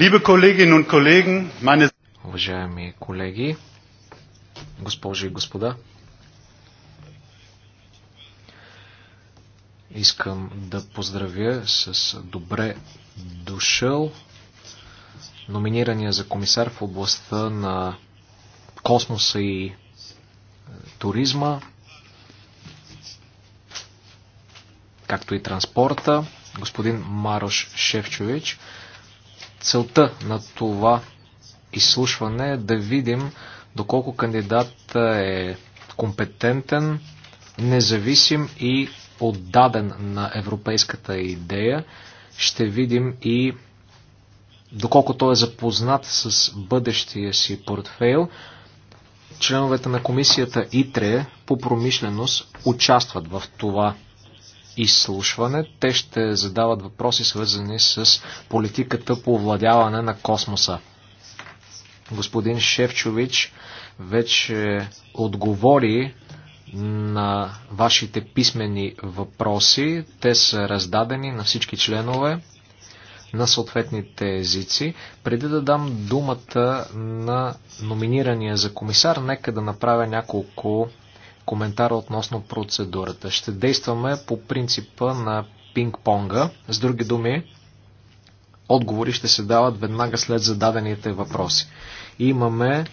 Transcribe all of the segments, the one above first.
Liebe Kolleginnen und Kollegen, meine... Уважаеми колеги, госпожи и господа, искам да поздравя с добре дошъл номинирания за комисар в областта на космоса и туризма, както и транспорта, господин Марош Шевчович. Целта на това изслушване е да видим доколко кандидат е компетентен, независим и отдаден на европейската идея. Ще видим и доколко той е запознат с бъдещия си портфейл. Членовете на комисията ИТРЕ по промишленост участват в това изслушване. Те ще задават въпроси, свързани с политиката по овладяване на космоса. Господин Шевчович вече отговори на вашите писмени въпроси. Те са раздадени на всички членове на съответните езици. Преди да дам думата на номинирания за комисар, нека да направя няколко коментара относно процедурата. Ще действаме по принципа на пинг-понга. С други думи, отговори ще се дават веднага след зададените въпроси. имаме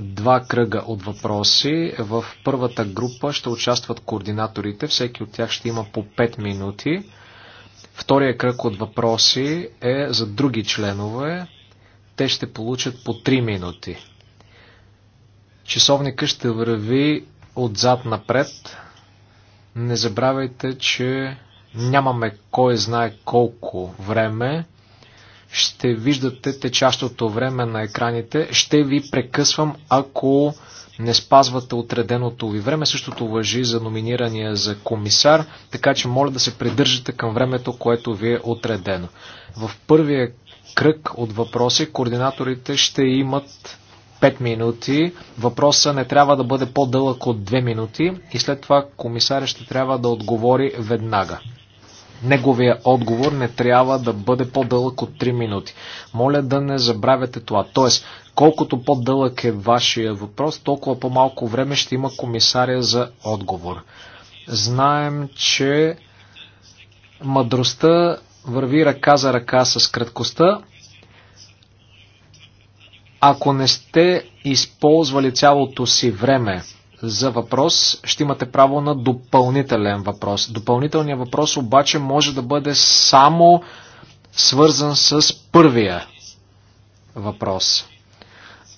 два кръга от въпроси. В първата група ще участват координаторите. Всеки от тях ще има по 5 минути. Втория кръг от въпроси е за други членове. Те ще получат по 3 минути. Часовника ще върви отзад напред. Не забравяйте, че нямаме кой знае колко време. Ще виждате течащото време на екраните. Ще ви прекъсвам, ако не спазвате отреденото ви време. Същото въжи за номинирания за комисар, така че моля да се придържате към времето, което ви е отредено. В първия кръг от въпроси координаторите ще имат 5 минути. Въпросът не трябва да бъде по-дълъг от 2 минути и след това комисаря ще трябва да отговори веднага. Неговия отговор не трябва да бъде по-дълъг от 3 минути. Моля да не забравяте това. Тоест, колкото по-дълъг е вашия въпрос, толкова по-малко време ще има комисаря за отговор. Знаем, че мъдростта върви ръка за ръка с краткостта. Ако не сте използвали цялото си време за въпрос, ще имате право на допълнителен въпрос. Допълнителният въпрос обаче може да бъде само свързан с първия въпрос.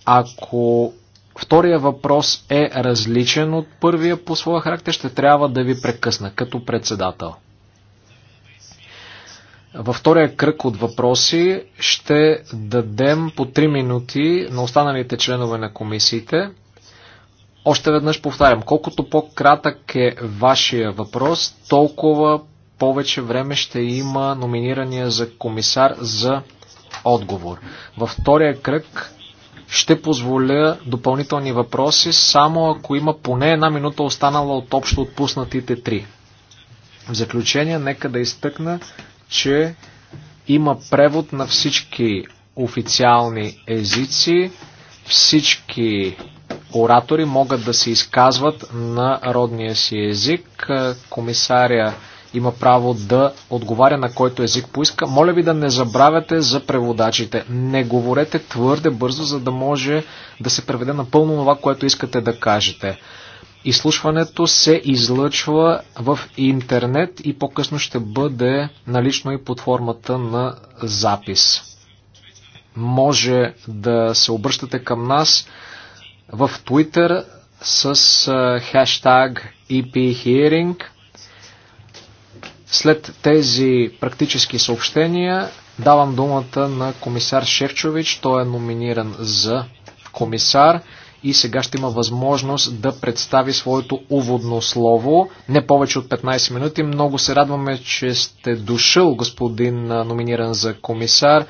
Ако втория въпрос е различен от първия по своя характер, ще трябва да ви прекъсна като председател. Във втория кръг от въпроси ще дадем по 3 минути на останалите членове на комисиите. Още веднъж повтарям, колкото по-кратък е вашия въпрос, толкова повече време ще има номинирания за комисар за отговор. Във втория кръг ще позволя допълнителни въпроси, само ако има поне една минута останала от общо отпуснатите три. В заключение, нека да изтъкна, че има превод на всички официални езици, всички оратори могат да се изказват на родния си език. Комисаря има право да отговаря на който език поиска. Моля ви да не забравяте за преводачите. Не говорете твърде бързо, за да може да се преведе напълно това, което искате да кажете. Изслушването се излъчва в интернет и по-късно ще бъде налично и под формата на запис. Може да се обръщате към нас в Twitter с хештаг EPHearing. След тези практически съобщения давам думата на комисар Шевчович. Той е номиниран за комисар и сега ще има възможност да представи своето уводно слово, не повече от 15 минути. Много се радваме, че сте дошъл, господин номиниран за комисар.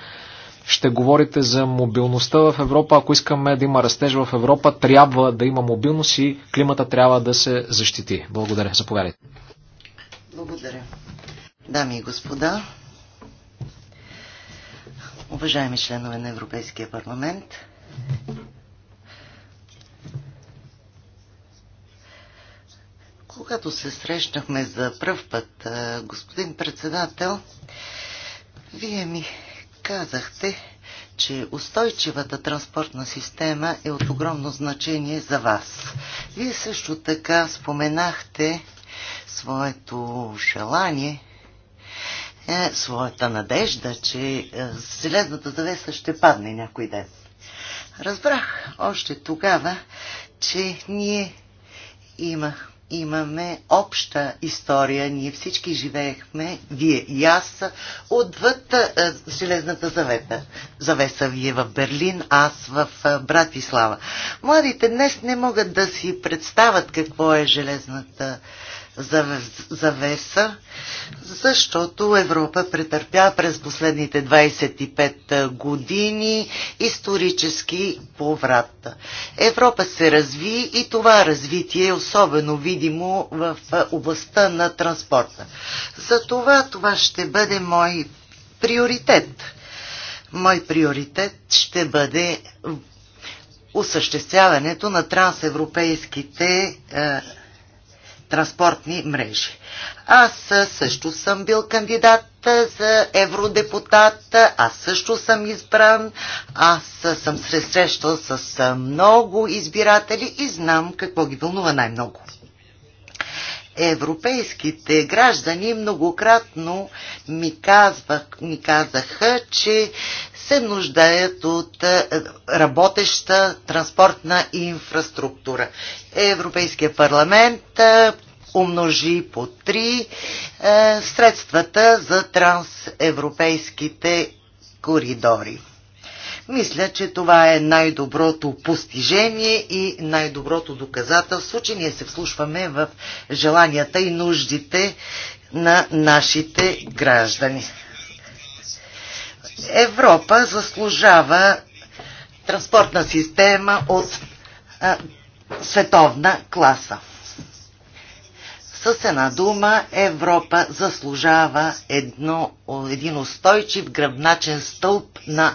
Ще говорите за мобилността в Европа. Ако искаме да има растеж в Европа, трябва да има мобилност и климата трябва да се защити. Благодаря. Заповядайте. Благодаря. Дами и господа, уважаеми членове на Европейския парламент, Когато се срещнахме за пръв път, господин председател, вие ми казахте, че устойчивата транспортна система е от огромно значение за вас. Вие също така споменахте своето желание, е, своята надежда, че е, завеса ще падне някой ден. Разбрах още тогава, че ние имах имаме обща история. Ние всички живеехме, вие и аз, отвъд е, Железната завета. завеса. Вие в Берлин, аз в е, Братислава. Младите днес не могат да си представят какво е Железната завеса, защото Европа претърпя през последните 25 години исторически поврат. Европа се разви и това развитие е особено видимо в областта на транспорта. За това това ще бъде мой приоритет. Мой приоритет ще бъде осъществяването на трансевропейските е, транспортни мрежи. Аз също съм бил кандидат за евродепутат, аз също съм избран, аз съм се срещал с много избиратели и знам какво ги вълнува най-много европейските граждани многократно ми, казвах, ми казаха, че се нуждаят от е, работеща транспортна инфраструктура. Европейския парламент е, умножи по три е, средствата за трансевропейските коридори. Мисля, че това е най-доброто постижение и най-доброто доказателство, че ние се вслушваме в желанията и нуждите на нашите граждани. Европа заслужава транспортна система от а, световна класа. С една дума, Европа заслужава едно, един устойчив гръбначен стълб на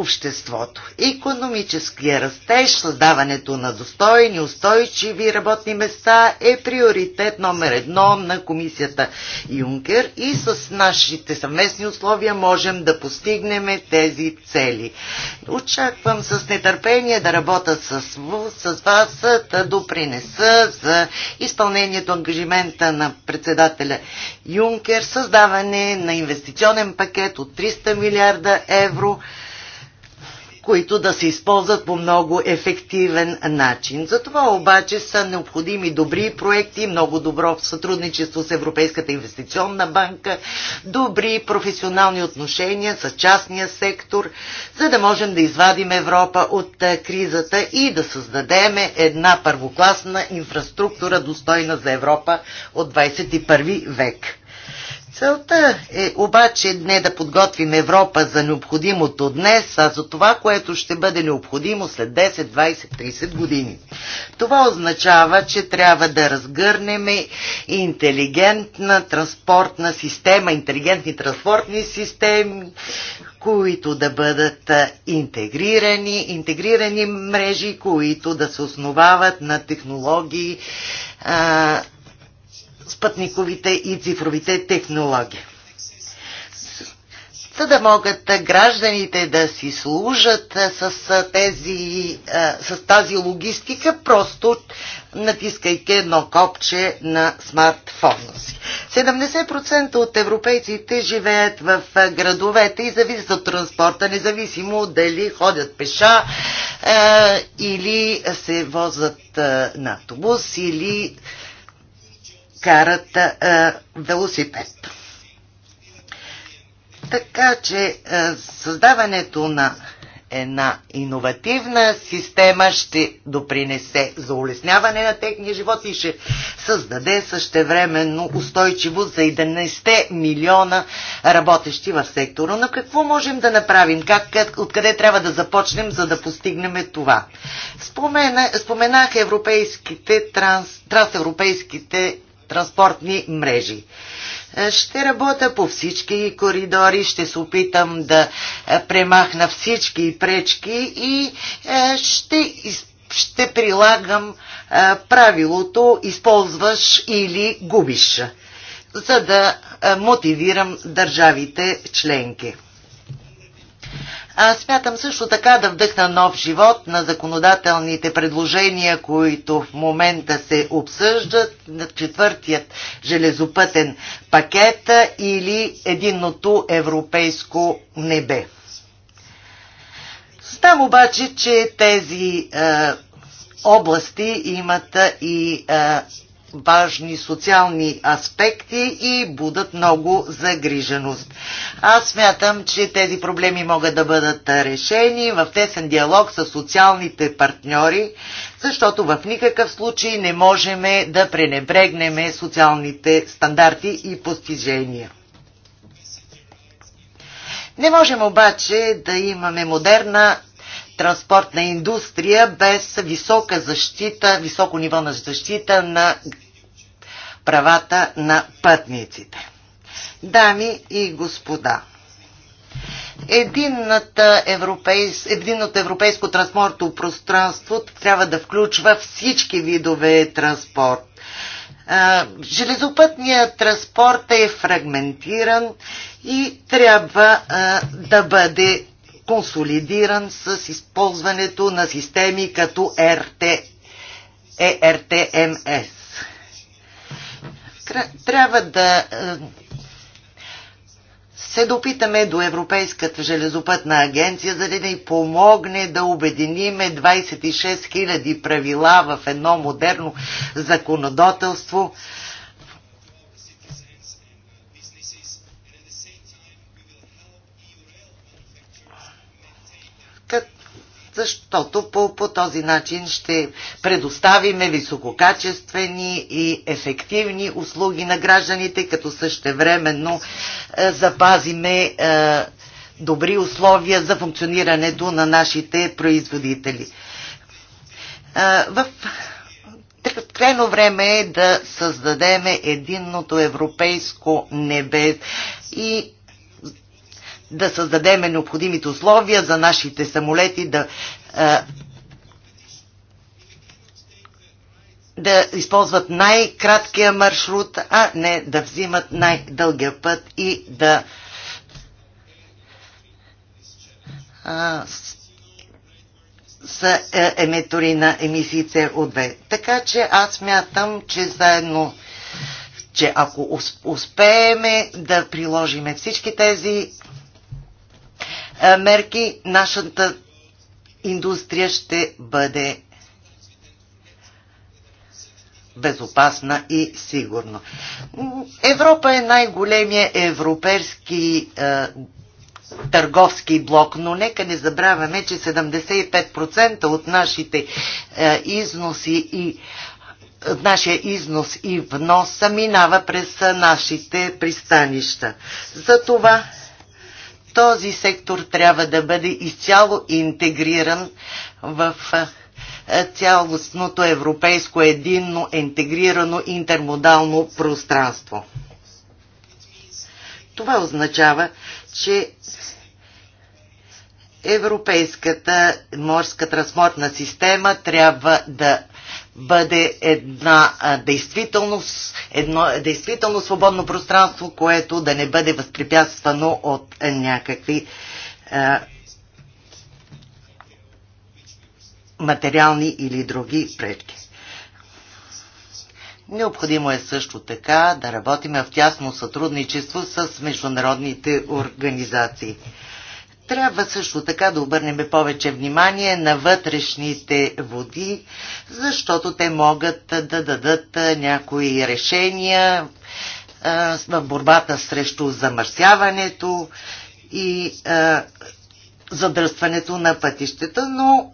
обществото. Економическия растеж, създаването на достойни, устойчиви работни места е приоритет номер едно на комисията Юнкер и с нашите съвместни условия можем да постигнем тези цели. Очаквам с нетърпение да работя с, с вас, да допринеса за изпълнението ангажимента на председателя Юнкер, създаване на инвестиционен пакет от 300 милиарда евро, които да се използват по много ефективен начин. За това обаче са необходими добри проекти, много добро сътрудничество с Европейската инвестиционна банка, добри професионални отношения с частния сектор, за да можем да извадим Европа от е, кризата и да създадем една първокласна инфраструктура достойна за Европа от 21 век. Целта е обаче не да подготвим Европа за необходимото днес, а за това, което ще бъде необходимо след 10, 20, 30 години. Това означава, че трябва да разгърнем интелигентна транспортна система, интелигентни транспортни системи, които да бъдат интегрирани, интегрирани мрежи, които да се основават на технологии, спътниковите и цифровите технологии. За да могат гражданите да си служат с, тези, с тази логистика, просто натискайки едно копче на смартфона си. 70% от европейците живеят в градовете и зависят от транспорта, независимо дали ходят пеша или се возят на автобус или карат а, велосипед. Така че а, създаването на една иновативна система ще допринесе за улесняване на техния живот и ще създаде същевременно устойчиво за 11 милиона работещи в сектора. Но какво можем да направим? Как, откъде трябва да започнем, за да постигнем това? Спомена, споменах европейските, транс, трансевропейските транспортни мрежи. Е, ще работя по всички коридори, ще се опитам да е, премахна всички пречки и е, ще, ще прилагам правилото използваш или губиш, за да мотивирам държавите членки. А, смятам също така да вдъхна нов живот на законодателните предложения, които в момента се обсъждат на четвъртият железопътен пакет или единното европейско небе. Знам обаче, че тези е, области имат и е, важни социални аспекти и будат много загриженост. Аз смятам, че тези проблеми могат да бъдат решени в тесен диалог с социалните партньори, защото в никакъв случай не можем да пренебрегнем социалните стандарти и постижения. Не можем обаче да имаме модерна транспортна индустрия без висока защита, високо ниво на защита на правата на пътниците. Дами и господа, европейс... единното европейско транспортно пространство трябва да включва всички видове транспорт. Железопътният транспорт е фрагментиран и трябва да бъде консолидиран с използването на системи като РТ, ERTMS. Е, трябва да е, се допитаме до Европейската железопътна агенция, за да ни помогне да обединиме 26 000 правила в едно модерно законодателство, защото по, по този начин ще предоставиме висококачествени и ефективни услуги на гражданите, като същевременно е, запазиме е, добри условия за функционирането на нашите производители. Е, в крайно време е да създадем единното европейско небе и да създадеме необходимите условия за нашите самолети да да използват най-краткия маршрут, а не да взимат най-дългия път и да а, са е, еметори на емисии CO2. Така че аз мятам, че заедно, че ако успееме да приложиме всички тези е, мерки нашата индустрия ще бъде безопасна и сигурна. Европа е най-големия европейски е, търговски блок, но нека не забравяме, че 75% от нашите е, износи и от нашия износ и вноса минава през нашите пристанища. Затова този сектор трябва да бъде изцяло интегриран в цялостното европейско единно, интегрирано интермодално пространство. Това означава, че Европейската морска транспортна система трябва да бъде една а, действителност, едно действително свободно пространство, което да не бъде възпрепятствано от а, някакви а, материални или други предки. Необходимо е също така да работим в тясно сътрудничество с международните организации. Трябва също така да обърнем повече внимание на вътрешните води, защото те могат да дадат някои решения в борбата срещу замърсяването и задръстването на пътищата, но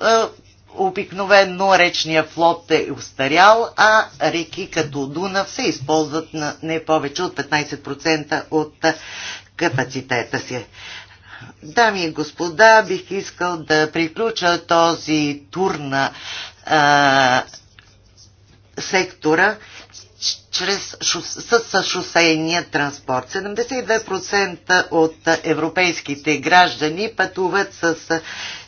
обикновено речния флот е устарял, а реки като Дунав се използват на не повече от 15% от капацитета си. Дами и господа, бих искал да приключа този тур на а, сектора чрез, с, с шосейния транспорт. 72% от европейските граждани пътуват с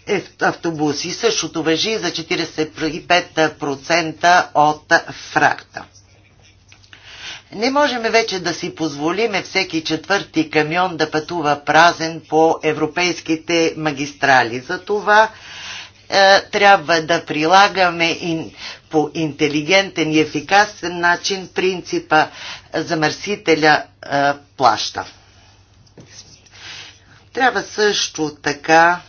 е, автобуси. Същото въжи за 45% от фракта. Не можем вече да си позволиме всеки четвърти камион да пътува празен по европейските магистрали. За това е, трябва да прилагаме ин, по интелигентен и ефикасен начин принципа замърсителя е, плаща. Трябва също така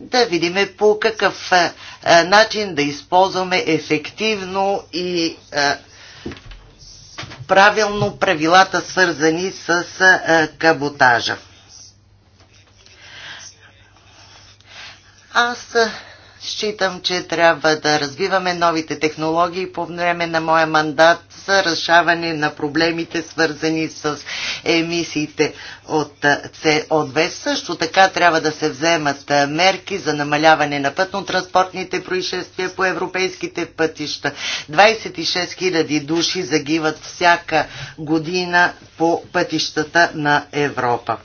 да видим по какъв е, е, начин да използваме ефективно и е, правилно правилата, свързани с е, каботажа. Аз Считам, че трябва да развиваме новите технологии по време на моя мандат за решаване на проблемите, свързани с емисиите от со 2 Също така трябва да се вземат мерки за намаляване на пътно-транспортните происшествия по европейските пътища. 26 000 души загиват всяка година по пътищата на Европа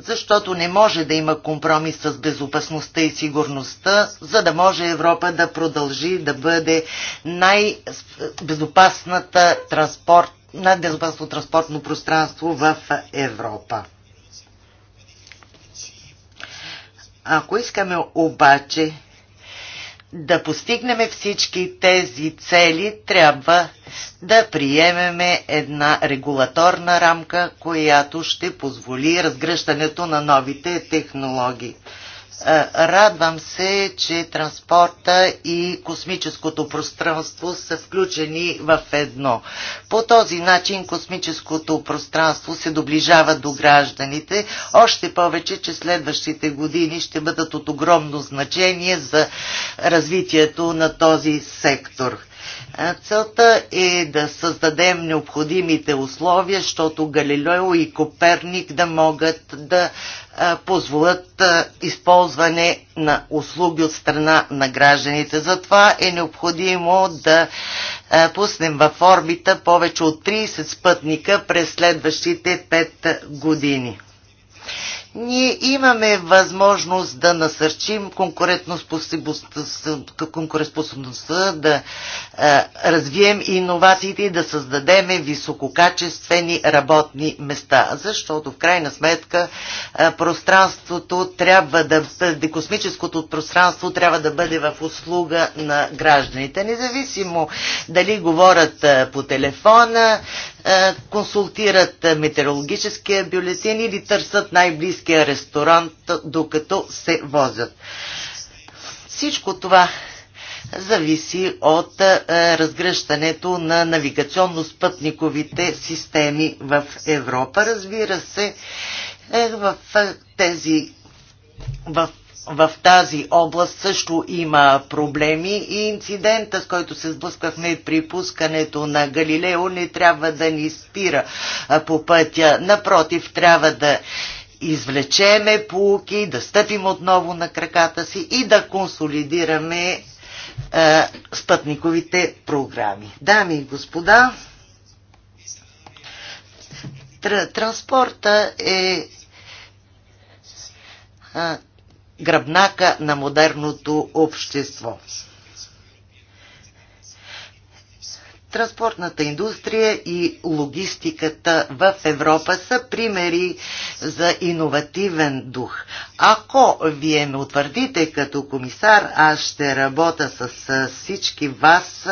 защото не може да има компромис с безопасността и сигурността, за да може Европа да продължи да бъде най-безопасната транспорт, най-безопасно транспортно пространство в Европа. Ако искаме обаче да постигнем всички тези цели, трябва да приемеме една регулаторна рамка, която ще позволи разгръщането на новите технологии. Е, радвам се, че транспорта и космическото пространство са включени в едно. По този начин космическото пространство се доближава до гражданите, още повече, че следващите години ще бъдат от огромно значение за развитието на този сектор. Целта е да създадем необходимите условия, защото Галилео и Коперник да могат да позволят използване на услуги от страна на гражданите. Затова е необходимо да пуснем в орбита повече от 30 спътника през следващите 5 години ние имаме възможност да насърчим конкурентоспособността, да а, развием иновациите и да създадеме висококачествени работни места. Защото в крайна сметка а, пространството трябва да бъде, космическото пространство трябва да бъде в услуга на гражданите. Независимо дали говорят а, по телефона, е, консултират метеорологическия бюлетин или търсят най-близкия ресторант, докато се возят. Всичко това зависи от е, разгръщането на навигационно-спътниковите системи в Европа. Разбира се, е, в тези в в тази област също има проблеми и инцидента, с който се сблъскахме при пускането на Галилео, не трябва да ни спира по пътя. Напротив, трябва да извлечеме полуки, да стъпим отново на краката си и да консолидираме е, спътниковите програми. Дами и господа, транспорта е гръбнака на модерното общество. Транспортната индустрия и логистиката в Европа са примери за иновативен дух. Ако вие ме утвърдите като комисар, аз ще работя с всички вас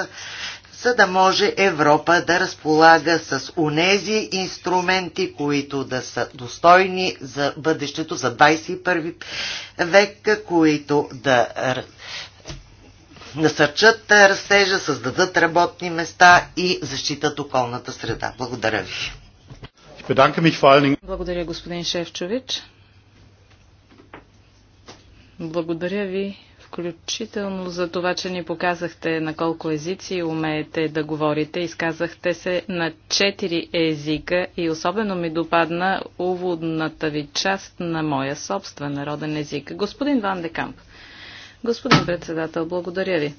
за да може Европа да разполага с унези инструменти, които да са достойни за бъдещето, за 21 век, които да насърчат растежа, създадат работни места и защитат околната среда. Благодаря ви. Благодаря, господин Шевчович. Благодаря ви включително за това, че ни показахте на колко езици умеете да говорите. Изказахте се на четири езика и особено ми допадна уводната ви част на моя собствен народен език. Господин Ван Декамп. Господин председател, благодаря ви.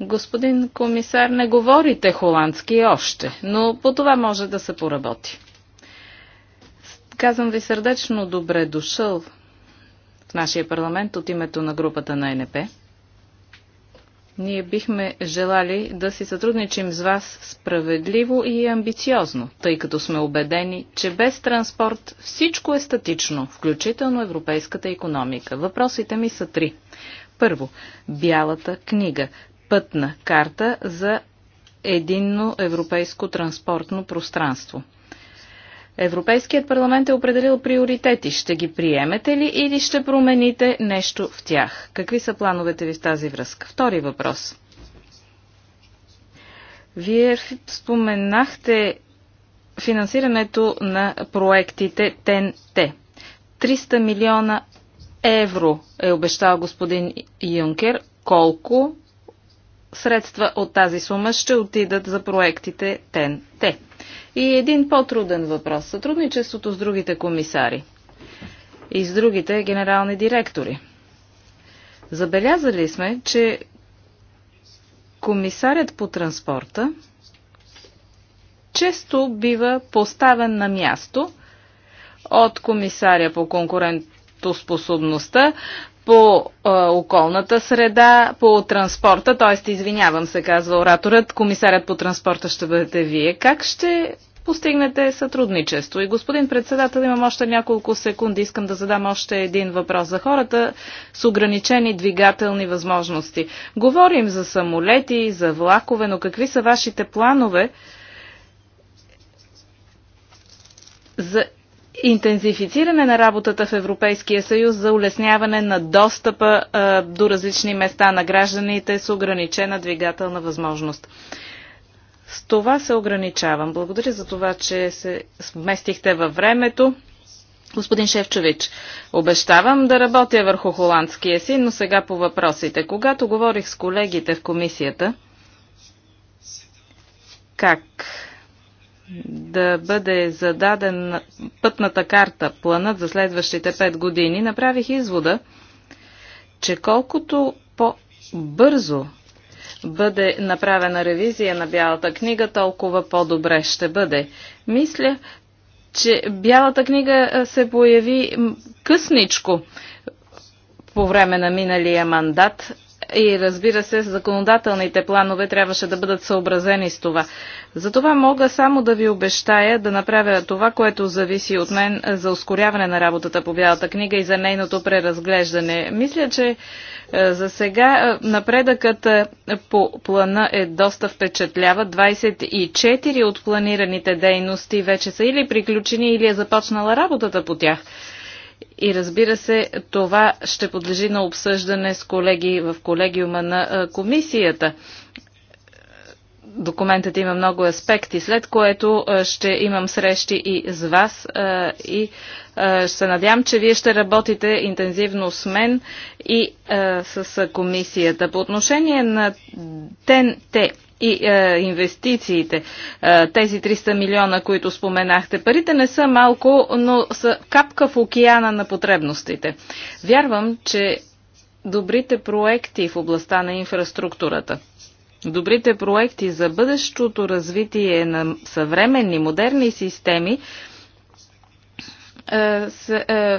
Господин комисар, не говорите холандски още, но по това може да се поработи. Казвам ви сърдечно добре дошъл в нашия парламент от името на групата на НП. Ние бихме желали да си сътрудничим с вас справедливо и амбициозно, тъй като сме убедени, че без транспорт всичко е статично, включително европейската економика. Въпросите ми са три. Първо, бялата книга, пътна карта за единно европейско транспортно пространство – Европейският парламент е определил приоритети. Ще ги приемете ли или ще промените нещо в тях? Какви са плановете ви в тази връзка? Втори въпрос. Вие споменахте финансирането на проектите ТНТ. 300 милиона евро е обещал господин Юнкер. Колко средства от тази сума ще отидат за проектите ТНТ? И един по-труден въпрос – сътрудничеството с другите комисари и с другите генерални директори. Забелязали сме, че комисарят по транспорта често бива поставен на място от комисаря по конкурентоспособността, по е, околната среда, по транспорта, т.е. извинявам се, казва ораторът, комисарят по транспорта ще бъдете вие. Как ще постигнете сътрудничество. И господин председател, имам още няколко секунди. Искам да задам още един въпрос за хората с ограничени двигателни възможности. Говорим за самолети, за влакове, но какви са вашите планове за интензифициране на работата в Европейския съюз за улесняване на достъпа а, до различни места на гражданите с ограничена двигателна възможност. С това се ограничавам. Благодаря за това, че се сместихте във времето. Господин Шевчович, обещавам да работя върху холандския си, но сега по въпросите. Когато говорих с колегите в комисията, как да бъде зададен пътната карта, планът за следващите пет години, направих извода, че колкото по-бързо бъде направена ревизия на Бялата книга, толкова по-добре ще бъде. Мисля, че Бялата книга се появи късничко по време на миналия мандат и разбира се, законодателните планове трябваше да бъдат съобразени с това. Затова мога само да ви обещая да направя това, което зависи от мен за ускоряване на работата по Бялата книга и за нейното преразглеждане. Мисля, че е, за сега е, напредъкът е, по плана е доста впечатлява. 24 от планираните дейности вече са или приключени, или е започнала работата по тях. И разбира се, това ще подлежи на обсъждане с колеги в колегиума на комисията. Документът има много аспекти, след което ще имам срещи и с вас и се надявам, че вие ще работите интензивно с мен и с комисията. По отношение на ТНТ, и е, инвестициите. Е, тези 300 милиона, които споменахте, парите не са малко, но са капка в океана на потребностите. Вярвам, че добрите проекти в областта на инфраструктурата, добрите проекти за бъдещото развитие на съвременни, модерни системи е, с, е,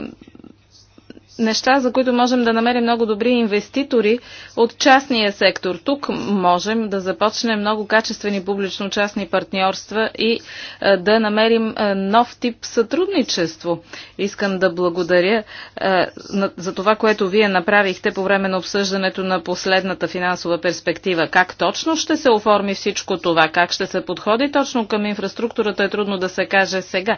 неща, за които можем да намерим много добри инвеститори от частния сектор. Тук можем да започнем много качествени публично-частни партньорства и е, да намерим е, нов тип сътрудничество. Искам да благодаря е, за това, което вие направихте по време на обсъждането на последната финансова перспектива. Как точно ще се оформи всичко това? Как ще се подходи точно към инфраструктурата е трудно да се каже сега.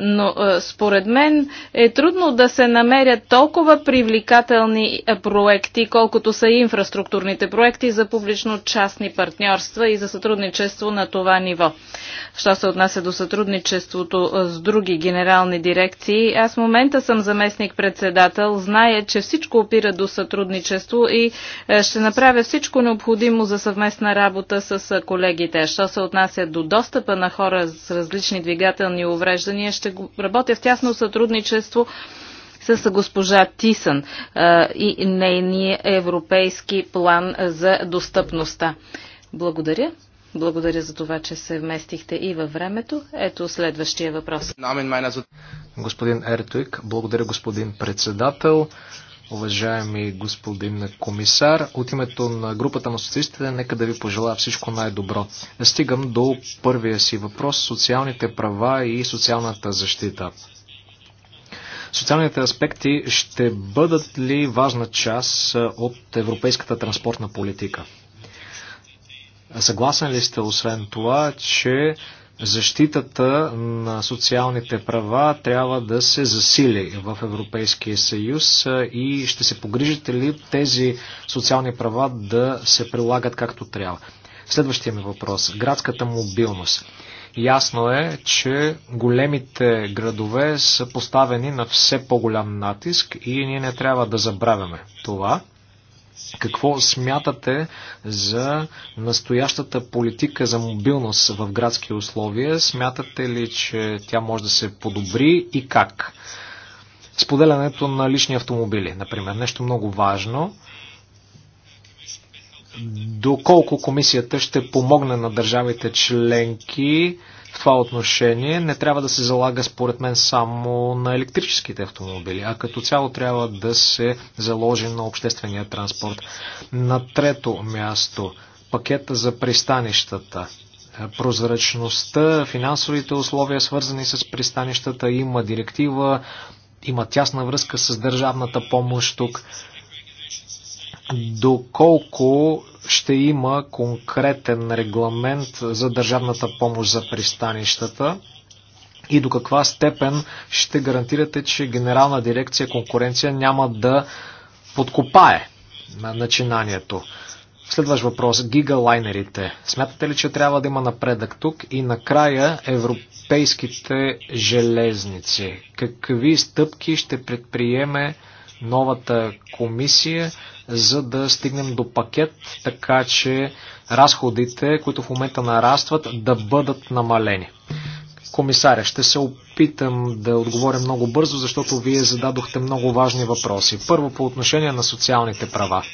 Но според мен е трудно да се намерят толкова привлекателни е, проекти, колкото са и инфраструктурните проекти за публично-частни партньорства и за сътрудничество на това ниво. Що се отнася до сътрудничеството е, с други генерални дирекции, аз в момента съм заместник-председател, зная, че всичко опира до сътрудничество и е, ще направя всичко необходимо за съвместна работа с колегите. Що се отнася до достъпа на хора с различни двигателни увреждания, ще работя в тясно сътрудничество с госпожа Тисън и нейния европейски план за достъпността. Благодаря. Благодаря за това, че се вместихте и във времето. Ето следващия въпрос. Господин Ертуик, благодаря господин председател, уважаеми господин комисар. От името на групата на социалистите, нека да ви пожелая всичко най-добро. Стигам до първия си въпрос – социалните права и социалната защита. Социалните аспекти ще бъдат ли важна част от европейската транспортна политика? Съгласен ли сте освен това, че защитата на социалните права трябва да се засили в Европейския съюз и ще се погрижите ли тези социални права да се прилагат както трябва? Следващия ми въпрос. Градската мобилност. Ясно е, че големите градове са поставени на все по-голям натиск и ние не трябва да забравяме това. Какво смятате за настоящата политика за мобилност в градски условия? Смятате ли, че тя може да се подобри и как? Споделянето на лични автомобили, например, нещо много важно доколко комисията ще помогне на държавите членки в това отношение. Не трябва да се залага според мен само на електрическите автомобили, а като цяло трябва да се заложи на обществения транспорт. На трето място пакета за пристанищата. Прозрачността, финансовите условия, свързани с пристанищата, има директива, има тясна връзка с държавната помощ тук доколко ще има конкретен регламент за държавната помощ за пристанищата и до каква степен ще гарантирате, че Генерална дирекция конкуренция няма да подкопае на начинанието. Следващ въпрос. Гигалайнерите. Смятате ли, че трябва да има напредък тук? И накрая европейските железници. Какви стъпки ще предприеме новата комисия, за да стигнем до пакет, така че разходите, които в момента нарастват, да бъдат намалени. Комисаря, ще се опитам да отговоря много бързо, защото вие зададохте много важни въпроси. Първо по отношение на социалните права.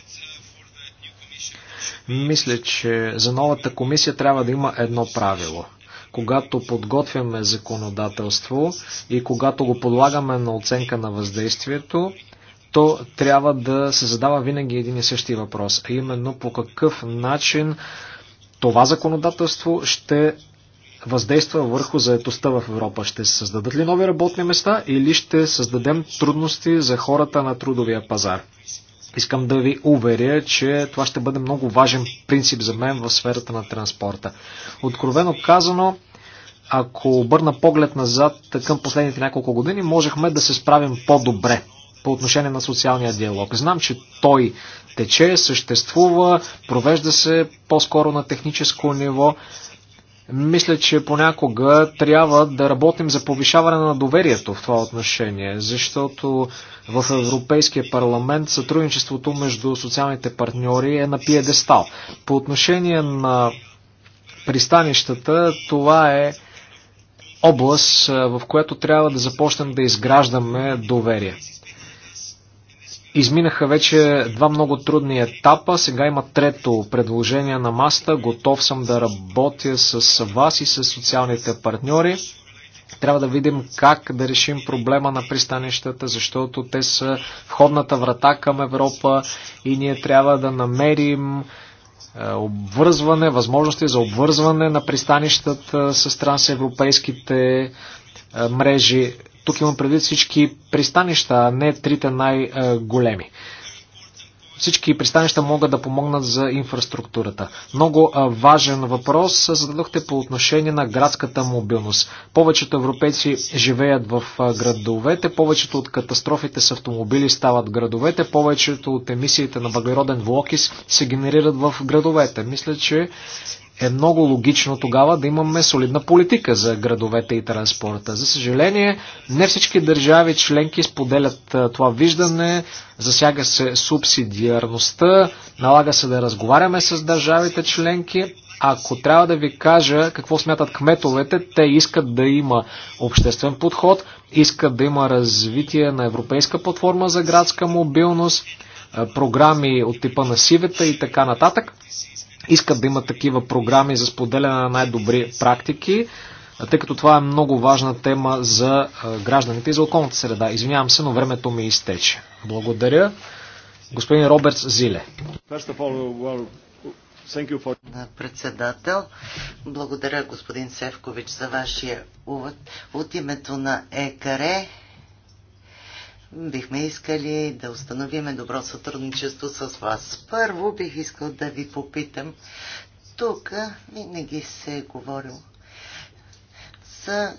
Мисля, че за новата комисия трябва да има едно правило – когато подготвяме законодателство и когато го подлагаме на оценка на въздействието, то трябва да се задава винаги един и същи въпрос, а именно по какъв начин това законодателство ще въздейства върху заетостта в Европа. Ще се създадат ли нови работни места или ще създадем трудности за хората на трудовия пазар? Искам да ви уверя, че това ще бъде много важен принцип за мен в сферата на транспорта. Откровено казано, ако обърна поглед назад към последните няколко години, можехме да се справим по-добре по отношение на социалния диалог. Знам, че той тече, съществува, провежда се по-скоро на техническо ниво. Мисля, че понякога трябва да работим за повишаване на доверието в това отношение, защото в Европейския парламент сътрудничеството между социалните партньори е на пиедестал. По отношение на пристанищата, това е област, в която трябва да започнем да изграждаме доверие. Изминаха вече два много трудни етапа. Сега има трето предложение на маста. Готов съм да работя с вас и с социалните партньори. Трябва да видим как да решим проблема на пристанищата, защото те са входната врата към Европа и ние трябва да намерим е, обвързване, възможности за обвързване на пристанищата с трансевропейските е, мрежи. Тук имам предвид всички пристанища, а не трите най-големи. Всички пристанища могат да помогнат за инфраструктурата. Много важен въпрос зададохте по отношение на градската мобилност. Повечето европейци живеят в градовете, повечето от катастрофите с автомобили стават градовете, повечето от емисиите на въглероден влокис се генерират в градовете. Мисля, че е много логично тогава да имаме солидна политика за градовете и транспорта. За съжаление, не всички държави членки споделят това виждане, засяга се субсидиарността, налага се да разговаряме с държавите членки. Ако трябва да ви кажа какво смятат кметовете, те искат да има обществен подход, искат да има развитие на европейска платформа за градска мобилност, програми от типа на сивета и така нататък искат да имат такива програми за споделяне на най-добри практики, тъй като това е много важна тема за гражданите и за околната среда. Извинявам се, но времето ми изтече. Благодаря. Господин Робертс Зиле. Председател, благодаря господин Севкович за вашия увод. От името на ЕКАРЕ бихме искали да установиме добро сътрудничество с вас. Първо бих искал да ви попитам. Тук винаги се е говорил за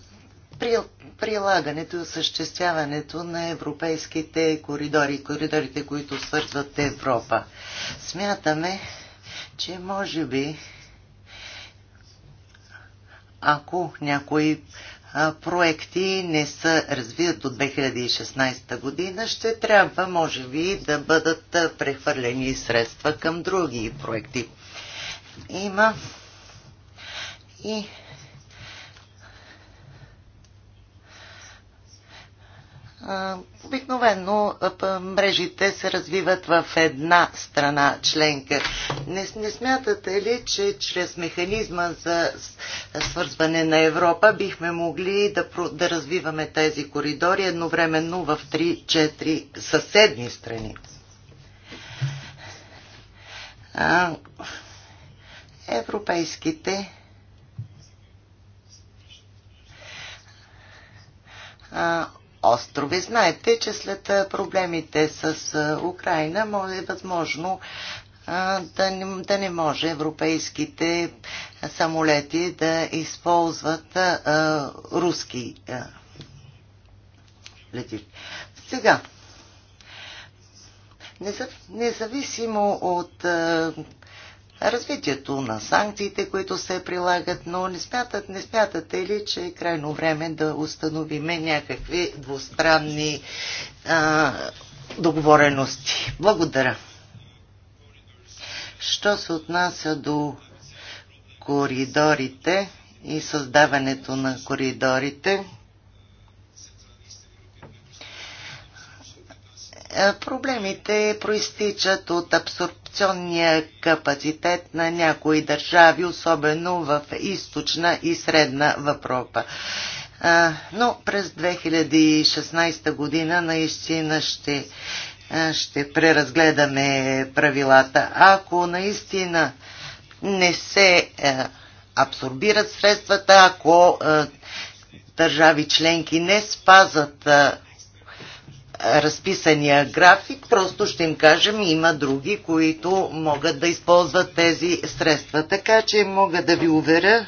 прилагането и осъществяването на европейските коридори, коридорите, които свързват Европа. Смятаме, че може би ако някои проекти не са развият от 2016 година, ще трябва, може би, да бъдат прехвърлени средства към други проекти. Има и Обикновено мрежите се развиват в една страна членка. Не, не смятате ли, че чрез механизма за свързване на Европа бихме могли да, да развиваме тези коридори едновременно в 3-4 съседни страни? европейските а, острови. Знаете, че след проблемите с Украина може е възможно да не, да не може европейските самолети да използват а, руски летища. Сега, независимо от а, развитието на санкциите, които се прилагат, но не, смятат, не смятате ли, че е крайно време да установиме някакви двустранни а, договорености? Благодаря. Що се отнася до коридорите и създаването на коридорите, е, проблемите проистичат от абсурд корупционния капацитет на някои държави, особено в източна и средна Европа. Но през 2016 година наистина ще, ще преразгледаме правилата. Ако наистина не се абсорбират средствата, ако държави членки не спазат разписания график, просто ще им кажем, има други, които могат да използват тези средства. Така че мога да ви уверя,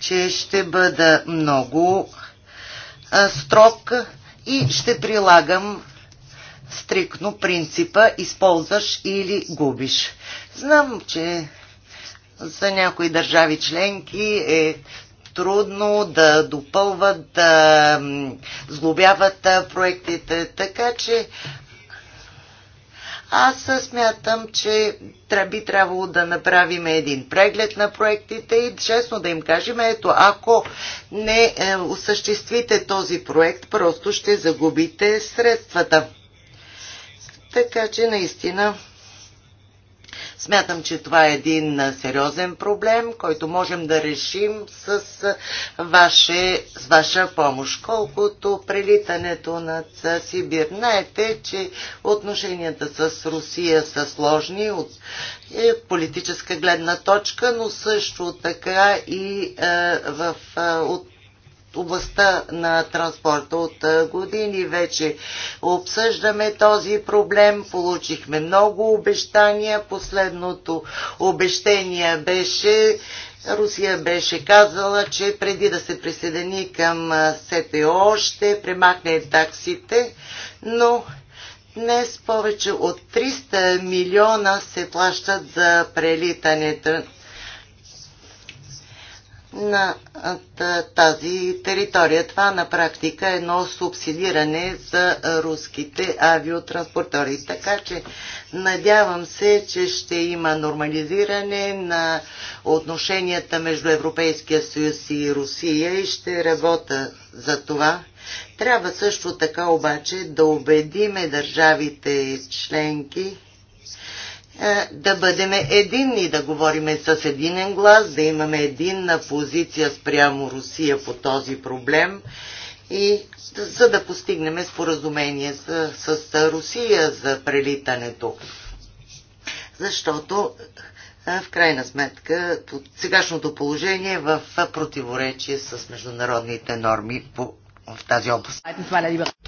че ще бъда много строг и ще прилагам стрикно принципа използваш или губиш. Знам, че за някои държави членки е трудно да допълват, да сглобяват проектите. Така че аз смятам, че би трябвало да направим един преглед на проектите и честно да им кажем, ето, ако не е, осъществите този проект, просто ще загубите средствата. Така че наистина Смятам, че това е един сериозен проблем, който можем да решим с, ваше, с ваша помощ. Колкото прелитането над Сибир, знаете, че отношенията с Русия са сложни от е, политическа гледна точка, но също така и е, в, от областта на транспорта. От години вече обсъждаме този проблем, получихме много обещания. Последното обещение беше Русия беше казала, че преди да се присъедини към СТО ще премахне таксите, но днес повече от 300 милиона се плащат за прелитането на тази територия. Това на практика е едно субсидиране за руските авиотранспортори. Така че надявам се, че ще има нормализиране на отношенията между Европейския съюз и Русия и ще работя за това. Трябва също така обаче да убедиме държавите членки е, да бъдем единни, да говорим с единен глас, да имаме единна позиция спрямо Русия по този проблем и за да постигнем споразумение с, с Русия за прелитането. Защото е, в крайна сметка сегашното положение е в противоречие с международните норми по, в тази област.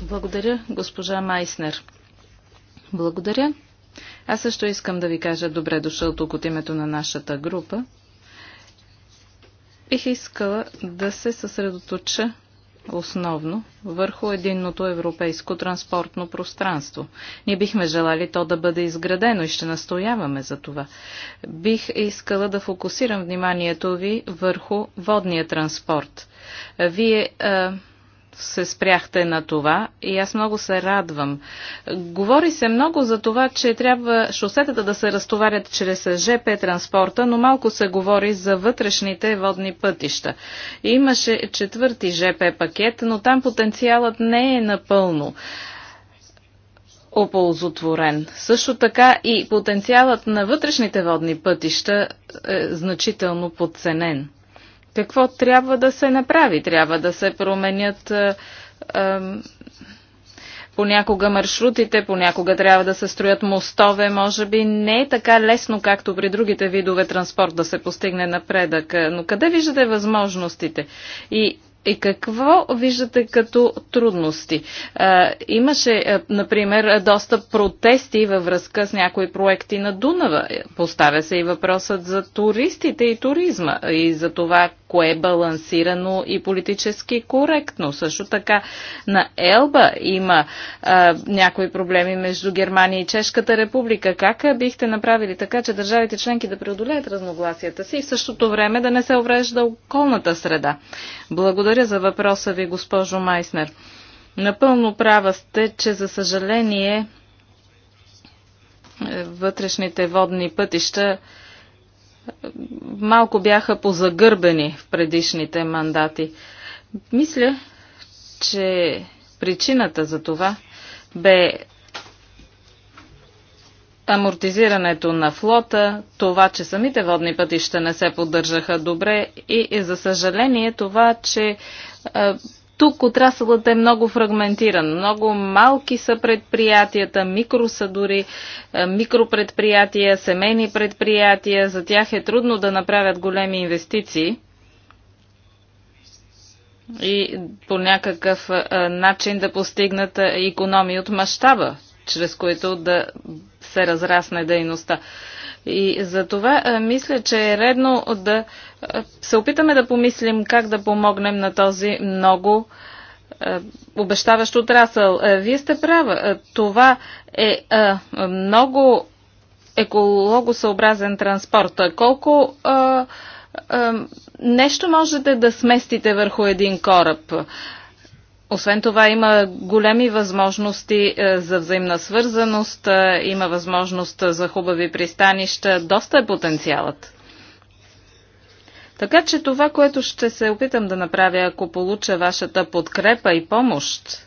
Благодаря, госпожа Майснер. Благодаря. Аз също искам да ви кажа добре дошъл тук от името на нашата група. Бих искала да се съсредоточа основно върху единното европейско транспортно пространство. Ние бихме желали то да бъде изградено и ще настояваме за това. Бих искала да фокусирам вниманието ви върху водния транспорт. Вие а, се спряхте на това и аз много се радвам. Говори се много за това, че трябва шосетата да се разтоварят чрез ЖП транспорта, но малко се говори за вътрешните водни пътища. Имаше четвърти ЖП пакет, но там потенциалът не е напълно оползотворен. Също така и потенциалът на вътрешните водни пътища е значително подценен. Какво трябва да се направи? Трябва да се променят е, е, понякога маршрутите, понякога трябва да се строят мостове. Може би не е така лесно, както при другите видове транспорт да се постигне напредък. Е, но къде виждате възможностите? И и какво виждате като трудности? Имаше, например, доста протести във връзка с някои проекти на Дунава. Поставя се и въпросът за туристите и туризма и за това, кое е балансирано и политически коректно. Също така на Елба има а, някои проблеми между Германия и Чешката република. Как бихте направили така, че държавите членки да преодолеят разногласията си и в същото време да не се уврежда околната среда? Благодаря за въпроса ви, госпожо Майснер. Напълно права сте, че за съжаление е, вътрешните водни пътища е, малко бяха позагърбени в предишните мандати. Мисля, че причината за това бе амортизирането на флота, това, че самите водни пътища не се поддържаха добре и, и за съжаление това, че а, е, тук отрасълът е много фрагментиран. Много малки са предприятията, микро са дори е, микропредприятия, семейни предприятия. За тях е трудно да направят големи инвестиции и по някакъв е, начин да постигнат економии от мащаба, чрез които да се разрасне дейността. И за това мисля, че е редно да се опитаме да помислим как да помогнем на този много обещаващ отрасъл. Вие сте права. Това е много екологосъобразен транспорт. Колко нещо можете да сместите върху един кораб? Освен това има големи възможности е, за взаимна свързаност, е, има възможност за хубави пристанища, доста е потенциалът. Така че това, което ще се опитам да направя, ако получа вашата подкрепа и помощ,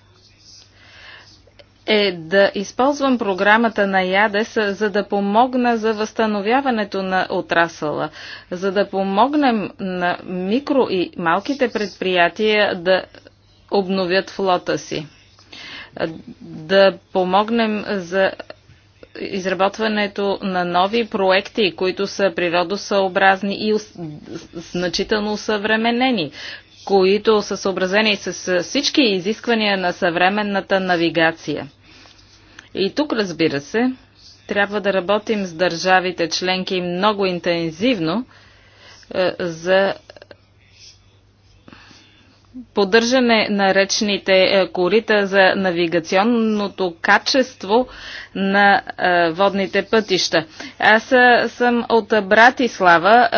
е да използвам програмата на ЯДЕС, за да помогна за възстановяването на отрасъла, за да помогнем на микро и малките предприятия да обновят флота си. Да помогнем за изработването на нови проекти, които са природосъобразни и значително съвременени, които са съобразени с всички изисквания на съвременната навигация. И тук, разбира се, трябва да работим с държавите членки много интензивно, е, за поддържане на речните е, корита за навигационното качество на е, водните пътища. Аз е, съм от Братислава,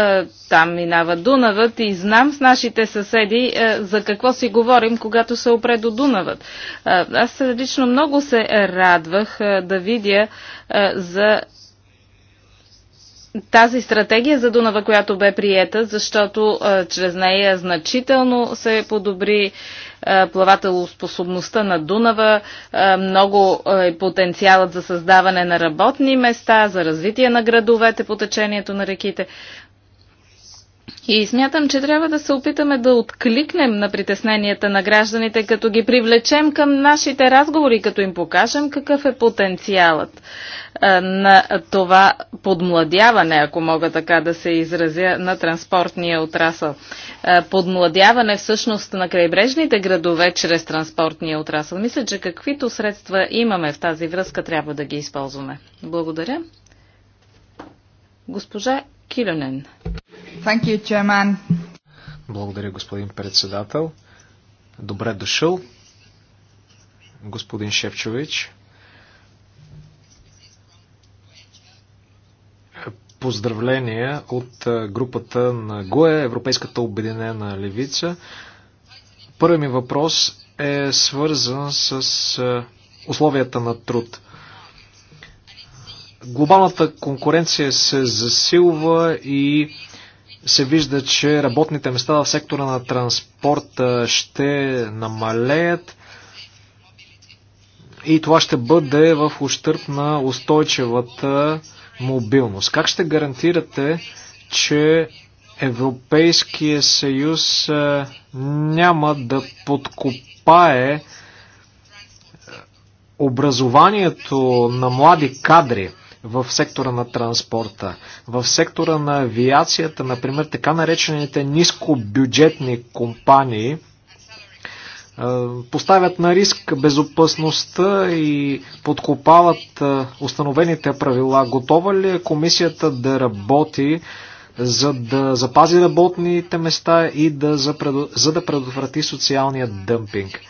там минава Дунавът и знам с нашите съседи за какво си говорим, когато се опре до Дунавът. Аз лично много се радвах да видя за тази стратегия за Дунава, която бе приета, защото а, чрез нея значително се подобри а, плавателоспособността на Дунава, а, много е потенциалът за създаване на работни места, за развитие на градовете по течението на реките. А, и смятам, че трябва да се опитаме да откликнем на притесненията на гражданите, като ги привлечем към нашите разговори, като им покажем какъв е потенциалът на това подмладяване, ако мога така да се изразя, на транспортния отрасъл. Подмладяване всъщност на крайбрежните градове чрез транспортния отрасъл. Мисля, че каквито средства имаме в тази връзка, трябва да ги използваме. Благодаря. Госпожа Килюнен. Thank you, Chairman. Благодаря, господин председател. Добре дошъл, господин Шевчович. Поздравления от групата на ГОЕ, Европейската обединена левица. Първият ми въпрос е свързан с условията на труд. Глобалната конкуренция се засилва и се вижда, че работните места в сектора на транспорта ще намалеят и това ще бъде в ущърп на устойчивата мобилност. Как ще гарантирате, че Европейския съюз е, няма да подкопае е, образованието на млади кадри в сектора на транспорта, в сектора на авиацията, например, така наречените нискобюджетни компании е, поставят на риск безопасността и подкопават е, установените правила. Готова ли е комисията да работи за да запази работните места и да, за, за да предотврати социалния дъмпинг?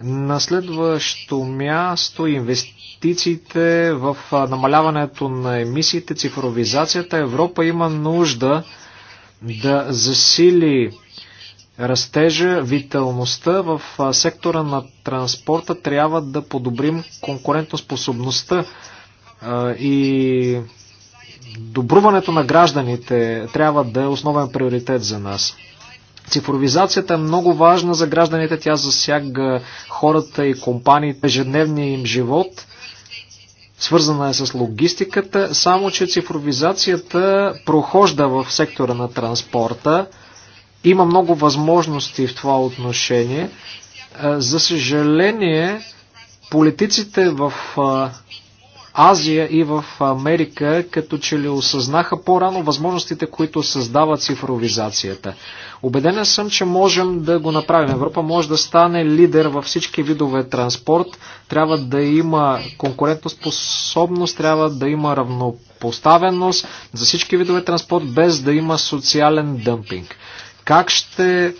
На следващо място инвестициите в намаляването на емисиите, цифровизацията. Европа има нужда да засили растежа, вителността в сектора на транспорта. Трябва да подобрим конкурентоспособността и добруването на гражданите трябва да е основен приоритет за нас. Цифровизацията е много важна за гражданите, тя засяга хората и компаниите, ежедневния им живот, свързана е с логистиката, само че цифровизацията прохожда в сектора на транспорта. Има много възможности в това отношение. За съжаление, политиците в Азия и в Америка като че ли осъзнаха по-рано възможностите, които създава цифровизацията. Обеден съм, че можем да го направим. Европа може да стане лидер във всички видове транспорт, трябва да има конкурентоспособност, трябва да има равнопоставеност за всички видове транспорт, без да има социален дъмпинг. Как ще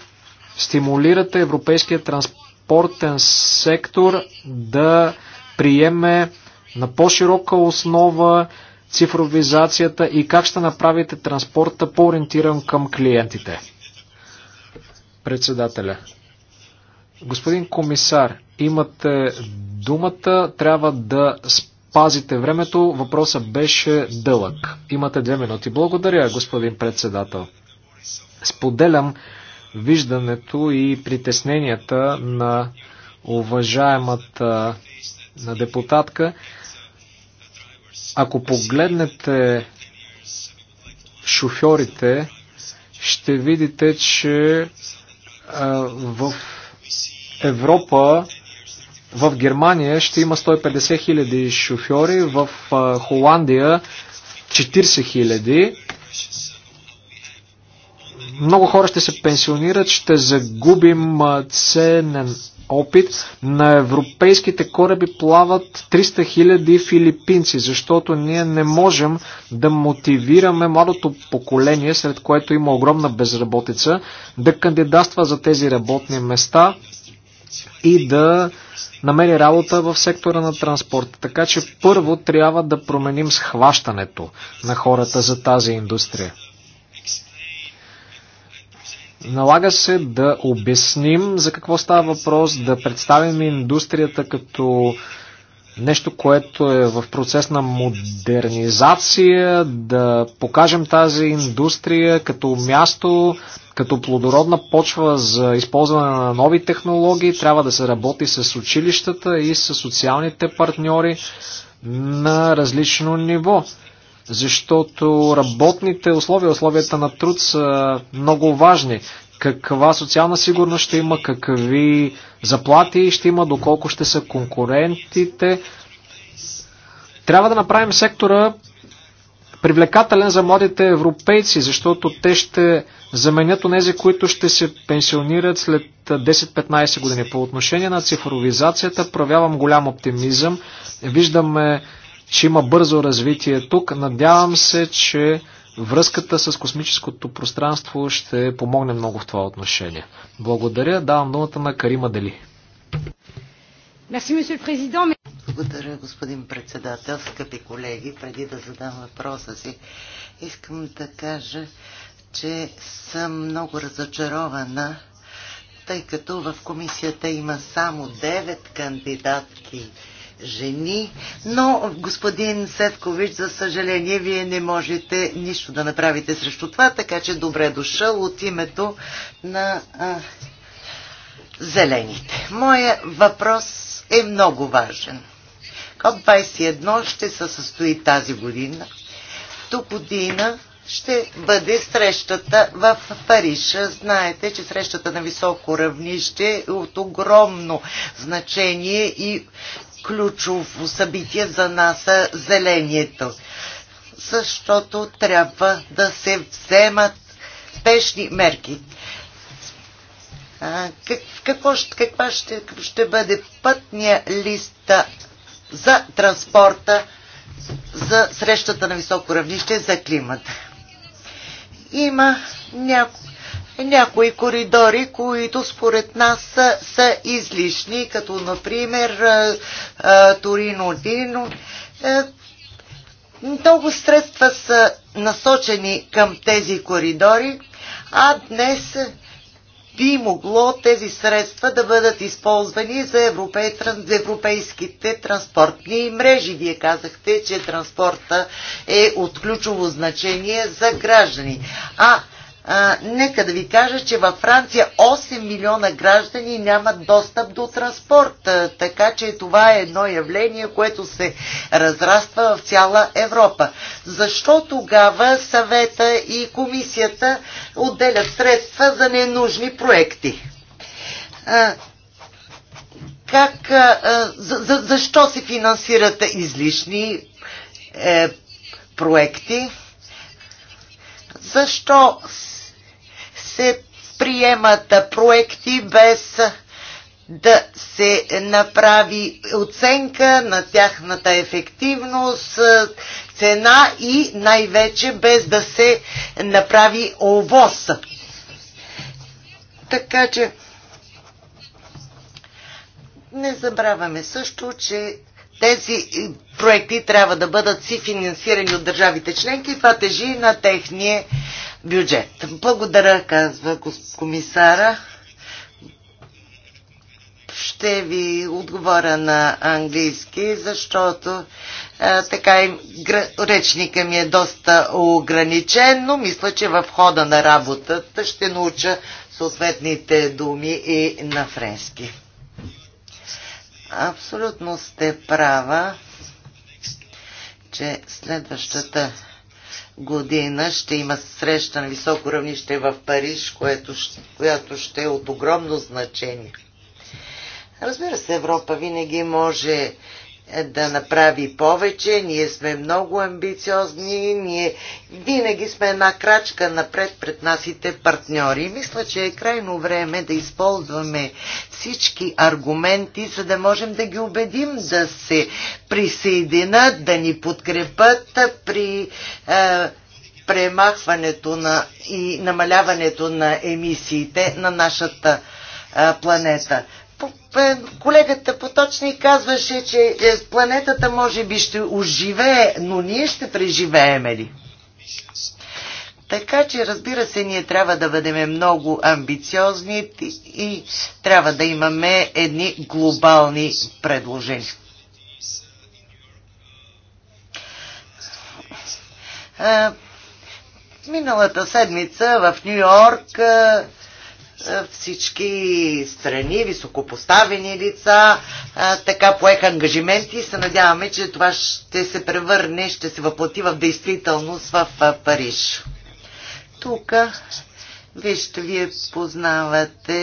стимулирате европейския транспортен сектор да приеме на по-широка основа цифровизацията и как ще направите транспорта по-ориентиран към клиентите? Председателя. Господин комисар, имате думата, трябва да спазите времето. Въпросът беше дълъг. Имате две минути. Благодаря, господин председател. Споделям виждането и притесненията на уважаемата на депутатка. Ако погледнете шофьорите, ще видите, че а, в Европа, в Германия ще има 150 хиляди шофьори, в а, Холандия 40 хиляди много хора ще се пенсионират, ще загубим ценен опит. На европейските кораби плават 300 000 филипинци, защото ние не можем да мотивираме младото поколение, сред което има огромна безработица, да кандидатства за тези работни места и да намери работа в сектора на транспорта. Така че първо трябва да променим схващането на хората за тази индустрия. Налага се да обясним за какво става въпрос, да представим индустрията като нещо, което е в процес на модернизация, да покажем тази индустрия като място, като плодородна почва за използване на нови технологии. Трябва да се работи с училищата и с социалните партньори на различно ниво защото работните условия, условията на труд са много важни. Каква социална сигурност ще има, какви заплати ще има, доколко ще са конкурентите. Трябва да направим сектора привлекателен за младите европейци, защото те ще заменят онези, които ще се пенсионират след 10-15 години. По отношение на цифровизацията проявявам голям оптимизъм. Виждаме че има бързо развитие тук. Надявам се, че връзката с космическото пространство ще помогне много в това отношение. Благодаря. Давам думата на Карима Дели. Благодаря, господин председател, скъпи колеги. Преди да задам въпроса си, искам да кажа, че съм много разочарована, тъй като в комисията има само 9 кандидатки жени, но господин Сеткович, за съжаление, вие не можете нищо да направите срещу това, така че добре дошъл от името на а, зелените. Моя въпрос е много важен. КОП-21 ще се състои тази година. До година ще бъде срещата в Париж. Знаете, че срещата на високо равнище е от огромно значение и ключово събитие за нас е зелението, защото трябва да се вземат спешни мерки. А, как, какво, каква ще, ще бъде пътния листа за транспорта за срещата на високо равнище за климата? Има няколко някои коридори, които според нас са, са излишни, като например Торино-Дино. Е, много средства са насочени към тези коридори, а днес би могло тези средства да бъдат използвани за европей, европейските транспортни мрежи. Вие казахте, че транспорта е от ключово значение за граждани. А а, нека да ви кажа, че във Франция 8 милиона граждани нямат достъп до транспорт, а, така че това е едно явление, което се разраства в цяла Европа. Защо тогава съвета и комисията отделят средства за ненужни проекти? А, как, а, за, за, защо се финансират излишни е, проекти? Защо се приемат проекти без да се направи оценка на тяхната ефективност, цена и най-вече без да се направи овоз. Така че не забравяме също, че тези е, проекти трябва да бъдат си финансирани от държавите членки и това тежи на техния бюджет. Благодаря, казва комисара. Ще ви отговоря на английски, защото а, е, така и речника ми е доста ограничен, но мисля, че в хода на работата ще науча съответните думи и на френски. Абсолютно сте права, че следващата година ще има среща на високо равнище в Париж, което, която ще е от огромно значение. Разбира се, Европа винаги може да направи повече. Ние сме много амбициозни, ние винаги сме една крачка напред пред нашите партньори. Мисля, че е крайно време да използваме всички аргументи, за да можем да ги убедим да се присъединят, да ни подкрепят при е, премахването на и намаляването на емисиите на нашата е, планета. Е, колегата Поточни казваше, че е, планетата може би ще оживее, но ние ще преживееме ли? Така че, разбира се, ние трябва да бъдем много амбициозни и трябва да имаме едни глобални предложения. Е, миналата седмица в Нью Йорк е, всички страни, високопоставени лица, е, така поеха ангажименти и се надяваме, че това ще се превърне, ще се въплати в действителност в е, Париж. Тук, вижте, вие познавате,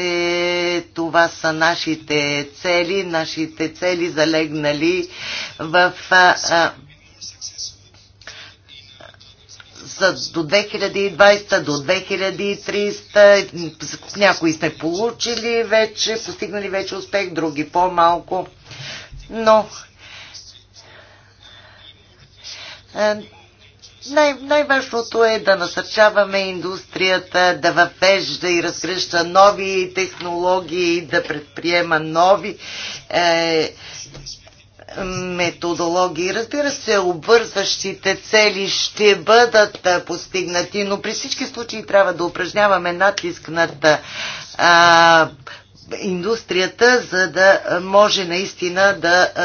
това са нашите цели, нашите цели залегнали в са до 2020, до 2300. Някои сме получили вече, постигнали вече успех, други по-малко. Но е, най- най-важното е да насърчаваме индустрията, да въвежда и разгръща нови технологии, да предприема нови е, методологии. Разбира се, обвързващите цели ще бъдат постигнати, но при всички случаи трябва да упражняваме натиск над а, индустрията, за да може наистина да а,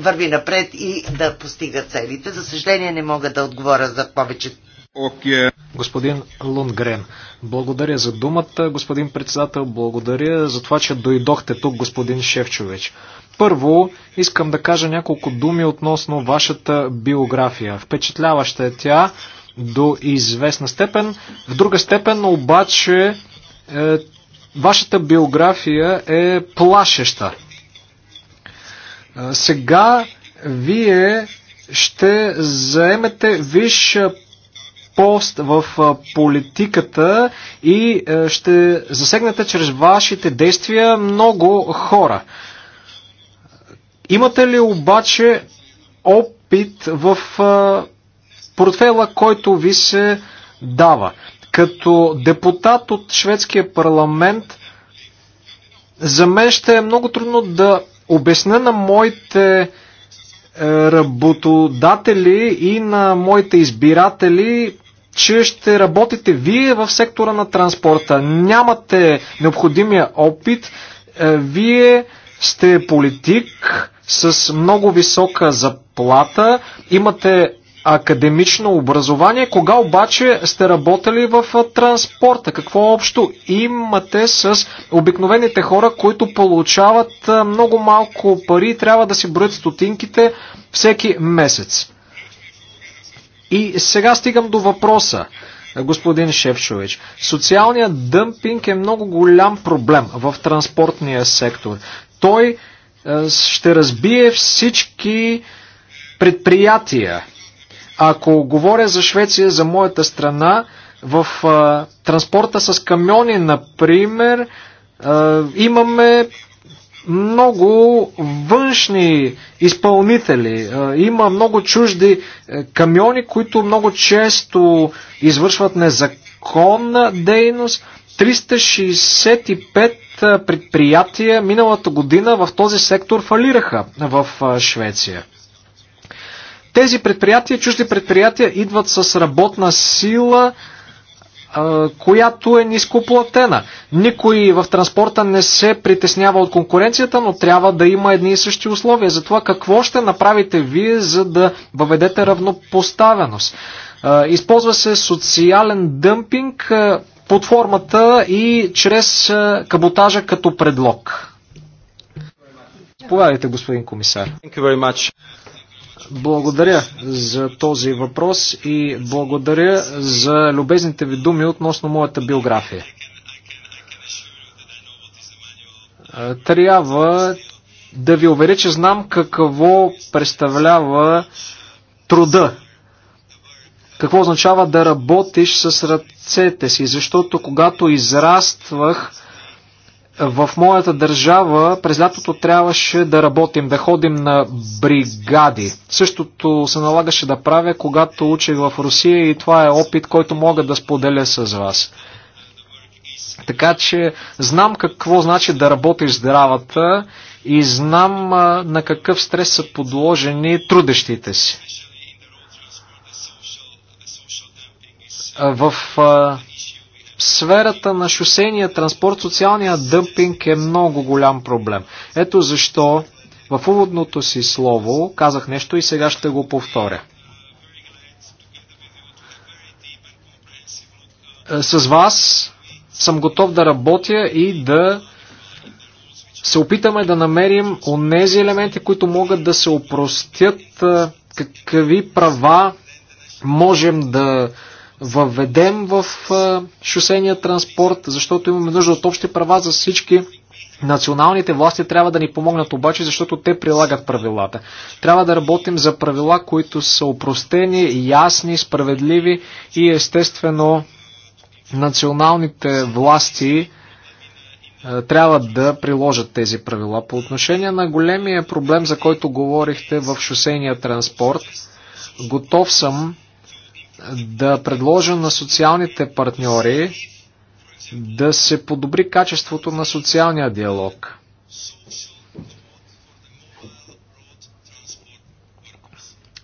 върви напред и да постига целите. За съжаление не мога да отговоря за повече. Okay. Господин Лунгрен, благодаря за думата, господин председател, благодаря за това, че дойдохте тук, господин Шевчович. Първо, искам да кажа няколко думи относно вашата биография. Впечатляваща е тя до известна степен. В друга степен, обаче, е, вашата биография е плашеща. Е, сега вие ще заемете виш пост в е, политиката и е, ще засегнете чрез вашите действия много хора. Имате ли обаче опит в портфела, който ви се дава? Като депутат от шведския парламент, за мен ще е много трудно да обясня на моите е, работодатели и на моите избиратели, че ще работите вие в сектора на транспорта. Нямате необходимия опит, е, вие сте политик, с много висока заплата, имате академично образование, кога обаче сте работили в транспорта? Какво общо имате с обикновените хора, които получават много малко пари и трябва да си броят стотинките всеки месец? И сега стигам до въпроса, господин Шевчович. Социалният дъмпинг е много голям проблем в транспортния сектор. Той е, ще разбие всички предприятия. Ако говоря за Швеция, за моята страна, в а, е, транспорта с камиони, например, а, е, имаме много външни изпълнители. А, има много чужди а, камиони, които много често извършват незаконна дейност. 365 предприятия миналата година в този сектор фалираха в Швеция. Тези предприятия, чужди предприятия, идват с работна сила, която е нископлатена. Никой в транспорта не се притеснява от конкуренцията, но трябва да има едни и същи условия. Затова какво ще направите вие, за да въведете равнопоставеност? Използва се социален дъмпинг, под формата и чрез е, каботажа като предлог. Повядайте, господин комисар. Благодаря за този въпрос и благодаря за любезните ви думи относно моята биография. Е, трябва да ви уверя, че знам какво представлява труда какво означава да работиш с ръцете си, защото когато израствах в моята държава, през лятото трябваше да работим, да ходим на бригади. Същото се налагаше да правя, когато учех в Русия и това е опит, който мога да споделя с вас. Така че знам какво значи да работиш здравата и знам на какъв стрес са подложени трудещите си. В сферата на шосейния транспорт социалния дъмпинг е много голям проблем. Ето защо в уводното си слово казах нещо и сега ще го повторя. Е, с вас съм готов да работя и да се опитаме да намерим онези елементи, които могат да се опростят, е, какви права можем да въведем в шосения транспорт, защото имаме нужда от общи права за всички. Националните власти трябва да ни помогнат обаче, защото те прилагат правилата. Трябва да работим за правила, които са опростени, ясни, справедливи и естествено националните власти трябва да приложат тези правила. По отношение на големия проблем, за който говорихте в шосейния транспорт, готов съм да предложа на социалните партньори да се подобри качеството на социалния диалог.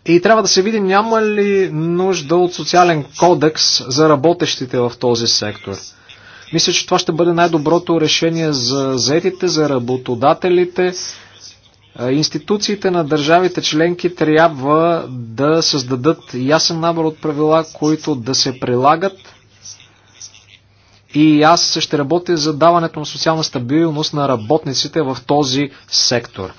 И трябва да се види няма ли нужда от социален кодекс за работещите в този сектор. Мисля, че това ще бъде най-доброто решение за заетите, за работодателите, Институциите на държавите членки трябва да създадат ясен набор от правила, които да се прилагат. И аз ще работя за даването на социална стабилност на работниците в този сектор.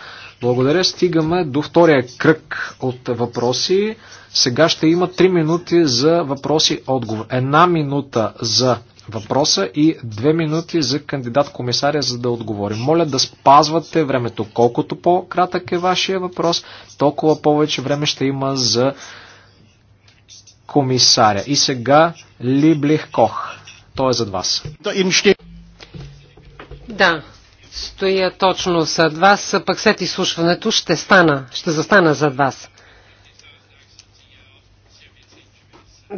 Благодаря. Стигаме до втория кръг от въпроси. Сега ще има 3 минути за въпроси-отговор. Една минута за въпроса и две минути за кандидат комисаря, за да отговорим. Моля да спазвате времето. Колкото по-кратък е вашия въпрос, толкова повече време ще има за комисаря. И сега Либлих Кох. Той е зад вас. Да, стоя точно зад вас, пък след изслушването ще стана, ще застана зад вас.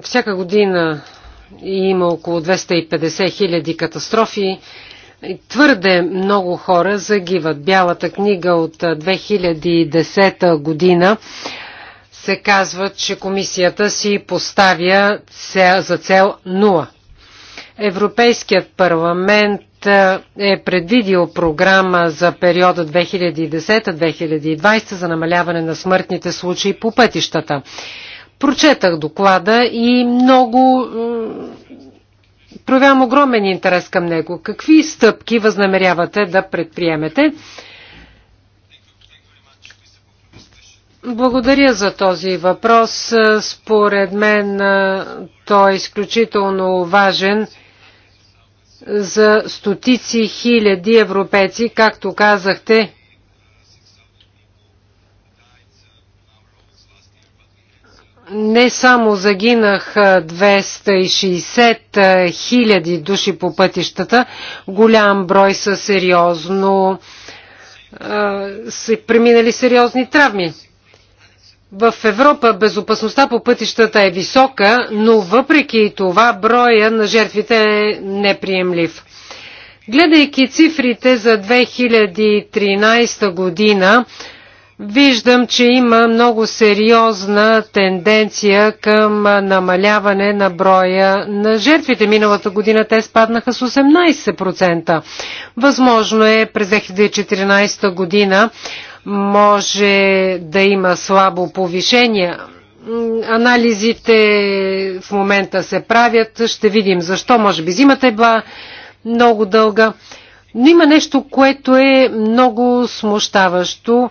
Всяка година и има около 250 хиляди катастрофи. Твърде много хора загиват. Бялата книга от 2010 година се казва, че комисията си поставя за цел 0. Европейският парламент е предвидил програма за периода 2010-2020 за намаляване на смъртните случаи по пътищата. Прочетах доклада и много е, проявявам огромен интерес към него. Какви стъпки възнамерявате да предприемете? Благодаря за този въпрос. Според мен е, той е изключително важен за стотици хиляди европейци. Както казахте, не само загинах 260 хиляди души по пътищата, голям брой са сериозно са преминали сериозни травми. В Европа безопасността по пътищата е висока, но въпреки това броя на жертвите е неприемлив. Гледайки цифрите за 2013 година, Виждам, че има много сериозна тенденция към намаляване на броя на жертвите. Миналата година те спаднаха с 18%. Възможно е през 2014 година може да има слабо повишение. Анализите в момента се правят. Ще видим защо. Може би зимата е била много дълга. Но има нещо, което е много смущаващо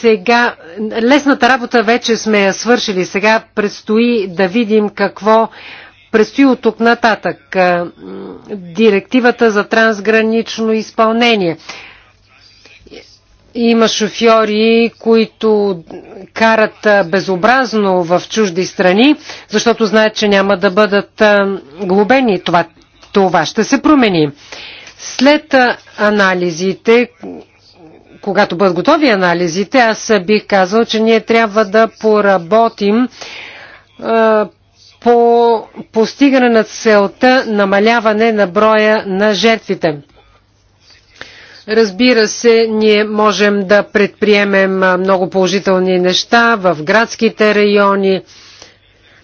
сега лесната работа вече сме я свършили. Сега предстои да видим какво предстои от тук нататък. Е, директивата за трансгранично изпълнение. Има шофьори, които карат е, безобразно в чужди страни, защото знаят, че няма да бъдат е, глобени. Това, това ще се промени. След анализите, когато бъдат готови анализите, аз бих казал, че ние трябва да поработим по постигане на целта намаляване на броя на жертвите. Разбира се, ние можем да предприемем много положителни неща в градските райони,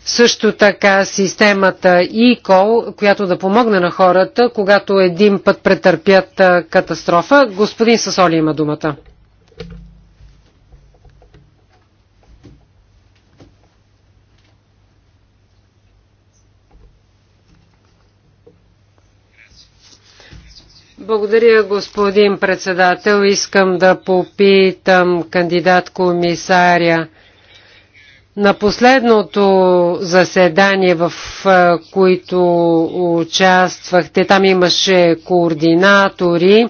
също така системата ИКОЛ, която да помогне на хората, когато един път претърпят катастрофа. Господин Сасоли има думата. Благодаря, господин председател. Искам да попитам кандидат комисаря на последното заседание, в които участвахте, там имаше координатори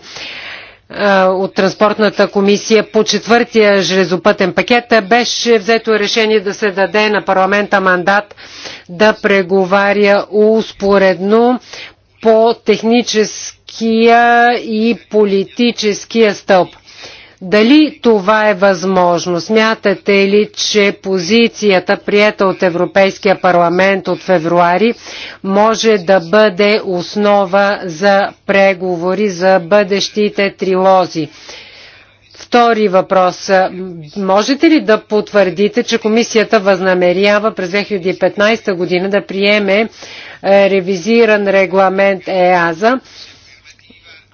от Транспортната комисия по четвъртия железопътен пакет беше взето решение да се даде на парламента мандат да преговаря успоредно по техническия и политическия стълб. Дали това е възможно? Смятате ли, че позицията, прията от Европейския парламент от февруари, може да бъде основа за преговори за бъдещите трилози? Втори въпрос. Можете ли да потвърдите, че комисията възнамерява през 2015 година да приеме е, ревизиран регламент ЕАЗа?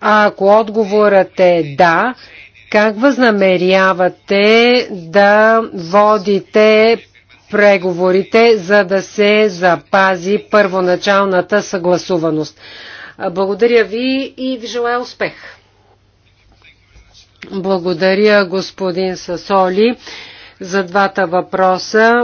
А ако отговорът е да, как възнамерявате да водите преговорите, за да се запази първоначалната съгласуваност? Благодаря ви и ви желая успех! Благодаря господин Сасоли за двата въпроса.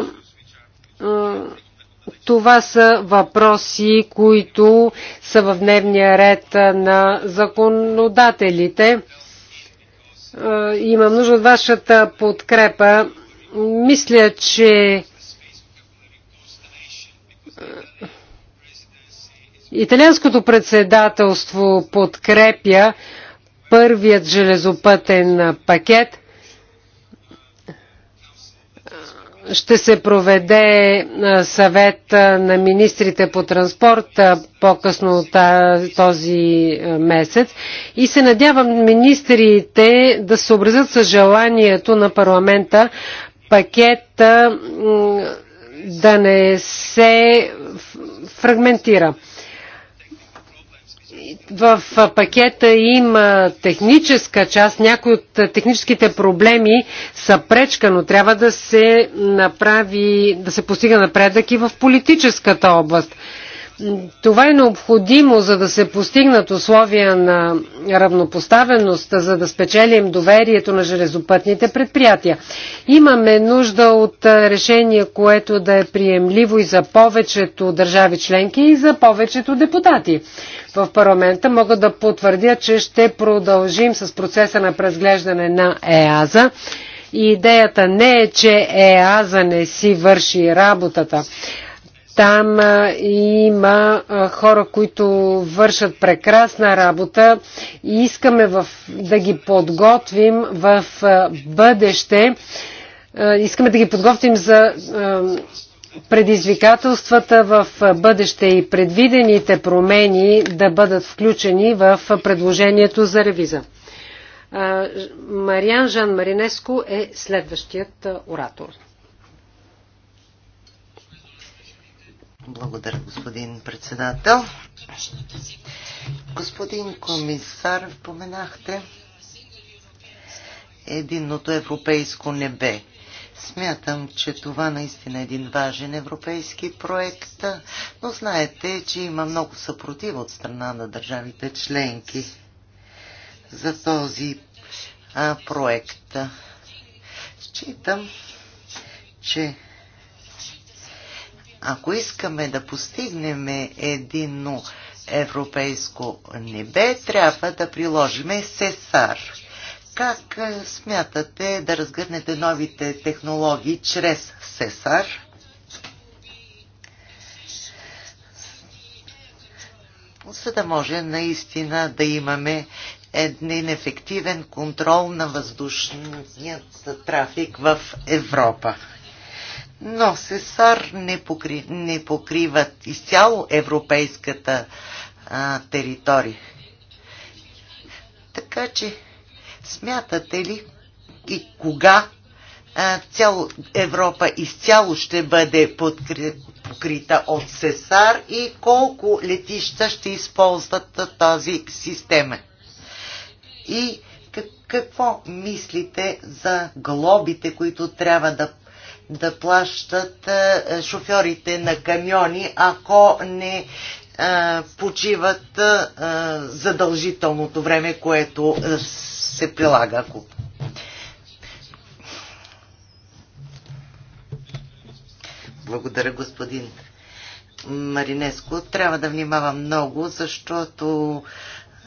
Това са въпроси, които са в дневния ред на законодателите. Е, имам нужда от вашата подкрепа. Мисля, че е, Италианското председателство подкрепя първият железопътен пакет. ще се проведе съвет на министрите по транспорт по-късно този месец и се надявам министрите да се образят с желанието на парламента пакета да не се фрагментира в пакета има техническа част. Някои от техническите проблеми са пречка, но трябва да се направи, да се постига напредък и в политическата област. Това е необходимо, за да се постигнат условия на равнопоставеност, за да спечелим доверието на железопътните предприятия. Имаме нужда от решение, което да е приемливо и за повечето държави членки и за повечето депутати. В парламента мога да потвърдя, че ще продължим с процеса на презглеждане на ЕАЗа. И идеята не е, че ЕАЗа не си върши работата. Там има хора, които вършат прекрасна работа и искаме в, да ги подготвим в бъдеще. Искаме да ги подготвим за предизвикателствата в бъдеще и предвидените промени да бъдат включени в предложението за ревиза. Мариан Жан Маринеско е следващият оратор. Благодаря, господин председател. Господин комисар, споменахте единното европейско небе. Смятам, че това наистина е един важен европейски проект, но знаете, че има много съпротива от страна на държавите членки за този а, проект. Считам, че ако искаме да постигнем единно европейско небе, трябва да приложиме СЕСАР. Как е, смятате да разгърнете новите технологии чрез СЕСАР? за да може наистина да имаме един ефективен контрол на въздушният трафик в Европа но СЕСАР не, покри, не покриват изцяло европейската а, територия. Така че, смятате ли и кога а, цяло, Европа изцяло ще бъде подкри, покрита от СЕСАР и колко летища ще използват тази система? И какво мислите за глобите, които трябва да да плащат е, шофьорите на камиони, ако не е, почиват е, задължителното време, което се прилага. Благодаря, господин Маринеско. Трябва да внимавам много, защото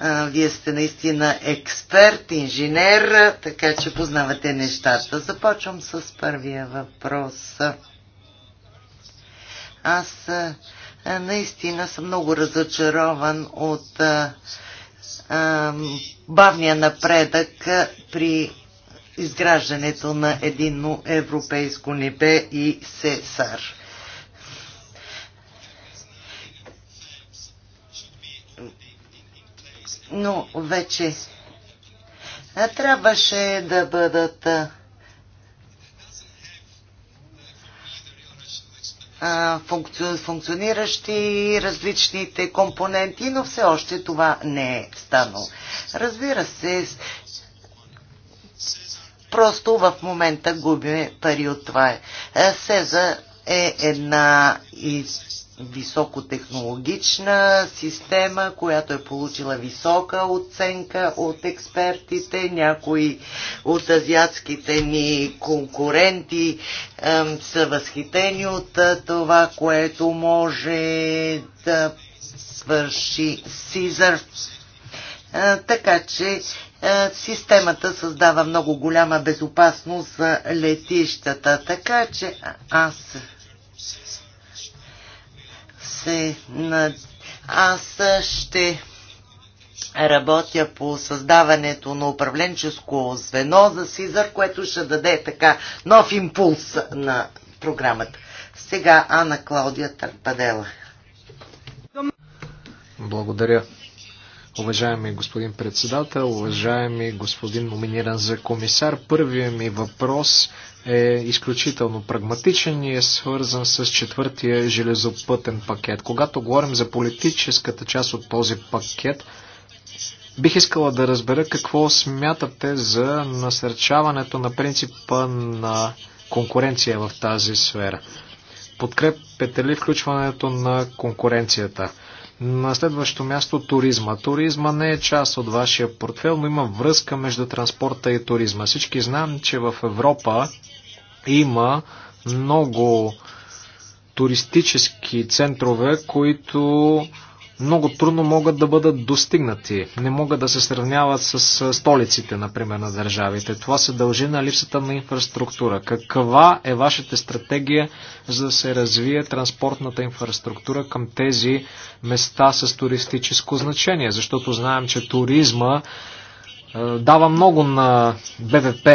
вие сте наистина експерт, инженер, така че познавате нещата. Започвам с първия въпрос. Аз наистина съм много разочарован от бавния напредък при изграждането на единно европейско небе и СЕСАР. но вече трябваше да бъдат функциониращи различните компоненти, но все още това не е станало. Разбира се, просто в момента губим пари от това. Е, Сеза е една из високотехнологична система, която е получила висока оценка от експертите. Някои от азиатските ни конкуренти е, са възхитени от е, това, което може да свърши Сизър. Е, така че е, системата създава много голяма безопасност за летищата. Така че аз се над... Аз ще работя по създаването на управленческо звено за Сизър, което ще даде така нов импулс на програмата. Сега Ана Клаудия Тарпадела. Благодаря. Уважаеми господин председател, уважаеми господин номиниран за комисар, първият ми въпрос е изключително прагматичен и е свързан с четвъртия железопътен пакет. Когато говорим за политическата част от този пакет, бих искала да разбера какво смятате за насърчаването на принципа на конкуренция в тази сфера. Подкрепете ли включването на конкуренцията? На следващо място туризма. Туризма не е част от вашия портфел, но има връзка между транспорта и туризма. Всички знаем, че в Европа има много туристически центрове, които много трудно могат да бъдат достигнати. Не могат да се сравняват с столиците, например, на държавите. Това се дължи на липсата на инфраструктура. Каква е вашата стратегия за да се развие транспортната инфраструктура към тези места с туристическо значение? Защото знаем, че туризма дава много на БВП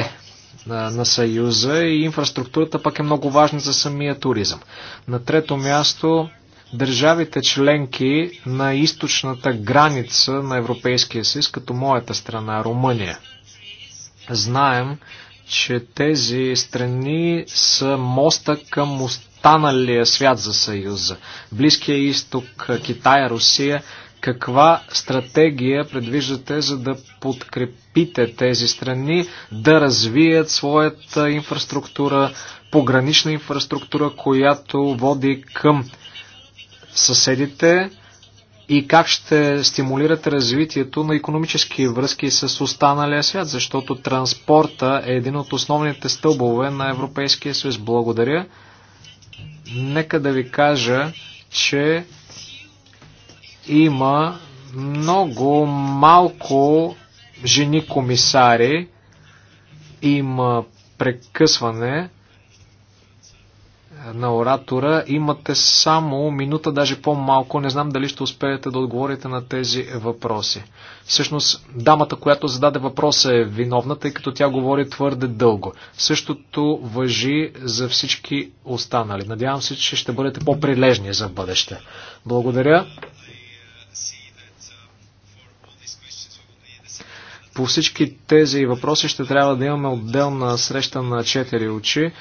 на, на Съюза и инфраструктурата пък е много важна за самия туризъм. На трето място държавите членки на източната граница на Европейския съюз, като моята страна, Румъния. Знаем, че тези страни са моста към останалия свят за Съюза. Близкия изток, Китай, Русия. Каква стратегия предвиждате, за да подкрепите тези страни да развият своята инфраструктура, погранична инфраструктура, която води към съседите и как ще стимулирате развитието на економически връзки с останалия свят, защото транспорта е един от основните стълбове на Европейския съюз. Благодаря. Нека да ви кажа, че има много малко жени комисари, има прекъсване на оратора. Имате само минута, даже по-малко. Не знам дали ще успеете да отговорите на тези въпроси. Всъщност, дамата, която зададе въпроса е виновна, тъй като тя говори твърде дълго. Същото въжи за всички останали. Надявам се, че ще бъдете по-прилежни за бъдеще. Благодаря. По всички тези въпроси ще трябва да имаме отделна среща на четири очи.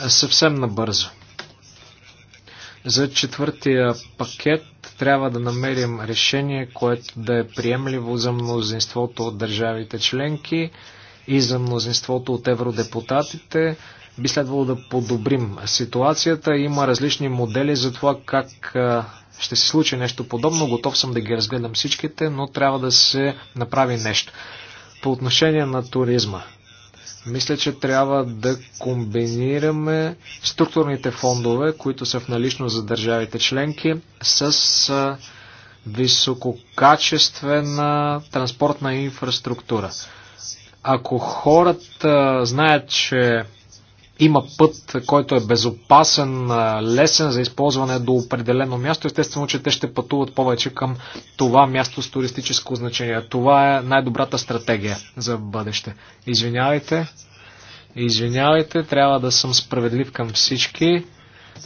Е съвсем набързо. За четвъртия пакет трябва да намерим решение, което да е приемливо за мнозинството от държавите членки и за мнозинството от евродепутатите. Би следвало да подобрим ситуацията. Има различни модели за това как ще се случи нещо подобно. Готов съм да ги разгледам всичките, но трябва да се направи нещо. По отношение на туризма. Мисля, че трябва да комбинираме структурните фондове, които са в налично за държавите членки, с висококачествена транспортна инфраструктура. Ако хората знаят, че има път, който е безопасен, лесен за използване до определено място, естествено, че те ще пътуват повече към това място с туристическо значение. Това е най-добрата стратегия за бъдеще. Извинявайте, извинявайте, трябва да съм справедлив към всички.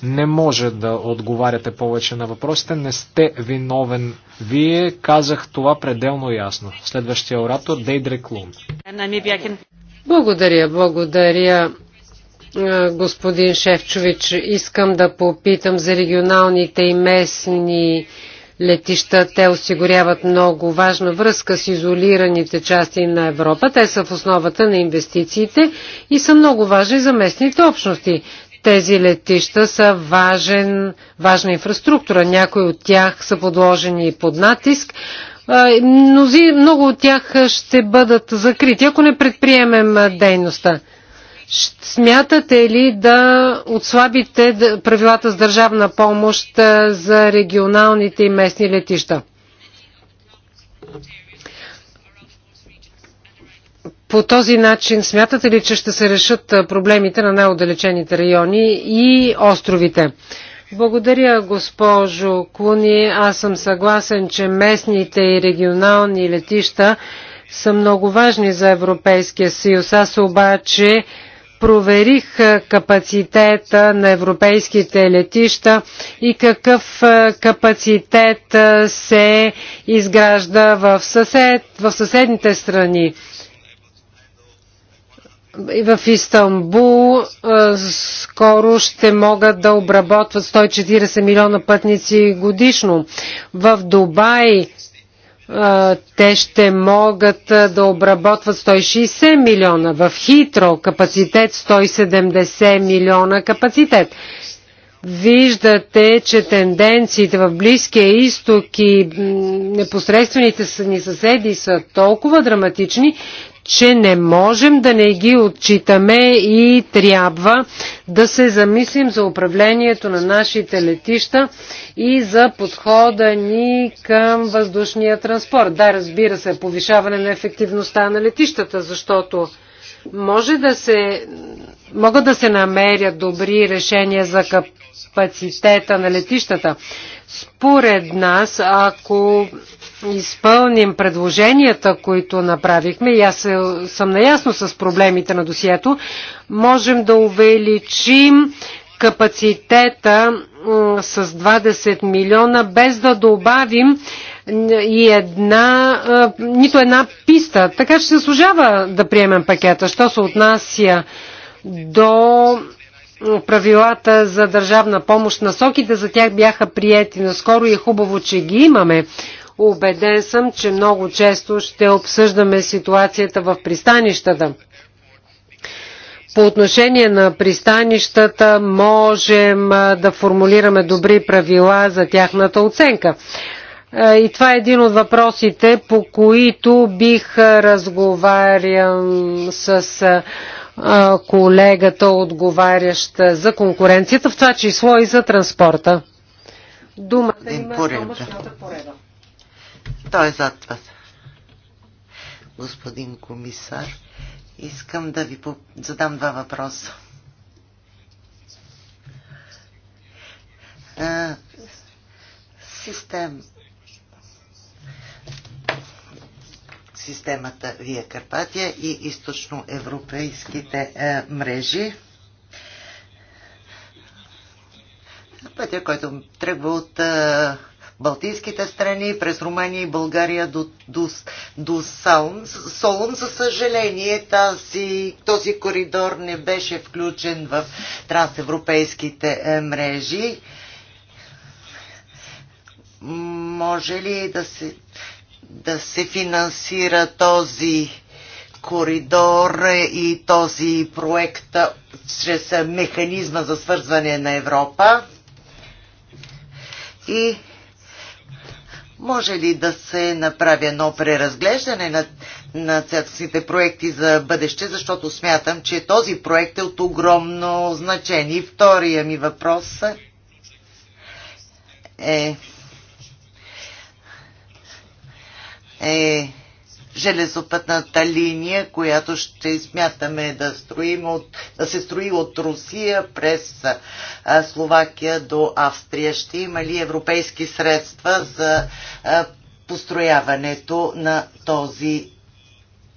Не може да отговаряте повече на въпросите. Не сте виновен. Вие казах това пределно ясно. Следващия оратор Дейдре Клун. Благодаря, благодаря господин Шефчович. Искам да попитам за регионалните и местни летища. Те осигуряват много важна връзка с изолираните части на Европа. Те са в основата на инвестициите и са много важни за местните общности. Тези летища са важен, важна инфраструктура. Някои от тях са подложени под натиск. Мнози, много от тях ще бъдат закрити, ако не предприемем дейността. Смятате ли да отслабите правилата с държавна помощ за регионалните и местни летища? По този начин смятате ли, че ще се решат проблемите на най-отдалечените райони и островите? Благодаря, госпожо Куни. Аз съм съгласен, че местните и регионални летища са много важни за Европейския съюз. Аз обаче проверих капацитета на европейските летища и какъв капацитет се изгражда в, съсед, в съседните страни. В Истанбул скоро ще могат да обработват 140 милиона пътници годишно. В Дубай те ще могат да обработват 160 милиона. В Хитро капацитет 170 милиона капацитет. Виждате, че тенденциите в Близкия изток и непосредствените ни съседи са толкова драматични, че не можем да не ги отчитаме и трябва да се замислим за управлението на нашите летища и за подхода ни към въздушния транспорт. Да, разбира се, повишаване на ефективността на летищата, защото може да се, могат да се намерят добри решения за капацитета на летищата. Според нас, ако изпълним предложенията, които направихме, и аз съм наясно с проблемите на досието, можем да увеличим капацитета с 20 милиона, без да добавим и една, нито една писта. Така че се служава да приемем пакета. Що се отнася до правилата за държавна помощ, насоките за тях бяха приети наскоро и е хубаво, че ги имаме. Убеден съм, че много често ще обсъждаме ситуацията в пристанищата. По отношение на пристанищата можем да формулираме добри правила за тяхната оценка. И това е един от въпросите, по които бих разговарял с колегата, отговаряща за конкуренцията, в това число и за транспорта. Думата има Томаш Пореда. Той е зад вас. Господин комисар, искам да ви задам два въпроса. А, систем... Системата Вия Карпатия и източноевропейските е, мрежи. Пътя, който тръгва от е, Балтийските страни, през Румъния и България до, до, до Солун. Солун. За съжаление, тази, този коридор не беше включен в трансевропейските е, мрежи. Може ли да се, да се финансира този коридор и този проект чрез механизма за свързване на Европа? И може ли да се направи едно преразглеждане на, на цялостните проекти за бъдеще, защото смятам, че този проект е от огромно значение. И втория ми въпрос е, е железопътната линия, която ще смятаме да, строим от, да се строи от Русия през Словакия до Австрия. Ще има ли европейски средства за построяването на този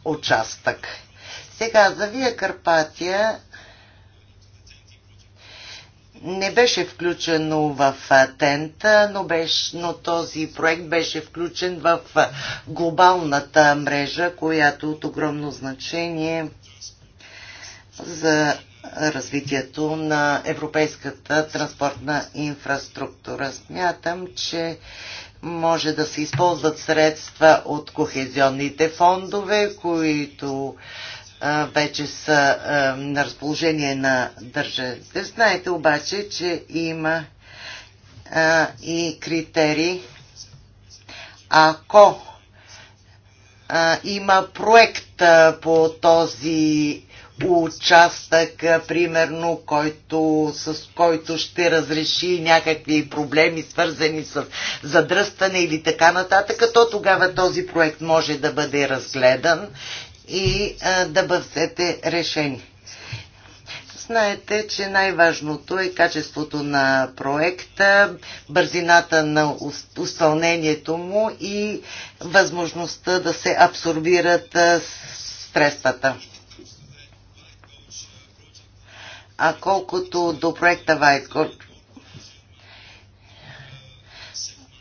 участък? Сега за Вия Карпатия не беше включено в тента, но, беше, но този проект беше включен в глобалната мрежа, която е от огромно значение за развитието на европейската транспортна инфраструктура. Смятам, че може да се използват средства от кохезионните фондове, които вече са на разположение на държавите. Знаете обаче, че има и критерии. Ако има проект по този участък, примерно, който, с който ще разреши някакви проблеми, свързани с задръстване или така нататък, то тогава този проект може да бъде разгледан и а, да бъдете решени. Знаете, че най-важното е качеството на проекта, бързината на изпълнението му и възможността да се абсорбират средствата. А колкото до проекта Вайткор,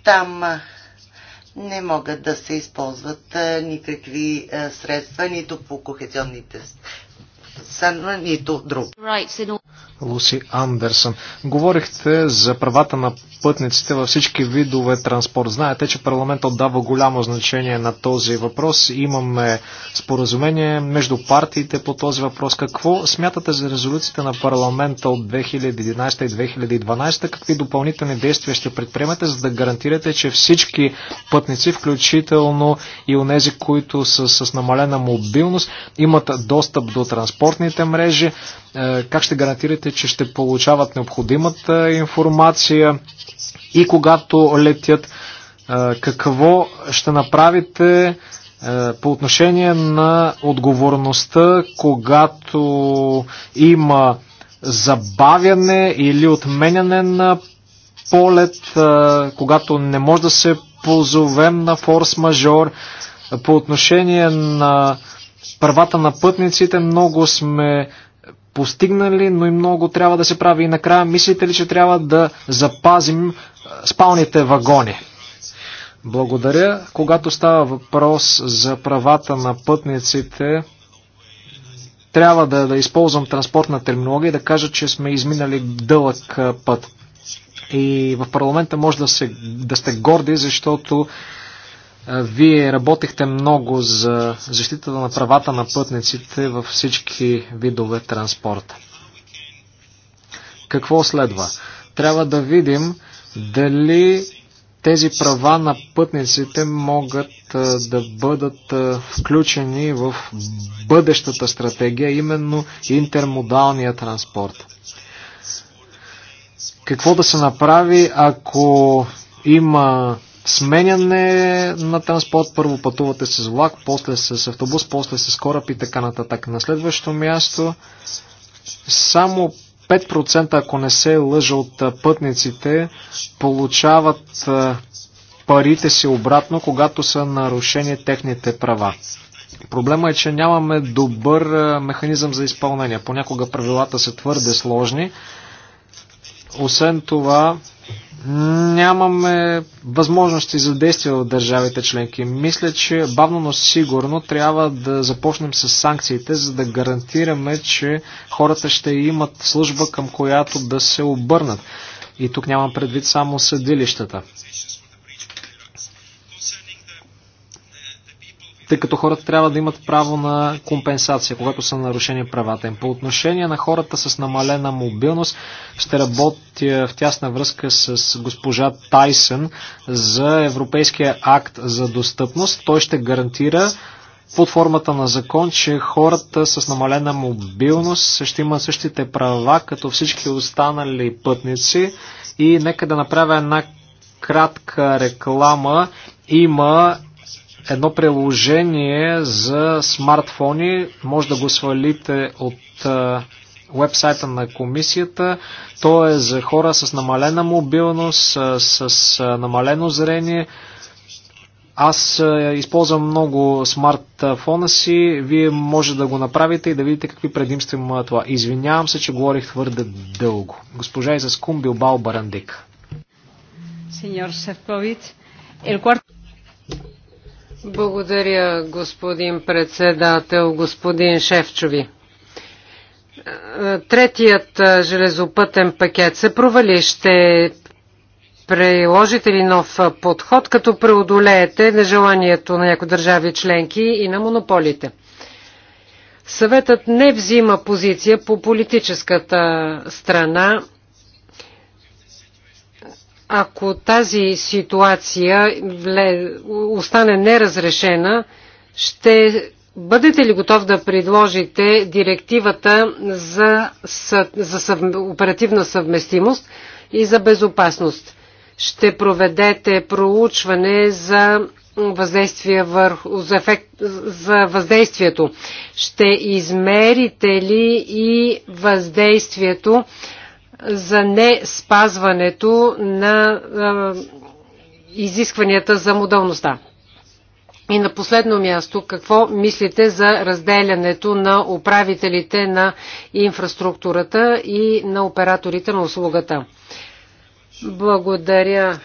там не могат да се използват никакви средства, нито по кохезионните нито друго. Луси Андерсън. Говорихте за правата на пътниците във всички видове транспорт. Знаете, че парламент отдава голямо значение на този въпрос. Имаме споразумение между партиите по този въпрос. Какво смятате за резолюциите на парламента от 2011 и 2012? Какви допълнителни действия ще предприемете, за да гарантирате, че всички пътници, включително и онези, които са с намалена мобилност, имат достъп до транспортните мрежи? Е, как ще гарантирате, че ще получават необходимата информация и когато летят? Е, какво ще направите е, по отношение на отговорността, когато има забавяне или отменяне на полет, когато не може да се позовем на форс-мажор. По отношение на правата на пътниците много сме постигнали, но и много трябва да се прави. И накрая, мислите ли, че трябва да запазим спалните вагони? Благодаря. Когато става въпрос за правата на пътниците, трябва да, да използвам транспортна терминология и да кажа, че сме изминали дълъг път. И в парламента може да, се, да сте горди, защото вие работехте много за защитата на правата на пътниците във всички видове транспорта. Какво следва? Трябва да видим дали тези права на пътниците могат да бъдат включени в бъдещата стратегия, именно интермодалния транспорт. Какво да се направи, ако има сменяне на транспорт. Първо пътувате с влак, после с автобус, после с кораб и така нататък. На следващото място само 5%, ако не се лъжа от пътниците, получават парите си обратно, когато са нарушени техните права. Проблема е, че нямаме добър механизъм за изпълнение. Понякога правилата са твърде сложни. Освен това, нямаме възможности за действия от държавите членки. Мисля, че бавно, но сигурно трябва да започнем с санкциите, за да гарантираме, че хората ще имат служба, към която да се обърнат. И тук нямам предвид само съдилищата. тъй като хората трябва да имат право на компенсация, когато са нарушени правата им. По отношение на хората с намалена мобилност, ще работя в тясна връзка с госпожа Тайсън за Европейския акт за достъпност. Той ще гарантира под формата на закон, че хората с намалена мобилност ще имат същите права, като всички останали пътници. И нека да направя една кратка реклама. Има едно приложение за смартфони. Може да го свалите от вебсайта на комисията. То е за хора с намалена мобилност, с, с намалено зрение. Аз използвам много смартфона си. Вие може да го направите и да видите какви предимства има това. Извинявам се, че говорих твърде дълго. Госпожа Изаскум Билбао Барандик. Сеньор Севковиц, е благодаря, господин председател, господин Шефчови. Третият железопътен пакет се провали. Ще приложите ли нов подход, като преодолеете нежеланието на някои държави членки и на монополите? Съветът не взима позиция по политическата страна ако тази ситуация остане неразрешена, ще бъдете ли готов да предложите директивата за, за съв... оперативна съвместимост и за безопасност? Ще проведете проучване за въздействие върху, за, ефект, за въздействието. Ще измерите ли и въздействието за не спазването на изискванията за модалността. И на последно място, какво мислите за разделянето на управителите на инфраструктурата и на операторите на услугата? Благодаря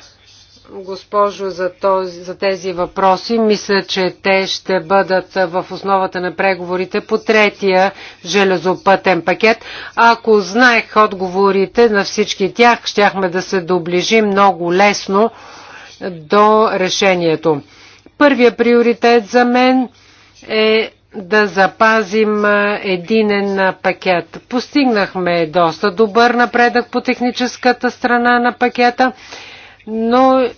госпожо, за, този, за тези въпроси. Мисля, че те ще бъдат в основата на преговорите по третия железопътен пакет. Ако знаех отговорите на всички тях, щяхме да се доближим много лесно до решението. Първия приоритет за мен е да запазим единен пакет. Постигнахме доста добър напредък по техническата страна на пакета но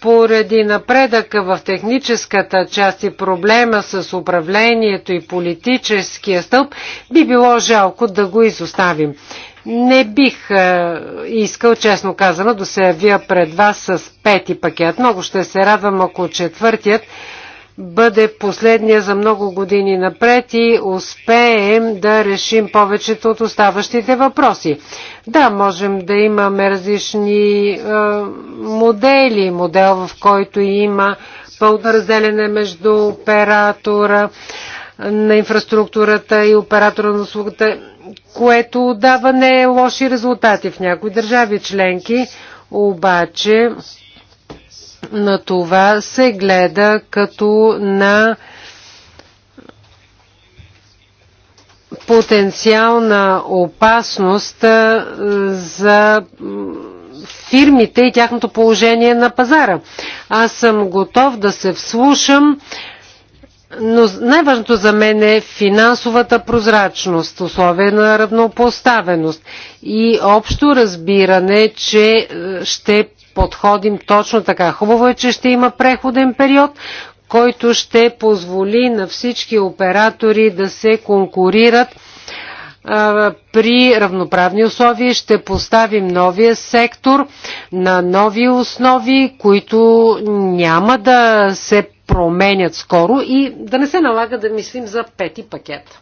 поради напредъка в техническата част и проблема с управлението и политическия стълб, би било жалко да го изоставим. Не бих е, искал, честно казано, да се явя пред вас с пети пакет. Много ще се радвам, ако четвъртият бъде последния за много години напред и успеем да решим повечето от оставащите въпроси. Да, можем да имаме различни е, модели, модел в който има пълно разделене между оператора на инфраструктурата и оператора на услугата, което дава не лоши резултати в някои държави членки, обаче на това се гледа като на потенциална опасност за фирмите и тяхното положение на пазара. Аз съм готов да се вслушам, но най-важното за мен е финансовата прозрачност, условие на равнопоставеност и общо разбиране, че ще подходим точно така. Хубаво е, че ще има преходен период, който ще позволи на всички оператори да се конкурират при равноправни условия ще поставим новия сектор на нови основи, които няма да се променят скоро и да не се налага да мислим за пети пакет.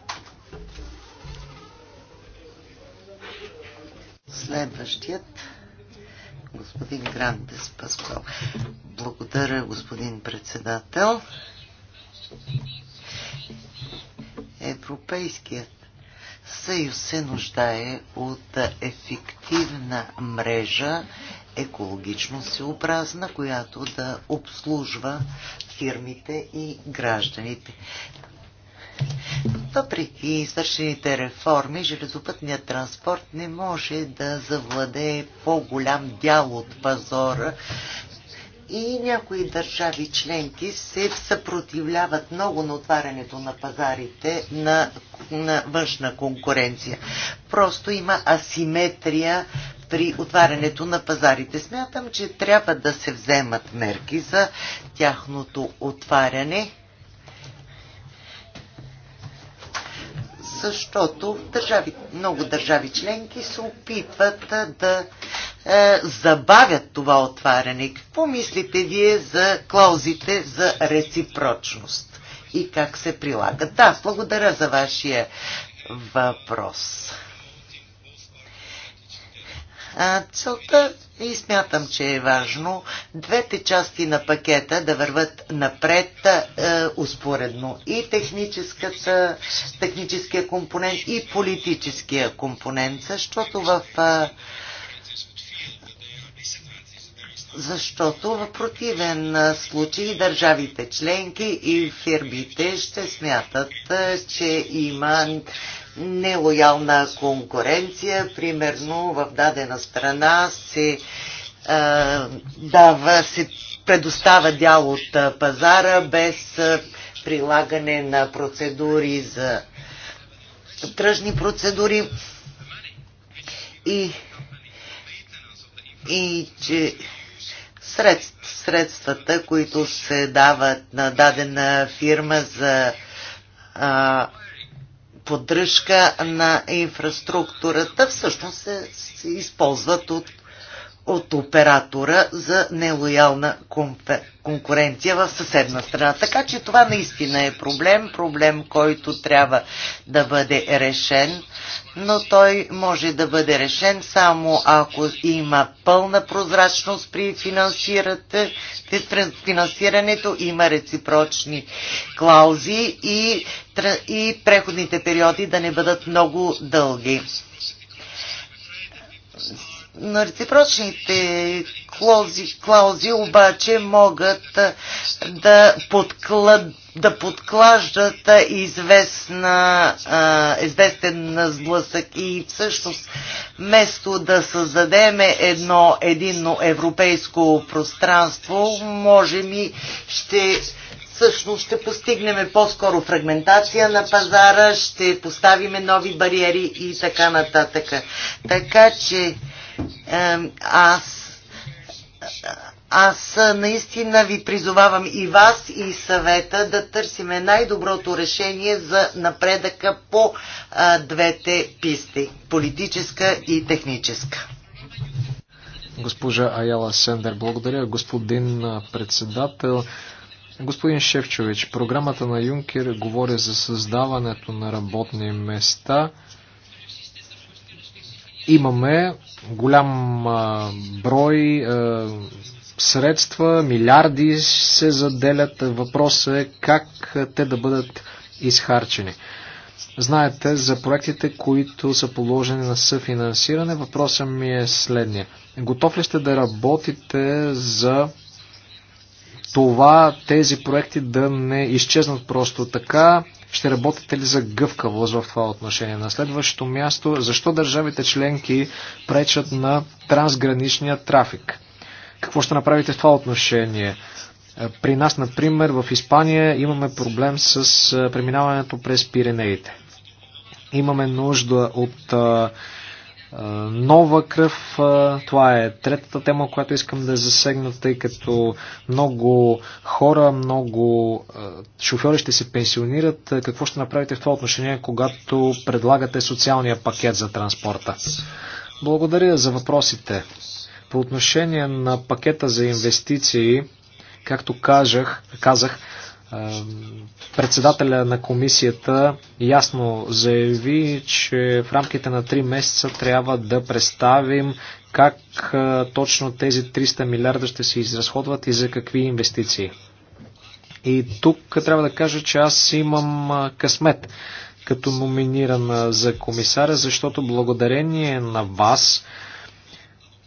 Следващият господин Грантес Паскал. Благодаря, господин председател. Европейският съюз се нуждае от ефективна мрежа, екологично съобразна, която да обслужва фирмите и гражданите. Въпреки извършените реформи, железопътният транспорт не може да завладее по-голям дял от пазора и някои държави членки се съпротивляват много на отварянето на пазарите на, на външна конкуренция. Просто има асиметрия при отварянето на пазарите. Смятам, че трябва да се вземат мерки за тяхното отваряне защото държави, много държави членки се опитват да е, забавят това отваряне. Какво мислите вие за клаузите за реципрочност и как се прилагат? Да, благодаря за вашия въпрос. А, целта и смятам, че е важно двете части на пакета да върват напред е, успоредно. И техническата, техническия компонент, и политическия компонент, защото в. Е, защото в противен случай държавите членки и фирмите ще смятат, е, че има нелоялна конкуренция. Примерно в дадена страна се а, дава, се предоставя дял от пазара без прилагане на процедури за тръжни процедури и, и че средств, средствата, които се дават на дадена фирма за а, поддръжка на инфраструктурата всъщност се, използват от от оператора за нелоялна конкуренция в съседна страна. Така че това наистина е проблем, проблем, който трябва да бъде решен, но той може да бъде решен само ако има пълна прозрачност при финансирането, има реципрочни клаузи и, и преходните периоди да не бъдат много дълги на реципрочните клаузи, клаузи обаче могат да, подклад, да подклаждат известна, известен сблъсък и всъщност вместо да създадеме едно единно европейско пространство, може ми ще всъщност ще постигнем по-скоро фрагментация на пазара, ще поставиме нови бариери и така нататък. Така че аз аз наистина ви призовавам и вас, и съвета да търсиме най-доброто решение за напредъка по а, двете писти политическа и техническа. Госпожа Аяла Сендер, благодаря. Господин председател, господин Шевчович, програмата на Юнкер говори за създаването на работни места – Имаме голям брой средства, милиарди се заделят. Въпросът е как те да бъдат изхарчени. Знаете за проектите, които са положени на съфинансиране. Въпросът ми е следния. Готов ли сте да работите за това тези проекти да не изчезнат просто така? Ще работите ли за гъвкавост в това отношение? На следващото място, защо държавите членки пречат на трансграничния трафик? Какво ще направите в това отношение? При нас, например, в Испания имаме проблем с преминаването през Пиренеите. Имаме нужда от нова кръв. Това е третата тема, която искам да засегна, тъй като много хора, много шофьори ще се пенсионират. Какво ще направите в това отношение, когато предлагате социалния пакет за транспорта? Благодаря за въпросите. По отношение на пакета за инвестиции, както казах, казах, председателя на комисията ясно заяви, че в рамките на 3 месеца трябва да представим как точно тези 300 милиарда ще се изразходват и за какви инвестиции. И тук трябва да кажа, че аз имам късмет като номиниран за комисаря, защото благодарение на вас,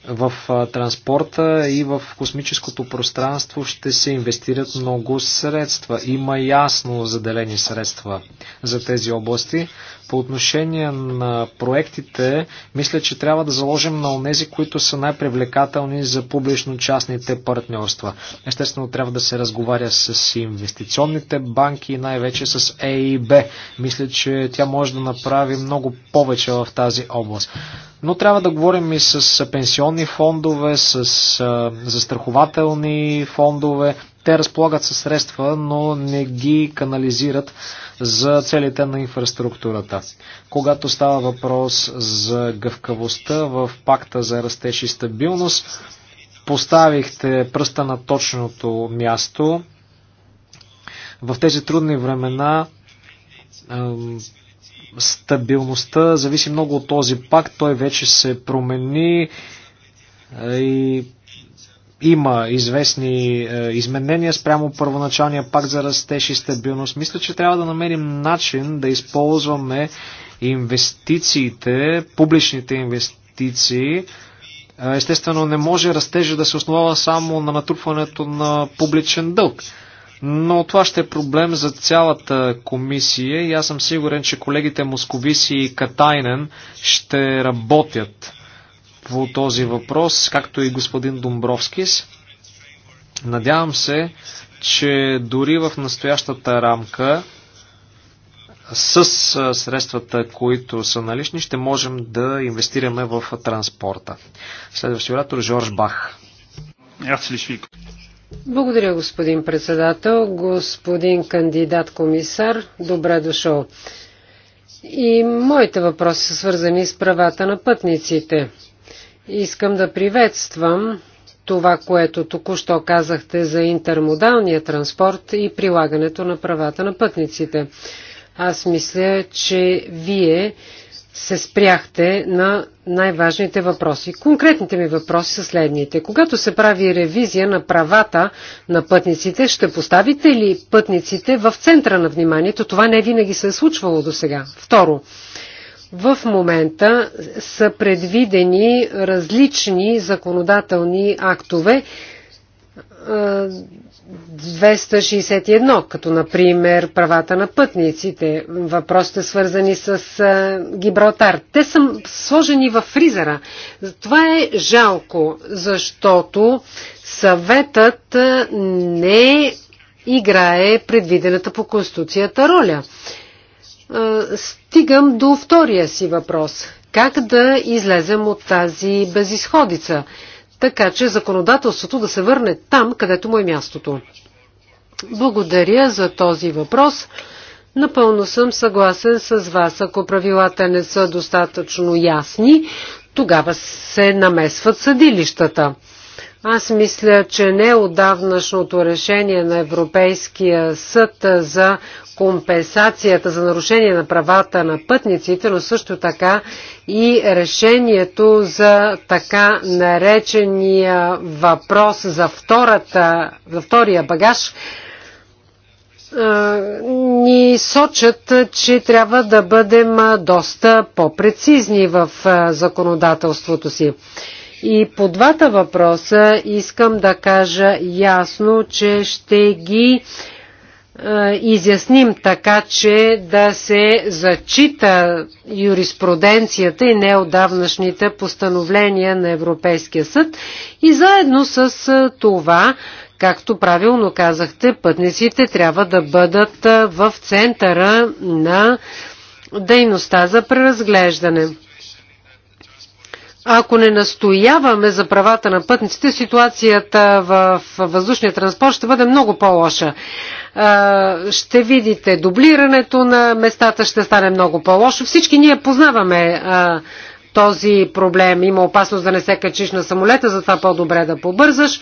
в транспорта и в космическото пространство ще се инвестират много средства. Има ясно заделени средства за тези области. По отношение на проектите, мисля, че трябва да заложим на онези, които са най-привлекателни за публично-частните партньорства. Естествено, трябва да се разговаря с инвестиционните банки и най-вече с ЕИБ. Мисля, че тя може да направи много повече в тази област. Но трябва да говорим и с пенсионни фондове, с застрахователни фондове. Те разполагат със средства, но не ги канализират за целите на инфраструктурата. Когато става въпрос за гъвкавостта в пакта за растеж и стабилност, поставихте пръста на точното място. В тези трудни времена Стабилността зависи много от този пакт. Той вече се промени е, и има известни е, изменения спрямо първоначалния пакт за растеж и стабилност. Мисля, че трябва да намерим начин да използваме инвестициите, публичните инвестиции. Е, естествено, не може растежа да се основава само на натрупването на публичен дълг. Но това ще е проблем за цялата комисия и аз съм сигурен, че колегите Московиси и Катайнен ще работят по този въпрос, както и господин Домбровскис. Надявам се, че дори в настоящата рамка с средствата, които са налични, ще можем да инвестираме в транспорта. Следващия оратор Жорж Бах. Благодаря, господин председател. Господин кандидат комисар, добре дошъл. И моите въпроси са свързани с правата на пътниците. Искам да приветствам това, което току-що казахте за интермодалния транспорт и прилагането на правата на пътниците. Аз мисля, че вие се спряхте на най-важните въпроси. Конкретните ми въпроси са следните. Когато се прави ревизия на правата на пътниците, ще поставите ли пътниците в центъра на вниманието? Това не винаги се е случвало до сега. Второ, в момента са предвидени различни законодателни актове, 261, като например правата на пътниците, въпросите свързани с Гибралтар. Те са сложени в фризера. Това е жалко, защото съветът не играе предвидената по Конституцията роля. Стигам до втория си въпрос. Как да излезем от тази безисходица? така че законодателството да се върне там, където му е мястото. Благодаря за този въпрос. Напълно съм съгласен с вас. Ако правилата не са достатъчно ясни, тогава се намесват съдилищата. Аз мисля, че не отдавнашното решение на Европейския съд за компенсацията за нарушение на правата на пътниците, но също така и решението за така наречения въпрос за, втората, за втория багаж ни сочат, че трябва да бъдем доста по-прецизни в законодателството си. И по двата въпроса искам да кажа ясно, че ще ги изясним така, че да се зачита юриспруденцията и неодавнашните постановления на Европейския съд и заедно с това, както правилно казахте, пътниците трябва да бъдат в центъра на дейността за преразглеждане. Ако не настояваме за правата на пътниците, ситуацията в въздушния транспорт ще бъде много по-лоша. Ще видите дублирането на местата ще стане много по-лошо. Всички ние познаваме този проблем. Има опасност да не се качиш на самолета, затова по-добре да побързаш.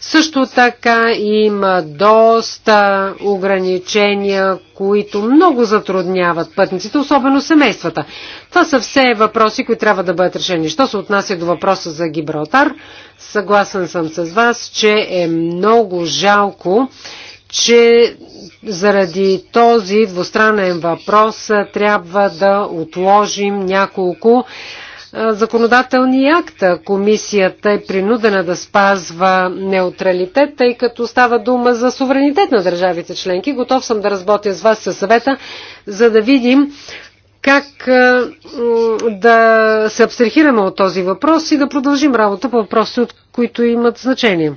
Също така има доста ограничения, които много затрудняват пътниците, особено семействата. Това са все въпроси, които трябва да бъдат решени. Що се отнася до въпроса за Гибралтар, съгласен съм с вас, че е много жалко, че заради този двустранен въпрос трябва да отложим няколко законодателни акта. Комисията е принудена да спазва неутралитет, тъй като става дума за суверенитет на държавите членки. Готов съм да работя с вас със съвета, за да видим как да се абстрахираме от този въпрос и да продължим работа по въпроси, от които имат значение.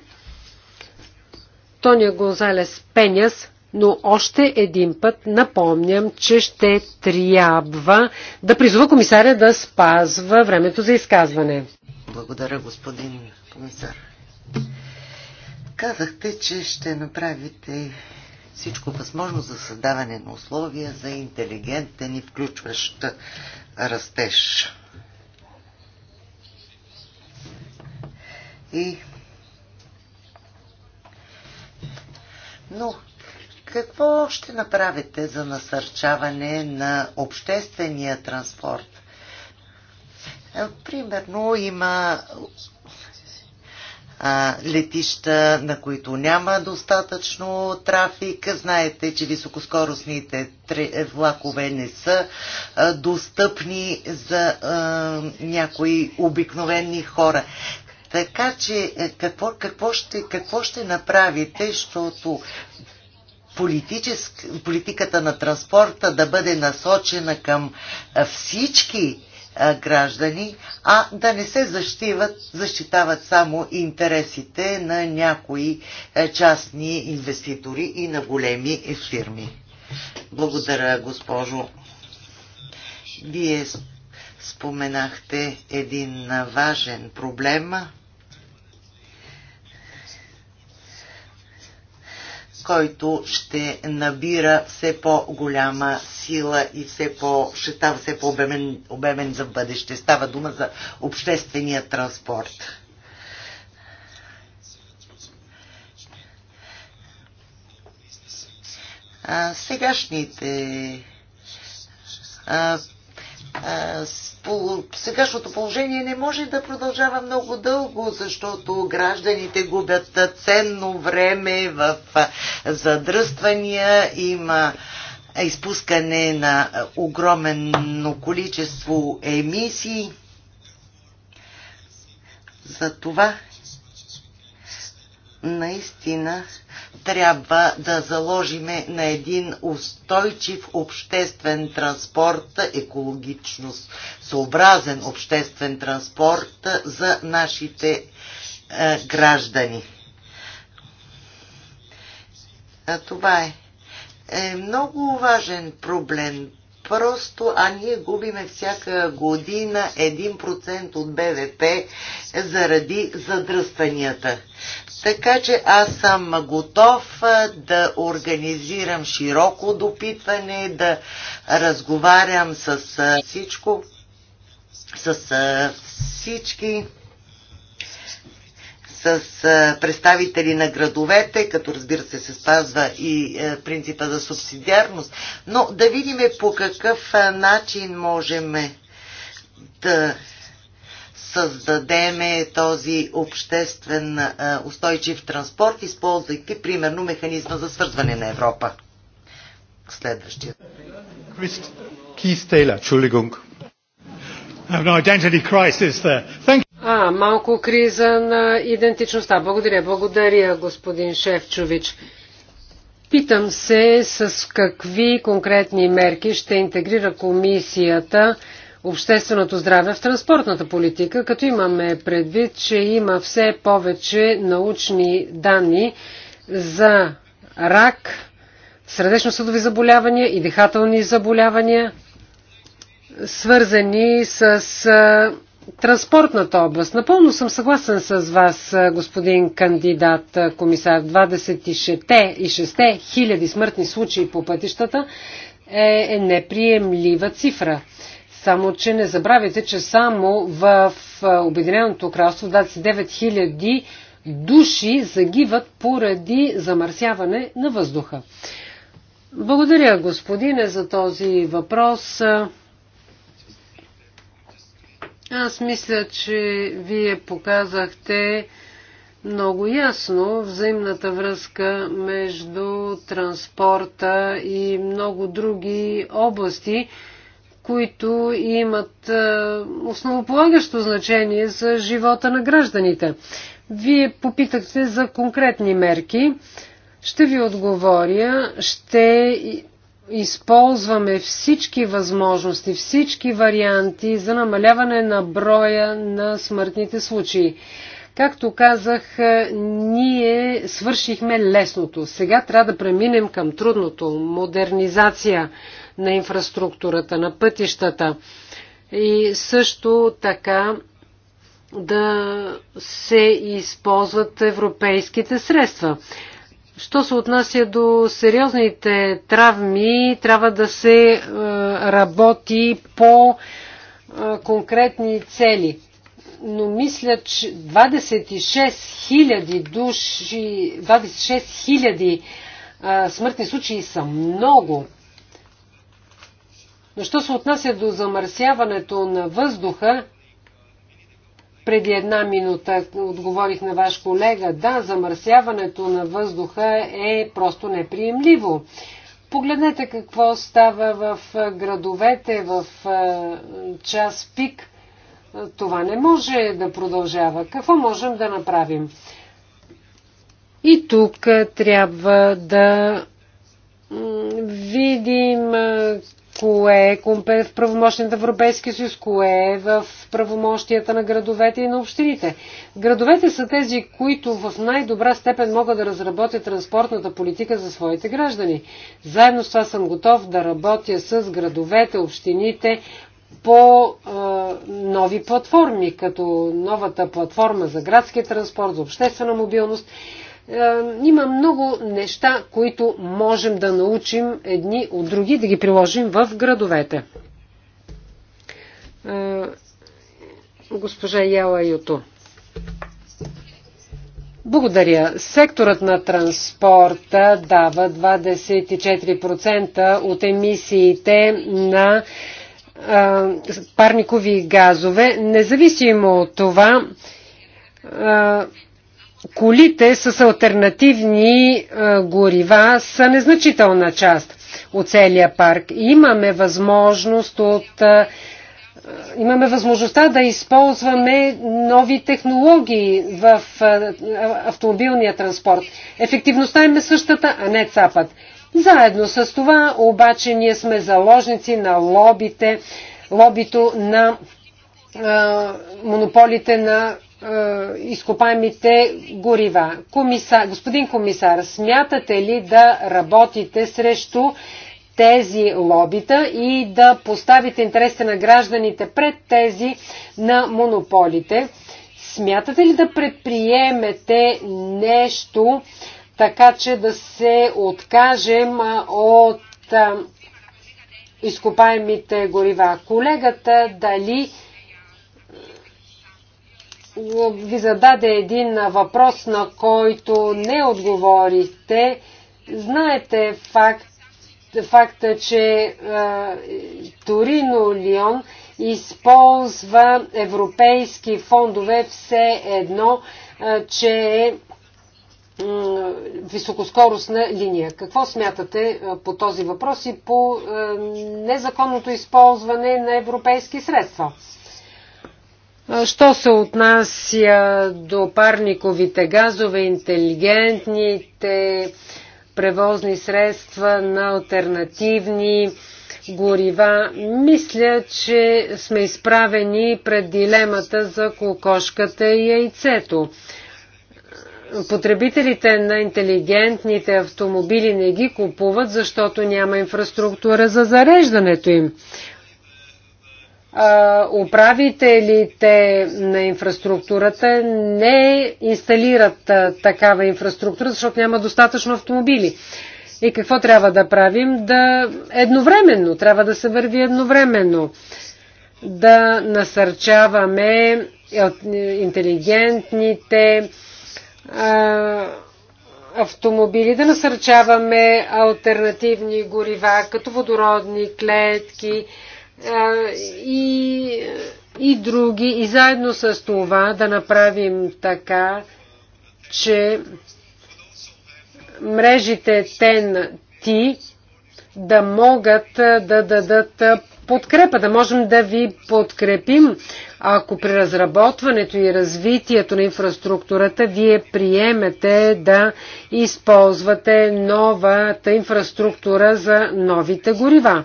Тония Гонзалес Пеняс но още един път напомням, че ще трябва да призова комисаря да спазва времето за изказване. Благодаря, господин комисар. Казахте, че ще направите всичко възможно за създаване на условия за интелигентен и включващ растеж. И... Но какво ще направите за насърчаване на обществения транспорт? Е, примерно има летища, на които няма достатъчно трафик. Знаете, че високоскоростните е, влакове не са достъпни за някои обикновени хора. Така че е, какво, какво, ще, какво ще направите, защото политиката на транспорта да бъде насочена към всички граждани, а да не се защитават, защитават само интересите на някои частни инвеститори и на големи фирми. Благодаря, госпожо. Вие споменахте един важен проблем който ще набира все по-голяма сила и все по, ще става все по-обемен обемен за бъдеще. Става дума за обществения транспорт. А, сегашните а, сегашното положение не може да продължава много дълго, защото гражданите губят ценно време в задръствания, има изпускане на огромно количество емисии. За това наистина трябва да заложиме на един устойчив обществен транспорт, екологично съобразен обществен транспорт за нашите е, граждани. А това е, е много важен проблем просто, а ние губиме всяка година 1% от БВП заради задръстванията. Така че аз съм готов да организирам широко допитване, да разговарям с всичко, с всички с представители на градовете, като разбира се се спазва и е, принципа за субсидиарност, но да видим по какъв е, начин можем да създадеме този обществен е, устойчив транспорт, използвайки примерно механизма за свързване на Европа. Следващия. Кис Тейлър, Entschuldigung. Have an identity crisis there. Thank а, малко криза на идентичността. Благодаря, благодаря, господин Шефчович. Питам се с какви конкретни мерки ще интегрира комисията общественото здраве в транспортната политика, като имаме предвид, че има все повече научни данни за рак, сърдечно-съдови заболявания и дихателни заболявания, свързани с Транспортната област. Напълно съм съгласен с вас, господин кандидат комисар. 26 и 6 хиляди смъртни случаи по пътищата е, е неприемлива цифра. Само, че не забравяйте, че само в Обединеното кралство 29 000 души загиват поради замърсяване на въздуха. Благодаря, господине, за този въпрос. Аз мисля, че вие показахте много ясно взаимната връзка между транспорта и много други области, които имат основополагащо значение за живота на гражданите. Вие попитахте за конкретни мерки. Ще ви отговоря. Ще използваме всички възможности, всички варианти за намаляване на броя на смъртните случаи. Както казах, ние свършихме лесното. Сега трябва да преминем към трудното. Модернизация на инфраструктурата, на пътищата. И също така да се използват европейските средства. Що се отнася до сериозните травми, трябва да се е, работи по е, конкретни цели. Но мисля, че 26 000 души, 26 000 е, смъртни случаи са много. Но що се отнася до замърсяването на въздуха, преди една минута отговорих на ваш колега, да, замърсяването на въздуха е просто неприемливо. Погледнете какво става в градовете, в час пик. Това не може да продължава. Какво можем да направим? И тук трябва да видим кое е в правомощията на Европейския съюз, кое е в правомощията на градовете и на общините. Градовете са тези, които в най-добра степен могат да разработят транспортната политика за своите граждани. Заедно с това съм готов да работя с градовете, общините по е, нови платформи, като новата платформа за градския транспорт, за обществена мобилност. Е, има много неща, които можем да научим едни от други, да ги приложим в градовете. Е, госпожа Яла Юто. Благодаря. Секторът на транспорта дава 24% от емисиите на парникови газове. Независимо от това, колите с альтернативни е, горива са незначителна част от целия парк. Имаме възможност от е, е, имаме възможността да използваме нови технологии в автомобилния транспорт. Ефективността им е същата, а не цапът. Заедно с това обаче ние сме заложници на лобите, лобито на монополите на е, изкопаемите горива. Комисар, господин комисар, смятате ли да работите срещу тези лобита и да поставите интересите на гражданите пред тези на монополите? Смятате ли да предприемете нещо така, че да се откажем от изкопаемите горива? Колегата дали ви зададе един въпрос, на който не отговорихте. Знаете факт, факта, че е, Торино Лион използва европейски фондове все едно, е, че е високоскоростна линия. Какво смятате по този въпрос и по незаконното използване на европейски средства? Що се отнася до парниковите газове, интелигентните превозни средства на альтернативни горива, мисля, че сме изправени пред дилемата за кокошката и яйцето. Потребителите на интелигентните автомобили не ги купуват, защото няма инфраструктура за зареждането им управителите на инфраструктурата не инсталират такава инфраструктура, защото няма достатъчно автомобили. И какво трябва да правим? Да едновременно, трябва да се върви едновременно. Да насърчаваме интелигентните а, автомобили, да насърчаваме альтернативни горива, като водородни клетки, и, и други. И заедно с това да направим така, че мрежите тен t да могат да дадат подкрепа, да можем да ви подкрепим, ако при разработването и развитието на инфраструктурата вие приемете да използвате новата инфраструктура за новите горива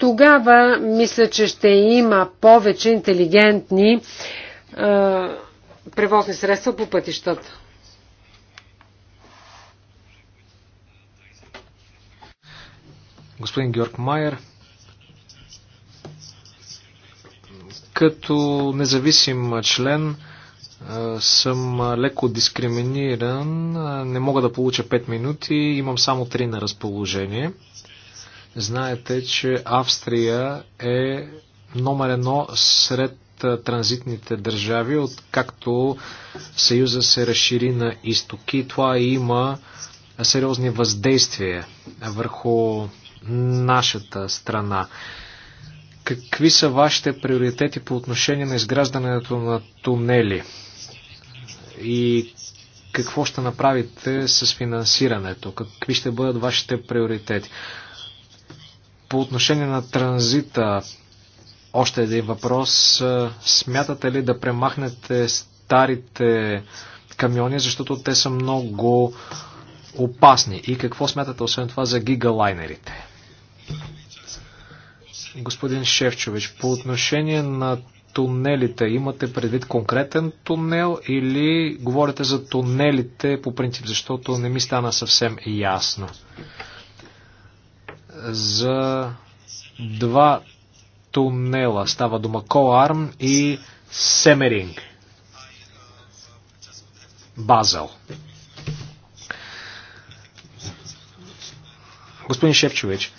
тогава мисля, че ще има повече интелигентни е, превозни средства по пътищата. Господин Георг Майер, като независим член съм леко дискриминиран, не мога да получа 5 минути, имам само 3 на разположение. Знаете, че Австрия е номер едно сред транзитните държави, откакто Съюза се разшири на изтоки. Това има сериозни въздействия върху нашата страна. Какви са вашите приоритети по отношение на изграждането на тунели? И какво ще направите с финансирането? Какви ще бъдат вашите приоритети? По отношение на транзита, още един въпрос. Е, смятате ли да премахнете старите камиони, защото те са много опасни? И какво смятате освен това за гигалайнерите? Господин Шевчович, по отношение на тунелите, имате предвид конкретен тунел или говорите за тунелите по принцип, защото не ми стана съвсем ясно? за два тунела. Става дума Коарм и Семеринг. Базел. Господин Шепчович,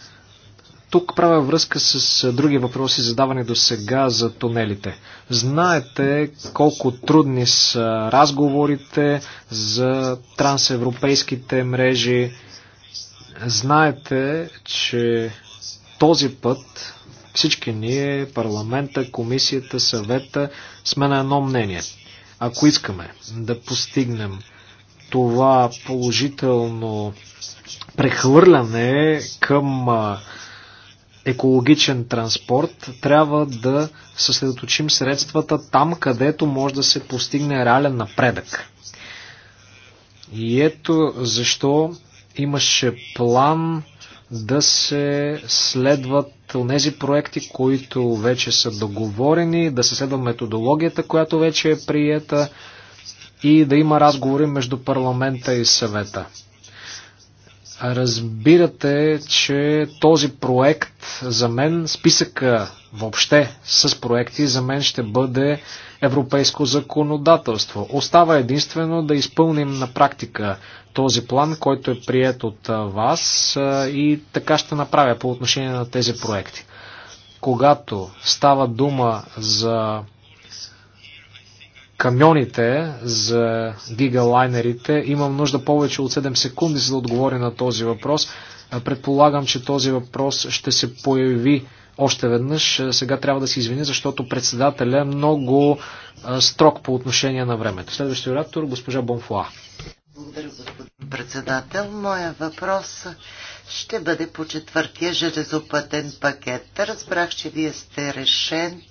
тук правя връзка с други въпроси, задавани до сега за тунелите. Знаете колко трудни са разговорите за трансевропейските мрежи. Знаете, че този път всички ние, парламента, комисията, съвета, сме на едно мнение. Ако искаме да постигнем това положително прехвърляне към екологичен транспорт, трябва да съсредоточим средствата там, където може да се постигне реален напредък. И ето защо имаше план да се следват тези проекти, които вече са договорени, да се следва методологията, която вече е приета и да има разговори между парламента и съвета разбирате, че този проект за мен, списъка въобще с проекти за мен ще бъде европейско законодателство. Остава единствено да изпълним на практика този план, който е прият от вас и така ще направя по отношение на тези проекти. Когато става дума за камионите, за гигалайнерите. Имам нужда повече от 7 секунди, за да отговоря на този въпрос. Предполагам, че този въпрос ще се появи още веднъж. Сега трябва да се извини, защото председателя е много строг по отношение на времето. Следващия оратор, госпожа Бонфуа. Благодаря, господин председател. Моя въпрос ще бъде по четвъртия железопътен пакет. Разбрах, че вие сте решен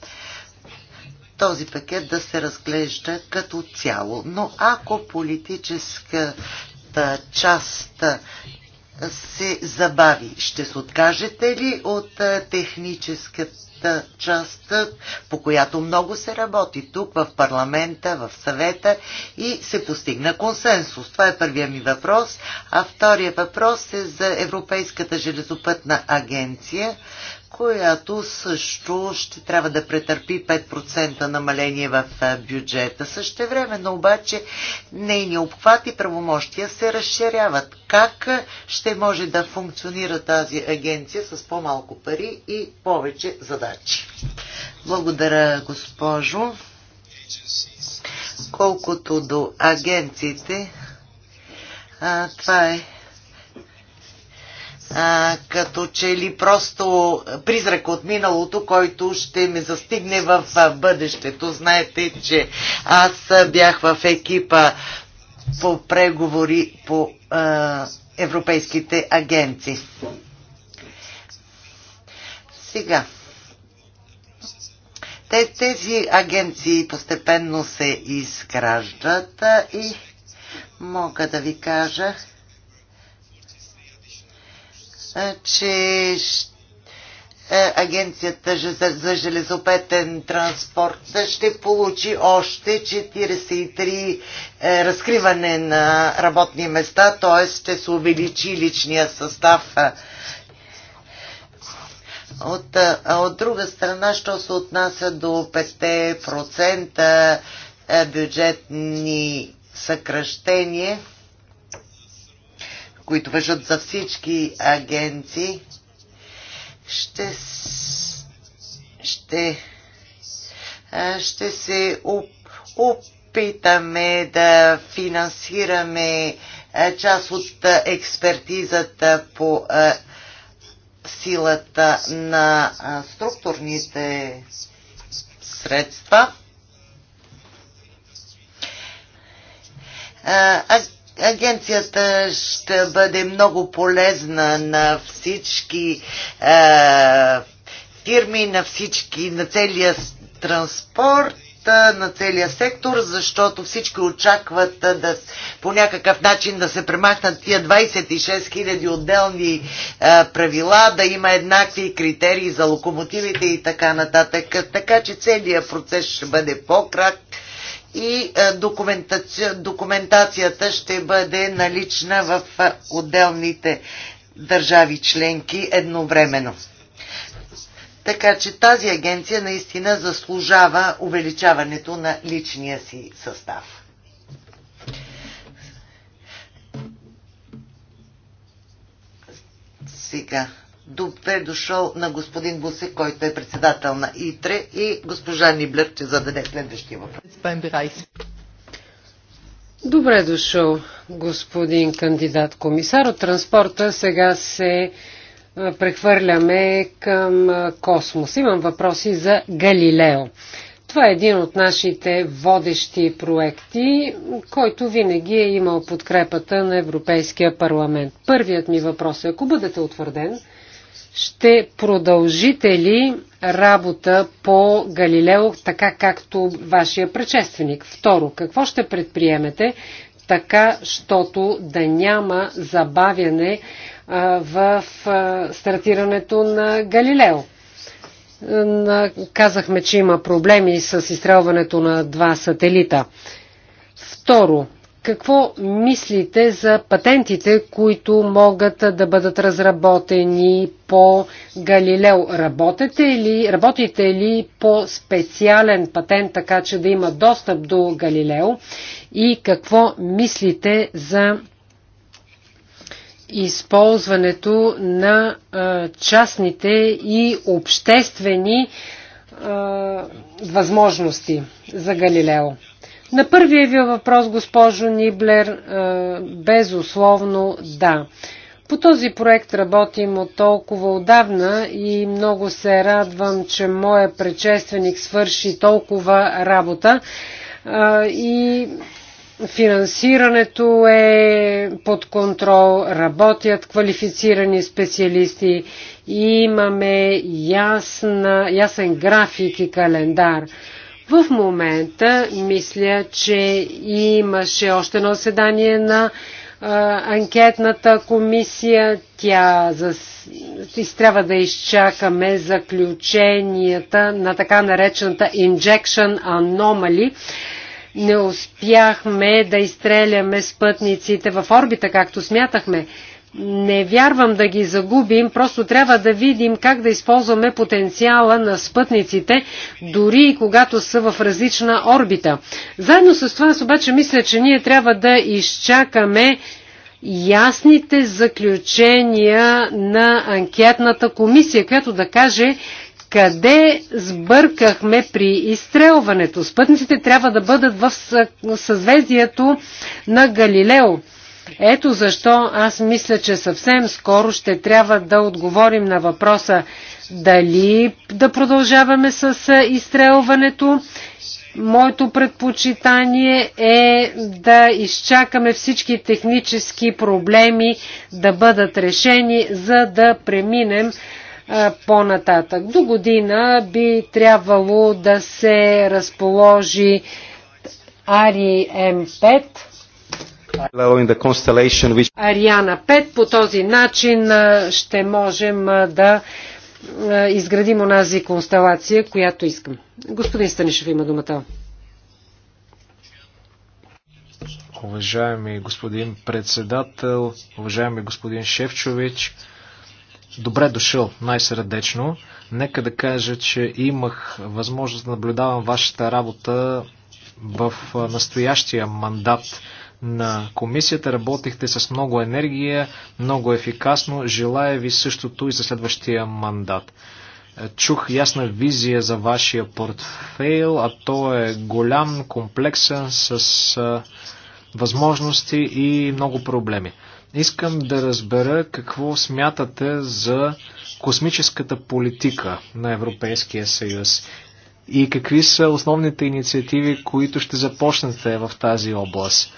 този пакет да се разглежда като цяло. Но ако политическата част се забави, ще се откажете ли от техническата част, по която много се работи тук, в парламента, в съвета и се постигна консенсус? Това е първия ми въпрос. А втория въпрос е за Европейската железопътна агенция която също ще трябва да претърпи 5% намаление в бюджета. Също време, но обаче нейния обхват и правомощия се разширяват. Как ще може да функционира тази агенция с по-малко пари и повече задачи? Благодаря, госпожо. Колкото до агенциите, това е а, като че ли просто призрак от миналото, който ще ме застигне в бъдещето. Знаете, че аз бях в екипа по преговори по а, европейските агенции. Сега. тези агенции постепенно се изграждат и мога да ви кажа, че Агенцията за железопетен транспорт ще получи още 43 е, разкриване на работни места, т.е. ще се увеличи личния състав. От, от друга страна, що се отнася до 5% е, бюджетни съкръщения, които въжат за всички агенции, ще, ще, ще се опитаме да финансираме част от експертизата по силата на структурните средства. Агенцията ще бъде много полезна на всички е, фирми, на всички, на целия транспорт, е, на целия сектор, защото всички очакват е, да по някакъв начин да се премахнат тия 26 000 отделни е, правила, да има еднакви критерии за локомотивите и така нататък. Така че целият процес ще бъде по-крат, и е, документаци... документацията ще бъде налична в е, отделните държави членки едновременно. Така че тази агенция наистина заслужава увеличаването на личния си състав. Сега добре дошъл на господин Бусе, който е председател на ИТРЕ и госпожа Ниблер, че зададе следващия въпрос. Добре дошъл, господин кандидат комисар от транспорта. Сега се прехвърляме към космос. Имам въпроси за Галилео. Това е един от нашите водещи проекти, който винаги е имал подкрепата на Европейския парламент. Първият ми въпрос е, ако бъдете утвърден, ще продължите ли работа по Галилео, така както вашия предшественик? Второ, какво ще предприемете, така, щото да няма забавяне в стартирането на Галилео? Казахме, че има проблеми с изстрелването на два сателита. Второ, какво мислите за патентите, които могат да бъдат разработени по Галилео? Работите ли, работите ли по специален патент, така че да има достъп до Галилео? И какво мислите за използването на частните и обществени възможности за Галилео? На първия ви въпрос, госпожо Ниблер, е, безусловно да. По този проект работим от толкова отдавна и много се радвам, че моя предшественик свърши толкова работа е, и финансирането е под контрол, работят квалифицирани специалисти и имаме ясна, ясен график и календар. В момента мисля, че имаше още едно седание на анкетната комисия. Тя зас... трябва да изчакаме заключенията на така наречената Injection Anomaly. Не успяхме да изстреляме спътниците в орбита, както смятахме. Не вярвам да ги загубим, просто трябва да видим как да използваме потенциала на спътниците, дори и когато са в различна орбита. Заедно с това аз обаче мисля, че ние трябва да изчакаме ясните заключения на анкетната комисия, която да каже къде сбъркахме при изстрелването. Спътниците трябва да бъдат в съзвездието на Галилео. Ето защо аз мисля, че съвсем скоро ще трябва да отговорим на въпроса дали да продължаваме с изстрелването. Моето предпочитание е да изчакаме всички технически проблеми да бъдат решени, за да преминем по-нататък. До година би трябвало да се разположи Ари м 5 Ариана 5. По този начин ще можем да изградим онази констелация, която искам. Господин Станишев има думата. Уважаеми господин председател, уважаеми господин Шевчович, добре дошъл най-сърдечно. Нека да кажа, че имах възможност да наблюдавам вашата работа в настоящия мандат на комисията. Работихте с много енергия, много ефикасно. Желая ви същото и за следващия мандат. Е, чух ясна визия за вашия портфейл, а то е голям, комплексен, с е, възможности и много проблеми. Искам да разбера какво смятате за космическата политика на Европейския съюз и какви са основните инициативи, които ще започнете в тази област?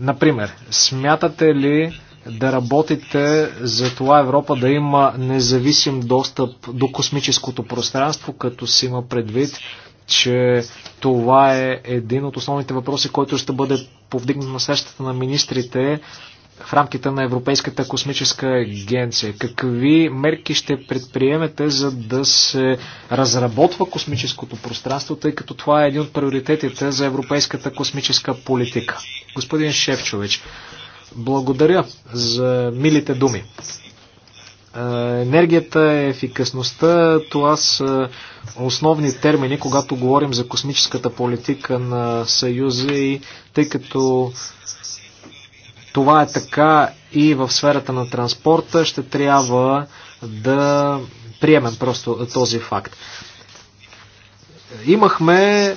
Например, смятате ли да работите за това Европа да има независим достъп до космическото пространство, като си има предвид, че това е един от основните въпроси, който ще бъде повдигнат на срещата на министрите в рамките на Европейската космическа агенция. Какви мерки ще предприемете, за да се разработва космическото пространство, тъй като това е един от приоритетите за Европейската космическа политика? Господин Шевчович, благодаря за милите думи. Е, енергията, ефикасността, това са основни термини, когато говорим за космическата политика на Съюза и тъй като това е така и в сферата на транспорта. Ще трябва да приемем просто този факт. Имахме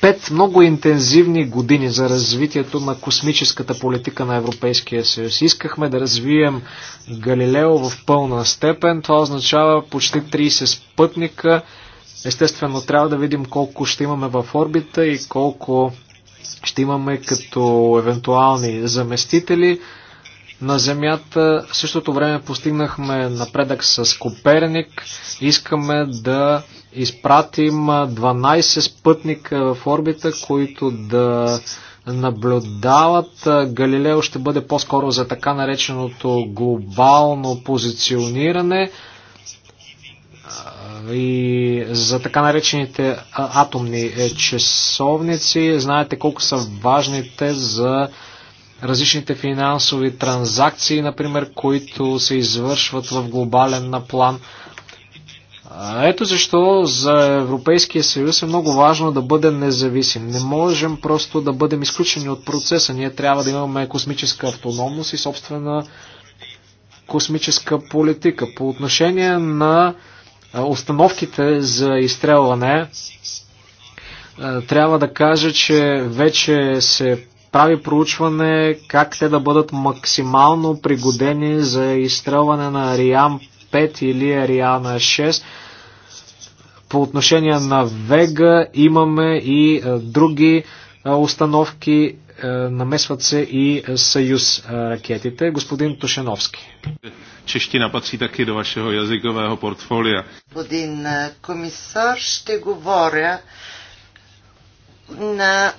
пет много интензивни години за развитието на космическата политика на Европейския съюз. Искахме да развием Галилео в пълна степен. Това означава почти 30 спътника. Естествено, трябва да видим колко ще имаме в орбита и колко ще имаме като евентуални заместители на Земята. В същото време постигнахме напредък с Коперник. Искаме да изпратим 12 спътника в орбита, които да наблюдават. Галилео ще бъде по-скоро за така нареченото глобално позициониране и за така наречените атомни е, часовници. Знаете колко са важните за различните финансови транзакции, например, които се извършват в глобален план. Ето защо за Европейския съюз е много важно да бъдем независим. Не можем просто да бъдем изключени от процеса. Ние трябва да имаме космическа автономност и собствена космическа политика. По отношение на установките за изстрелване, трябва да кажа, че вече се прави проучване как те да бъдат максимално пригодени за изстрелване на Ариан 5 или Ариан 6. По отношение на Вега имаме и други установки. Е, намесват се и съюз е, ракетите. Господин Тошеновски. Чещина паци таки до вашето языковého портфолио. Господин е, комисар, ще говоря на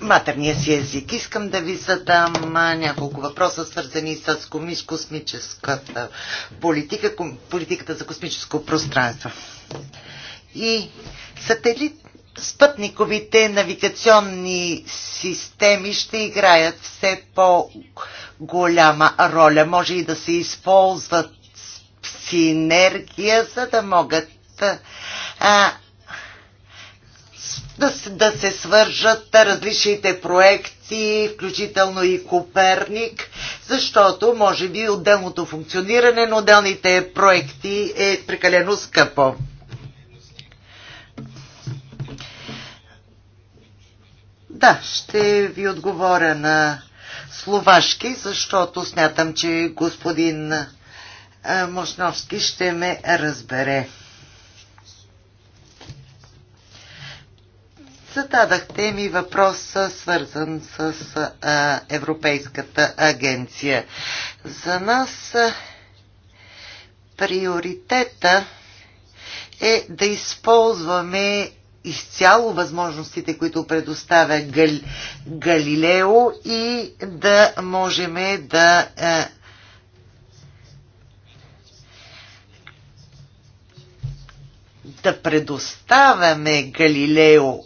матерния си език. Искам да ви задам няколко въпроса, свързани с космическата политика, политиката за космическо пространство. И сателит, спътниковите навигационни системи ще играят все по-голяма роля. Може и да се използват синергия, за да могат а, да, да се свържат различните проекти, включително и Коперник, защото може би отделното функциониране на отделните проекти е прекалено скъпо. Да, ще ви отговоря на словашки, защото смятам, че господин е, Мощновски ще ме разбере. Зададахте ми въпрос, е, свързан с а, е, Европейската агенция. За нас а, приоритета е да използваме изцяло възможностите, които предоставя Гал, Галилео и да можем да е, да предоставяме Галилео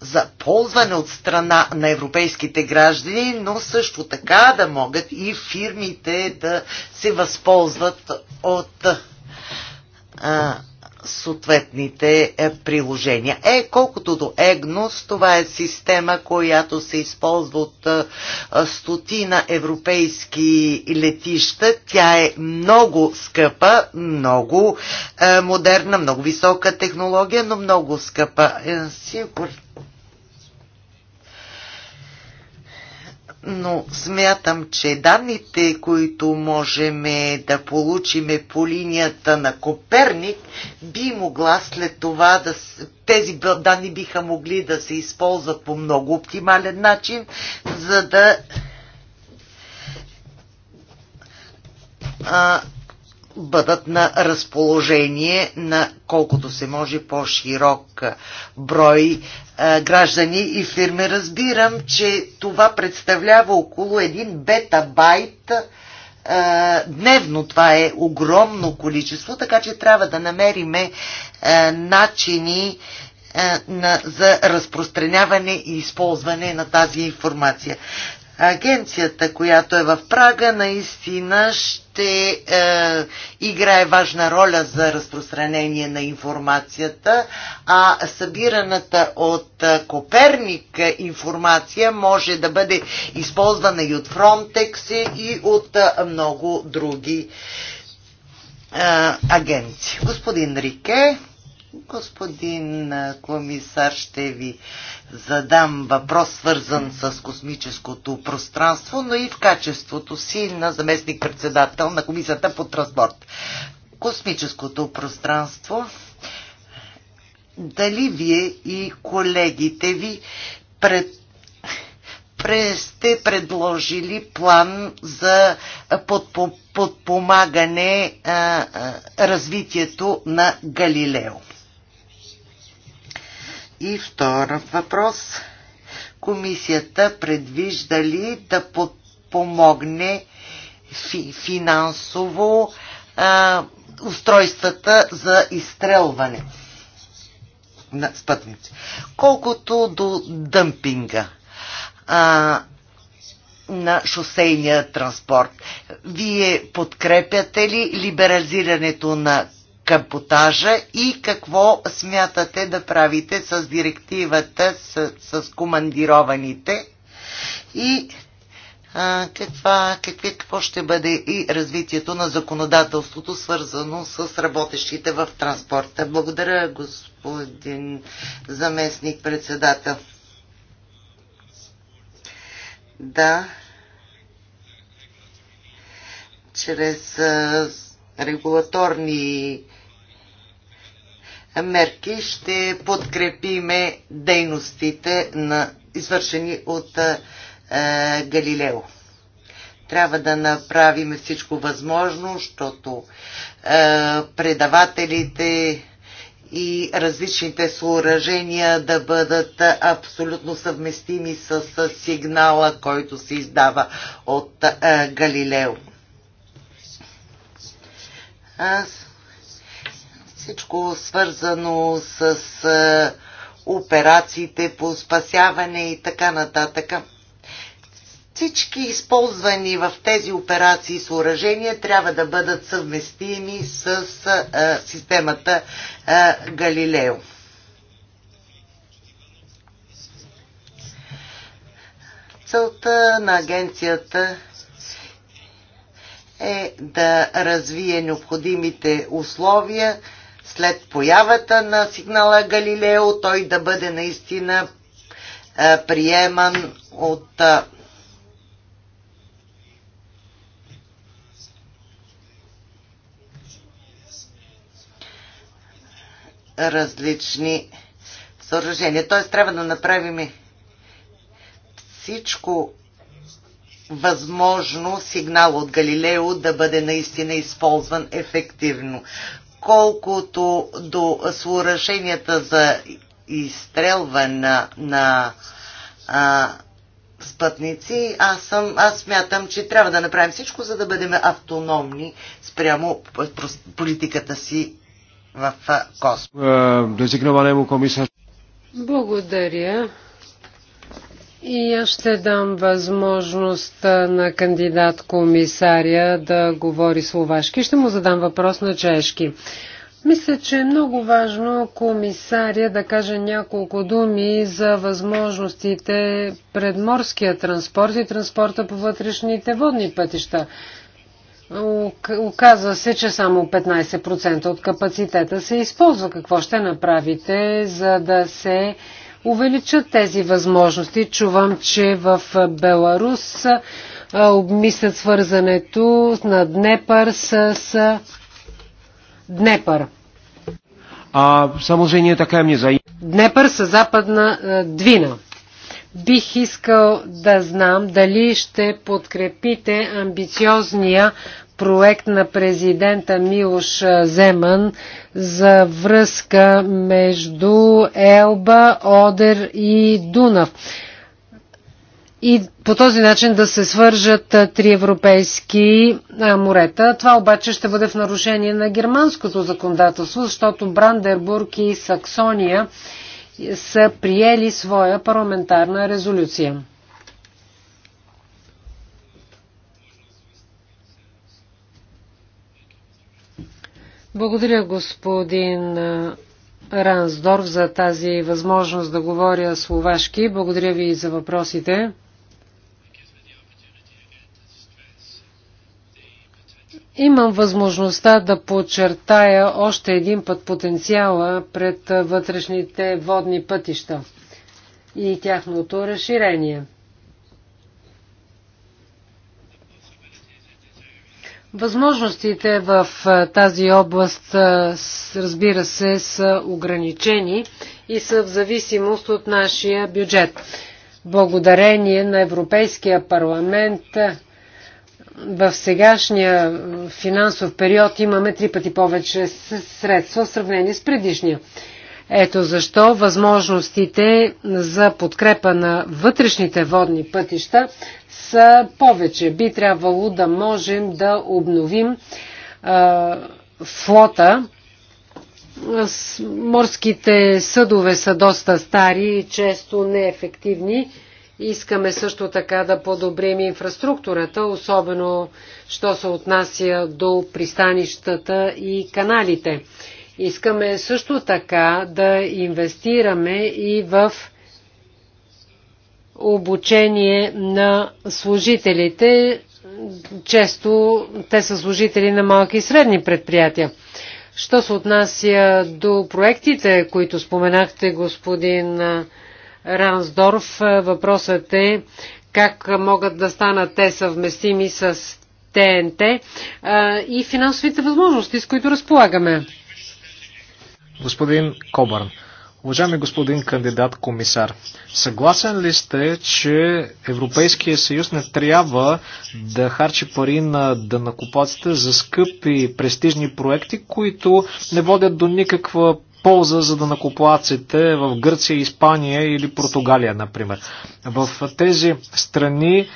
за ползване от страна на европейските граждани, но също така да могат и фирмите да се възползват от а, е, съответните е, приложения. Е, колкото до EGNOS, това е система, която се използва от е, стотина европейски летища. Тя е много скъпа, много е, модерна, много висока технология, но много скъпа. Сигурно но смятам, че данните, които можем да получиме по линията на Коперник, би могла след това да... Тези данни биха могли да се използват по много оптимален начин, за да а, бъдат на разположение на колкото се може по-широк брой а, граждани и фирми. Разбирам, че това представлява около един бетабайт дневно. Това е огромно количество, така че трябва да намериме а, начини на, за разпространяване и използване на тази информация агенцията, която е в Прага, наистина ще е, играе важна роля за разпространение на информацията, а събираната от е, Коперник информация може да бъде използвана и от Frontex и от е, много други е, агенции. Господин Рике, Господин комисар, ще ви задам въпрос, свързан с космическото пространство, но и в качеството си на заместник-председател на Комисията по транспорт. Космическото пространство, дали вие и колегите ви пред сте предложили план за подпомагане а, а, развитието на Галилео. И втора въпрос. Комисията предвижда ли да помогне фи финансово а, устройствата за изстрелване на спътници? Колкото до дъмпинга. А, на шосейния транспорт. Вие подкрепяте ли либерализирането на капотажа и какво смятате да правите с директивата с, с командированите и а, каква, какви, какво ще бъде и развитието на законодателството, свързано с работещите в транспорта. Благодаря, господин заместник председател. Да. Чрез регулаторни мерки ще подкрепиме дейностите на извършени от е, Галилео. Трябва да направим всичко възможно, защото е, предавателите и различните съоръжения да бъдат абсолютно съвместими с, с сигнала, който се издава от е, Галилео. Аз всичко свързано с е, операциите по спасяване и така нататък. Всички използвани в тези операции съоръжения трябва да бъдат съвместими с а, е, системата а, е, Галилео. Целта на агенцията е да развие необходимите условия след появата на сигнала Галилео, той да бъде наистина е, приеман от е, различни съоръжения. Т.е. трябва да направим всичко възможно сигнал от Галилео да бъде наистина използван ефективно колкото до съоръженията за изстрелване на, на а, спътници, аз, съм, аз смятам, че трябва да направим всичко, за да бъдем автономни спрямо политиката си в космос. Е, Благодаря. И аз ще дам възможност на кандидат комисаря да говори словашки. Ще му задам въпрос на чешки. Мисля, че е много важно комисаря да каже няколко думи за възможностите пред морския транспорт и транспорта по вътрешните водни пътища. Оказва се, че само 15% от капацитета се използва. Какво ще направите, за да се увеличат тези възможности. Чувам, че в Беларус обмислят свързането на Днепър с Днепър. А samozřejmě така ми за... Днепър с западна Двина. Бих искал да знам дали ще подкрепите амбициозния проект на президента Милош Земан за връзка между Елба, Одер и Дунав. И по този начин да се свържат три европейски морета. Това обаче ще бъде в нарушение на германското законодателство, защото Брандербург и Саксония са приели своя парламентарна резолюция. Благодаря, господин Рансдорф, за тази възможност да говоря словашки. Благодаря ви за въпросите. Имам възможността да подчертая още един път потенциала пред вътрешните водни пътища и тяхното разширение – Възможностите в тази област, разбира се, са ограничени и са в зависимост от нашия бюджет. Благодарение на Европейския парламент в сегашния финансов период имаме три пъти повече средства в сравнение с предишния. Ето защо възможностите за подкрепа на вътрешните водни пътища са повече. Би трябвало да можем да обновим а, флота. Морските съдове са доста стари и често неефективни. Искаме също така да подобрим инфраструктурата, особено що се отнася до пристанищата и каналите. Искаме също така да инвестираме и в обучение на служителите. Често те са служители на малки и средни предприятия. Що се отнася до проектите, които споменахте, господин Рансдорф, въпросът е как могат да станат те съвместими с ТНТ и финансовите възможности, с които разполагаме. Господин Кобърн, Уважаеми господин кандидат комисар, съгласен ли сте, че Европейския съюз не трябва да харчи пари на дънакопаците за скъпи престижни проекти, които не водят до никаква полза за дънакопаците в Гърция, Испания или Португалия, например. В тези страни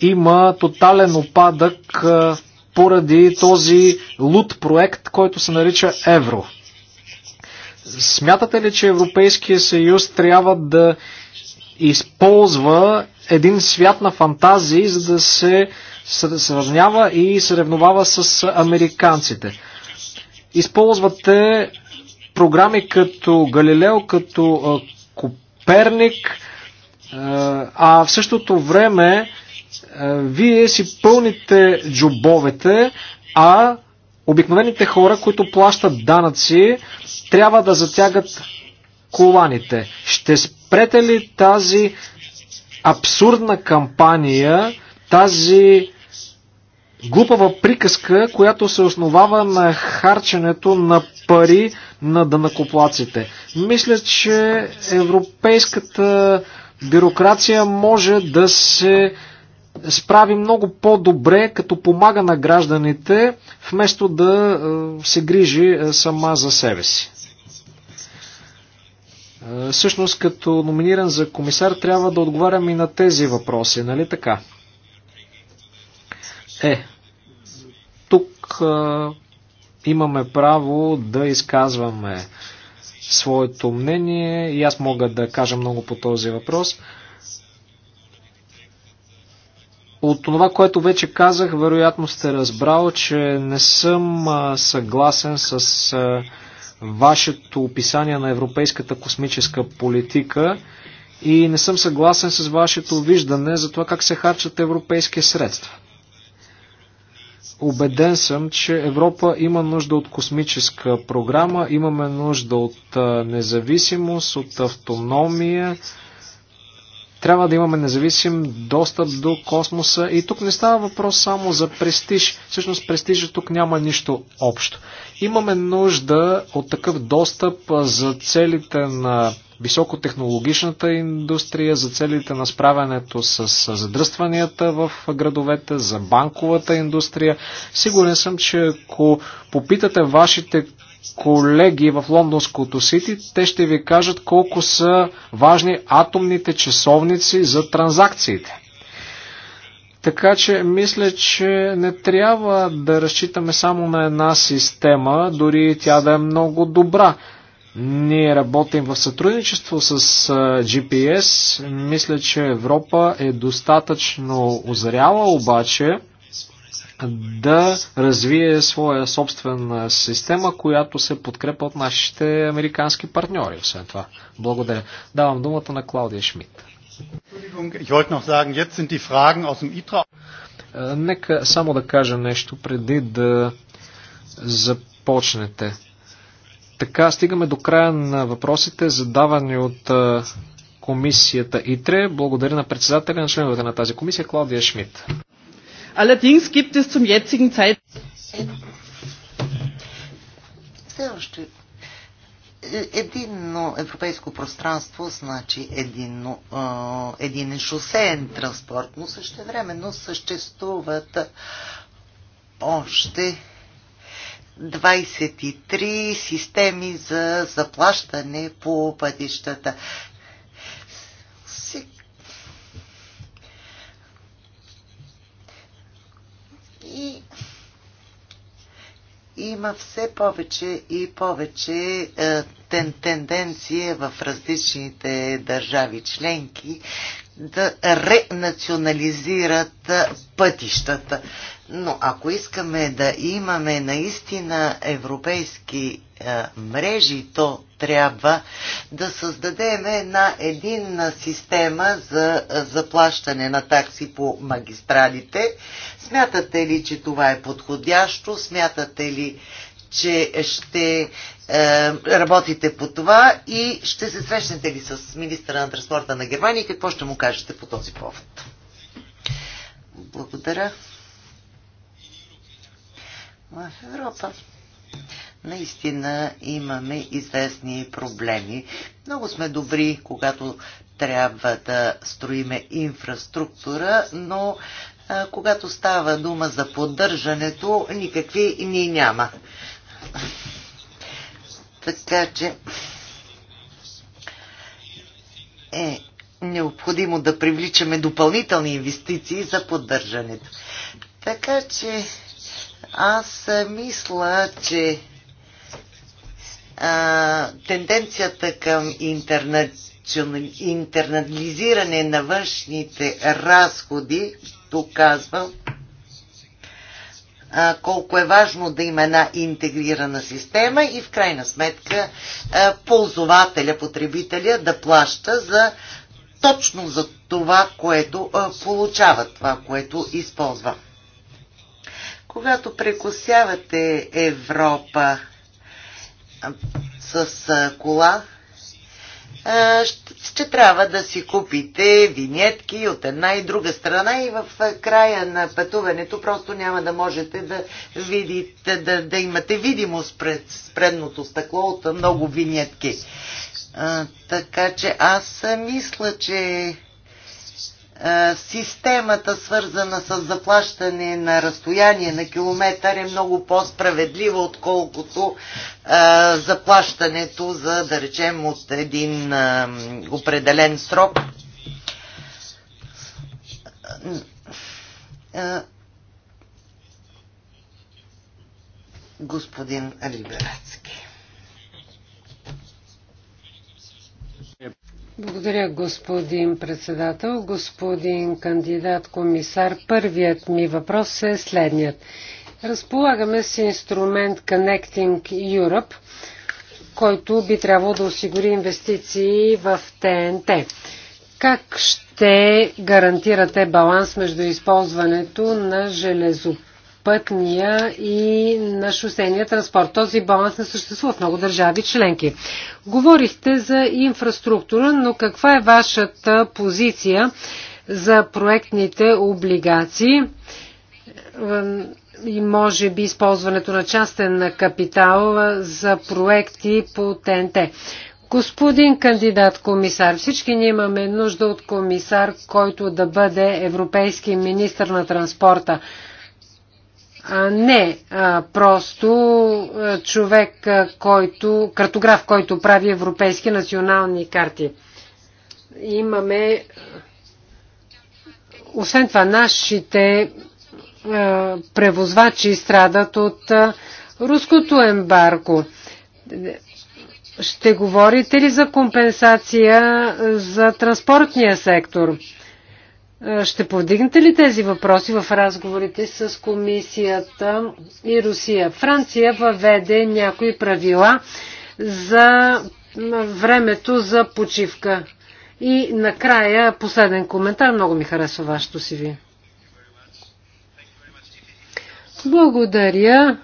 има тотален опадък поради този лут проект, който се нарича Евро. Смятате ли, че Европейския съюз трябва да използва един свят на фантазии, за да се сравнява и съревновава с американците? Използвате програми като Галилео, като Коперник, а в същото време вие си пълните джобовете, а обикновените хора, които плащат данъци, трябва да затягат коланите. Ще спрете ли тази абсурдна кампания, тази глупава приказка, която се основава на харченето на пари на дънакоплаците. Мисля, че европейската бюрокрация може да се справи много по-добре, като помага на гражданите, вместо да е, се грижи е, сама за себе си. Е, всъщност като номиниран за комисар трябва да отговарям и на тези въпроси, нали така? Е, тук а, е, имаме право да изказваме своето мнение и аз мога да кажа много по този въпрос. От това, което вече казах, вероятно сте разбрал, че не съм а, е, съгласен с а, вашето описание на европейската космическа политика и не съм съгласен с вашето виждане за това как се харчат европейски средства. Обеден съм, че Европа има нужда от космическа програма, имаме нужда от независимост, от автономия, трябва да имаме независим достъп до космоса и тук не става въпрос само за престиж. Всъщност престижа тук няма нищо общо. Имаме нужда от такъв достъп за целите на високотехнологичната индустрия, за целите на справянето с задръстванията в градовете, за банковата индустрия. Сигурен съм, че ако попитате вашите колеги в лондонското Сити, те ще ви кажат колко са важни атомните часовници за транзакциите. Така че мисля, че не трябва да разчитаме само на една система, дори тя да е много добра. Ние работим в сътрудничество с GPS. Мисля, че Европа е достатъчно озряла, обаче да развие своя собствена система, която се подкрепа от нашите американски партньори. Освен това, благодаря. Давам думата на Клаудия Шмидт. Нека само да кажа нещо преди да започнете. Така стигаме до края на въпросите, задавани от комисията ИТРЕ. Благодаря на председателя на членовете на тази комисия Клаудия Шмидт. Allerdings gibt es zum jetzigen Zeitpunkt. Е единно европейско пространство значи единно, единен шосеен транспорт, но същевременно съществуват още 23 системи за заплащане по пътищата. И има все повече и повече е, тен, тенденция в различните държави членки да ренационализират пътищата. Но ако искаме да имаме наистина европейски е, мрежи, то трябва да създадем една единна система за заплащане на такси по магистралите. Смятате ли, че това е подходящо? Смятате ли, че ще е, работите по това и ще се срещнете ли с министра на транспорта на Германия и какво ще му кажете по този повод? Благодаря. В Европа наистина имаме известни проблеми. Много сме добри, когато трябва да строиме инфраструктура, но а, когато става дума за поддържането, никакви ни няма. Така че е необходимо да привличаме допълнителни инвестиции за поддържането. Така че аз мисля, че а, тенденцията към интернет интернализиране на външните разходи, доказва, колко е важно да има една интегрирана система и в крайна сметка ползвателя, потребителя да плаща за точно за това, което получава, това, което използва. Когато прекосявате Европа с кола, ще трябва да си купите винетки от една и друга страна и в края на пътуването просто няма да можете да видите, да, да имате видимост пред предното стъкло от много винетки. А, така че аз мисля, че е, системата, свързана с заплащане на разстояние на километър, е много по-справедлива, отколкото е, заплащането за, да речем, от един е, определен срок. господин Либерацки. Благодаря, господин председател. Господин кандидат комисар, първият ми въпрос е следният. Разполагаме с инструмент Connecting Europe, който би трябвало да осигури инвестиции в ТНТ. Как ще гарантирате баланс между използването на железопътната пътния и на шосения транспорт. Този баланс не съществува в много държави членки. Говорихте за инфраструктура, но каква е вашата позиция за проектните облигации? и може би използването на частен капитал за проекти по ТНТ. Господин кандидат комисар, всички ние имаме нужда от комисар, който да бъде европейски министр на транспорта а не а, просто а, човек, а, който, картограф, който прави европейски национални карти. Имаме, освен това, нашите а, превозвачи страдат от а, руското ембарко. Ще говорите ли за компенсация за транспортния сектор? Е, ще повдигнете ли тези въпроси в разговорите с комисията и Русия? Франция въведе някои правила за времето за почивка. И накрая последен коментар. Много ми харесва вашето си ви. Благодаря.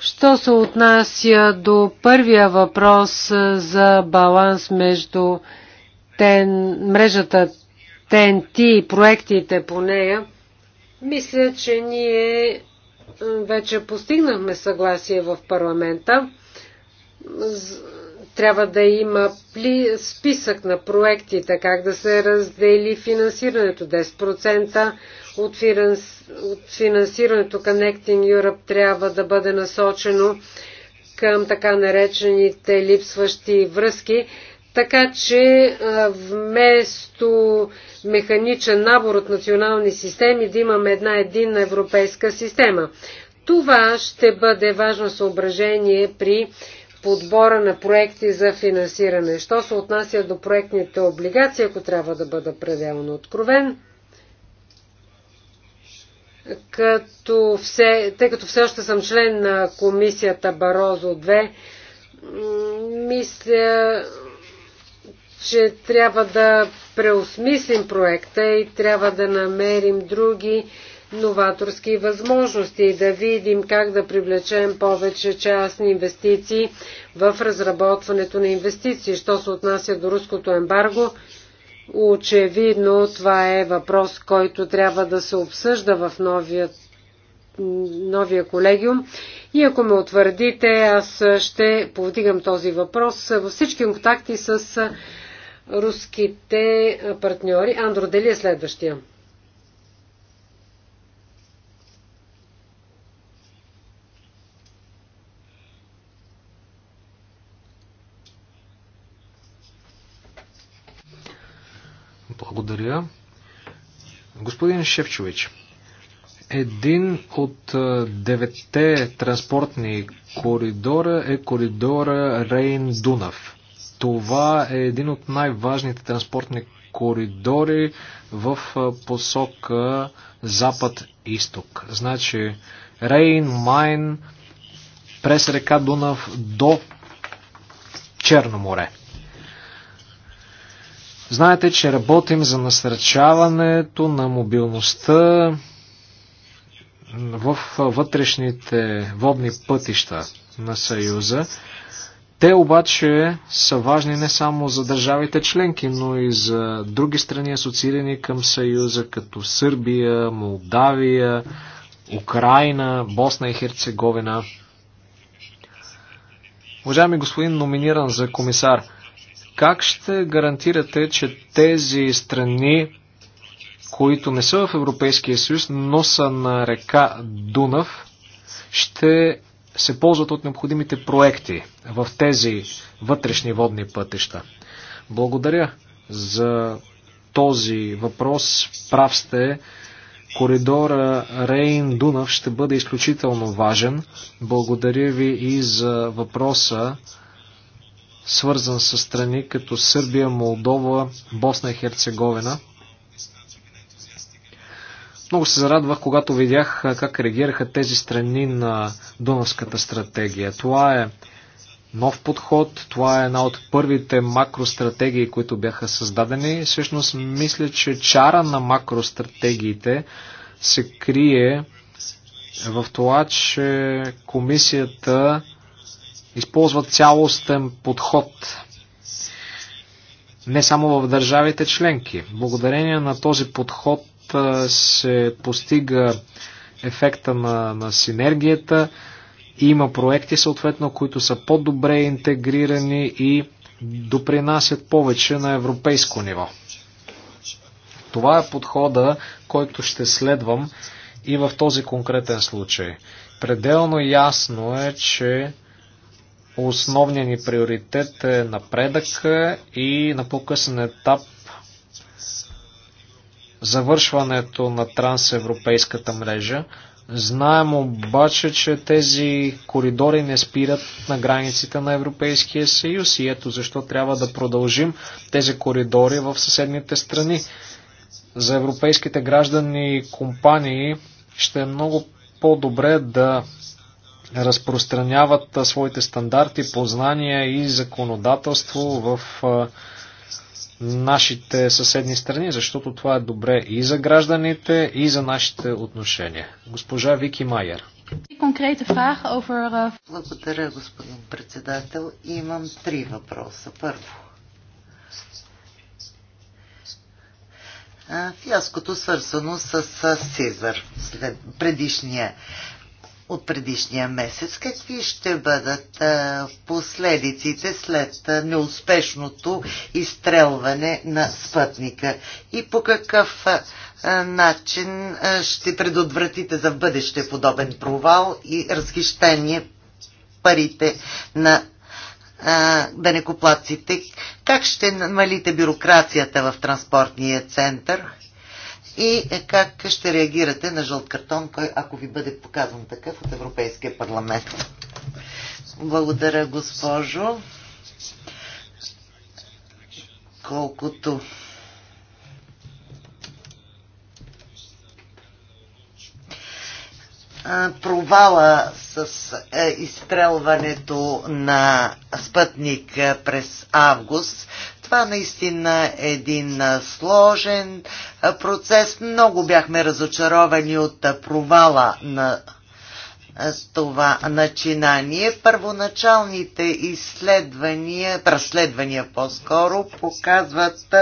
Що се отнася до първия въпрос за баланс между тен, мрежата ТНТ и проектите по нея, мисля, че ние вече постигнахме съгласие в парламента. Трябва да има списък на проектите, как да се раздели финансирането. 10% от, финансирането Connecting Europe трябва да бъде насочено към така наречените липсващи връзки. Така че вместо механичен набор от национални системи, да имаме една единна европейска система. Това ще бъде важно съображение при подбора на проекти за финансиране. Що се отнася до проектните облигации, ако трябва да бъда пределно откровен, като все, тъй като все още съм член на комисията Барозо 2, мисля, че трябва да преосмислим проекта и трябва да намерим други новаторски възможности и да видим как да привлечем повече частни инвестиции в разработването на инвестиции. Що се отнася до руското ембарго, очевидно това е въпрос, който трябва да се обсъжда в новия, новия колегиум. И ако ме утвърдите, аз ще повдигам този въпрос във всички контакти с руските партньори. Андро, дали е следващия? Благодаря. Господин Шевчович, един от девете транспортни коридора е коридора Рейн-Дунав. Това е един от най-важните транспортни коридори в посока запад-исток. Значи Рейн, Майн, през река Дунав до Черно море. Знаете, че работим за насърчаването на мобилността в вътрешните водни пътища на Съюза. Те обаче са важни не само за държавите членки, но и за други страни асоциирани към Съюза, като Сърбия, Молдавия, Украина, Босна и Херцеговина. Уважаеми господин номиниран за комисар, как ще гарантирате, че тези страни, които не са в Европейския съюз, но са на река Дунав, ще се ползват от необходимите проекти в тези вътрешни водни пътища. Благодаря за този въпрос. Прав сте. Коридора Рейн-Дунав ще бъде изключително важен. Благодаря ви и за въпроса, свързан с страни като Сърбия, Молдова, Босна и Херцеговина. Много се зарадвах, когато видях как реагираха тези страни на Дунавската стратегия. Това е нов подход, това е една от първите макростратегии, които бяха създадени. Всъщност, мисля, че чара на макростратегиите се крие в това, че комисията използва цялостен подход не само в държавите членки. Благодарение на този подход се постига ефекта на, на синергията. Има проекти, съответно, които са по-добре интегрирани и допринасят повече на европейско ниво. Това е подхода, който ще следвам и в този конкретен случай. Пределно ясно е, че основният ни приоритет е напредък и на по-късен етап завършването на трансевропейската мрежа. Знаем обаче, че тези коридори не спират на границите на Европейския съюз и ето защо трябва да продължим тези коридори в съседните страни. За европейските граждани и компании ще е много по-добре да разпространяват своите стандарти, познания и законодателство в нашите съседни страни, защото това е добре и за гражданите, и за нашите отношения. Госпожа Вики Майер. Благодаря, господин председател. Имам три въпроса. Първо. Фиаското свързано с Сезар предишния от предишния месец. Какви ще бъдат последиците след неуспешното изстрелване на спътника и по какъв начин ще предотвратите за бъдеще подобен провал и разхищение парите на бенекоплаците? Как ще намалите бюрокрацията в транспортния център? и е как ще реагирате на жълт картон, ако ви бъде показан такъв от Европейския парламент. Благодаря, госпожо. Колкото провала с е, изстрелването на спътник през август това наистина е един сложен процес. Много бяхме разочаровани от провала на това начинание. Първоначалните изследвания, разследвания по-скоро, показват,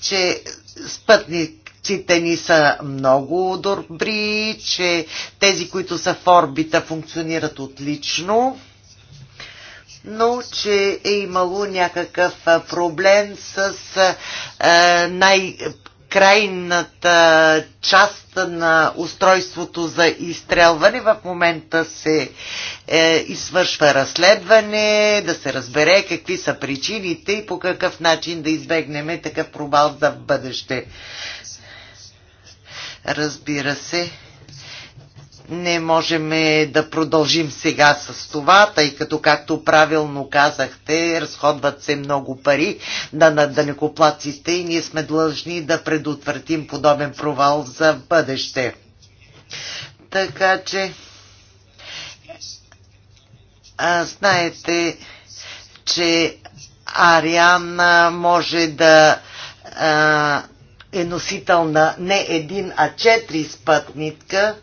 че спътниците ни са много добри, че тези, които са в орбита, функционират отлично но че е имало някакъв проблем с най- крайната част на устройството за изстрелване. В момента се е, извършва разследване, да се разбере какви са причините и по какъв начин да избегнем такъв пробал за бъдеще. Разбира се не можем да продължим сега с това, тъй като, както правилно казахте, разходват се много пари да на данекоплаците и ние сме длъжни да предотвратим подобен провал за бъдеще. Така че, а, знаете, че Ариан може да а, е носител на не един, а четири спътника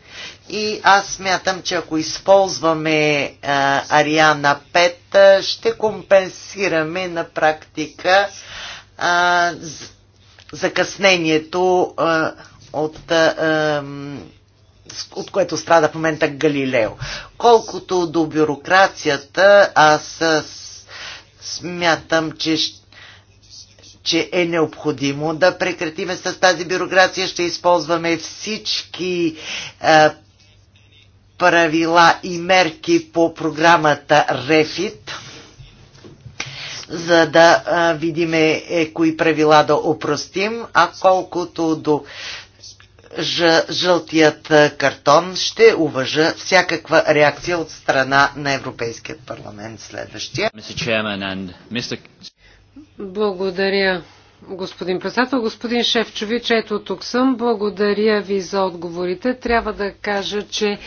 и аз смятам, че ако използваме а, Ариана 5, ще компенсираме на практика а, закъснението а, от. А, от което страда в момента Галилео. Колкото до бюрокрацията, аз смятам, че, че е необходимо да прекратиме с тази бюрокрация. Ще използваме всички а, правила и мерки по програмата РЕФИТ, за да видим е, кои правила да опростим, а колкото до жълтият картон ще уважа всякаква реакция от страна на Европейския парламент следващия. Благодаря, господин председател. Господин Шефчович, ето тук съм. Благодаря ви за отговорите. Трябва да кажа, че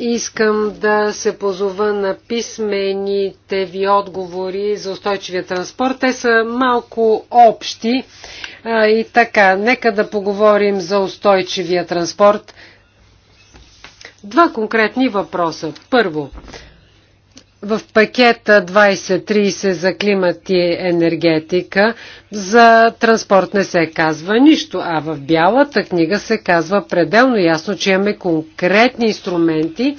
Искам да се позова на писмените ви отговори за устойчивия транспорт. Те са малко общи а, и така. Нека да поговорим за устойчивия транспорт. Два конкретни въпроса. Първо, в пакета 2030 за климат и енергетика за транспорт не се казва нищо, а в бялата книга се казва пределно ясно, че имаме конкретни инструменти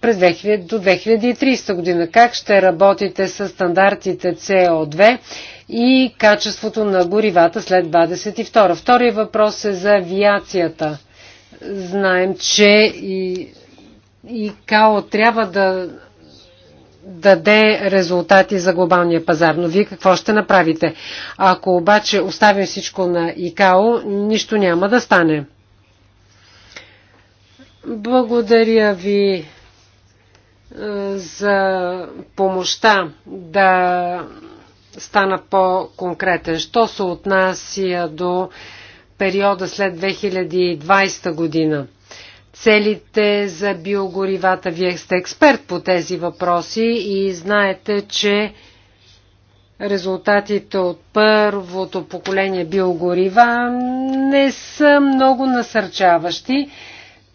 през 2000, до 2030 година. Как ще работите с стандартите CO2 и качеството на горивата след 22? Втория въпрос е за авиацията. Знаем, че и, и КАО трябва да даде резултати за глобалния пазар. Но вие какво ще направите? Ако обаче оставим всичко на ИКАО, нищо няма да стане. Благодаря ви е, за помощта да стана по-конкретен. Що се отнася до периода след 2020 година? целите за биогоривата. Вие сте експерт по тези въпроси и знаете, че резултатите от първото поколение биогорива не са много насърчаващи.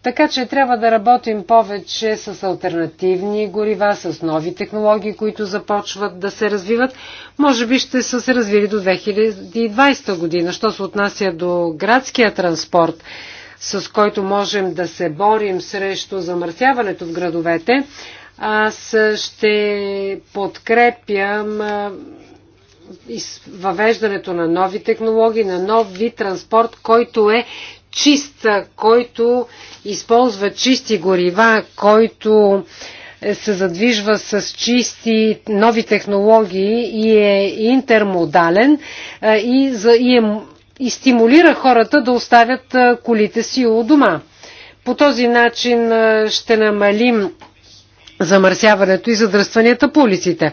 Така че трябва да работим повече с альтернативни горива, с нови технологии, които започват да се развиват. Може би ще са се развили до 2020 година. Що се отнася до градския транспорт, с който можем да се борим срещу замърсяването в градовете, аз ще подкрепям въвеждането на нови технологии, на нов вид транспорт, който е чист, който използва чисти горива, който е, се задвижва с чисти нови технологии и е интермодален е, и, и е и стимулира хората да оставят колите си у дома. По този начин ще намалим замърсяването и задръстванията по улиците.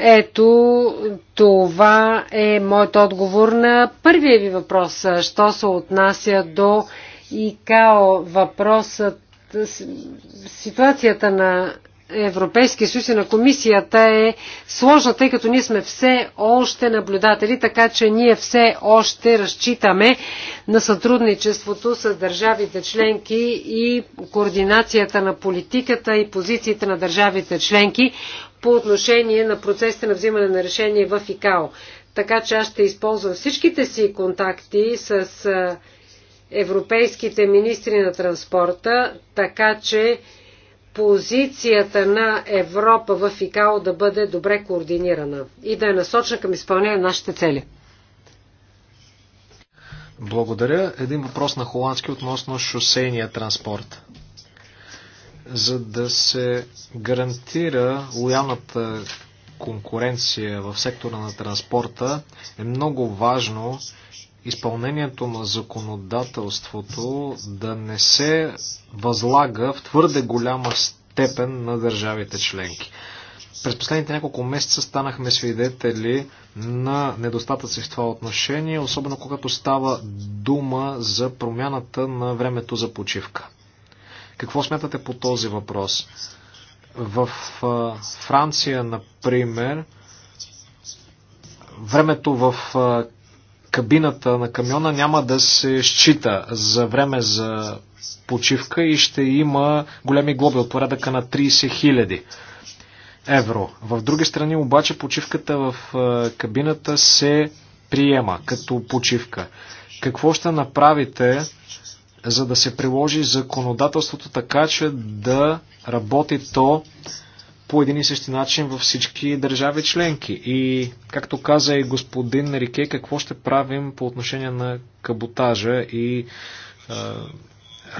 Ето, това е моят отговор на първия ви въпрос. Що се отнася до ИКАО въпросът, ситуацията на Европейския съюз и на комисията е сложна, тъй като ние сме все още наблюдатели, така че ние все още разчитаме на сътрудничеството с държавите членки и координацията на политиката и позициите на държавите членки по отношение на процесите на взимане на решение в ИКАО. Така че аз ще използвам всичките си контакти с европейските министри на транспорта, така че позицията на Европа в ИКАО да бъде добре координирана и да е насочена към изпълнение на нашите цели. Благодаря. Един въпрос на холандски относно шосейния транспорт. За да се гарантира лоялната конкуренция в сектора на транспорта, е много важно изпълнението на законодателството да не се възлага в твърде голяма степен на държавите членки. През последните няколко месеца станахме свидетели на недостатъци в това отношение, особено когато става дума за промяната на времето за почивка. Какво смятате по този въпрос? В Франция, например, времето в кабината на камиона няма да се счита за време за почивка и ще има големи глоби от порядъка на 30 000 евро. В други страни обаче почивката в е, кабината се приема като почивка. Какво ще направите, за да се приложи законодателството така, че да работи то по един и същи начин във всички държави членки. И, както каза и господин Рике, какво ще правим по отношение на каботажа и е,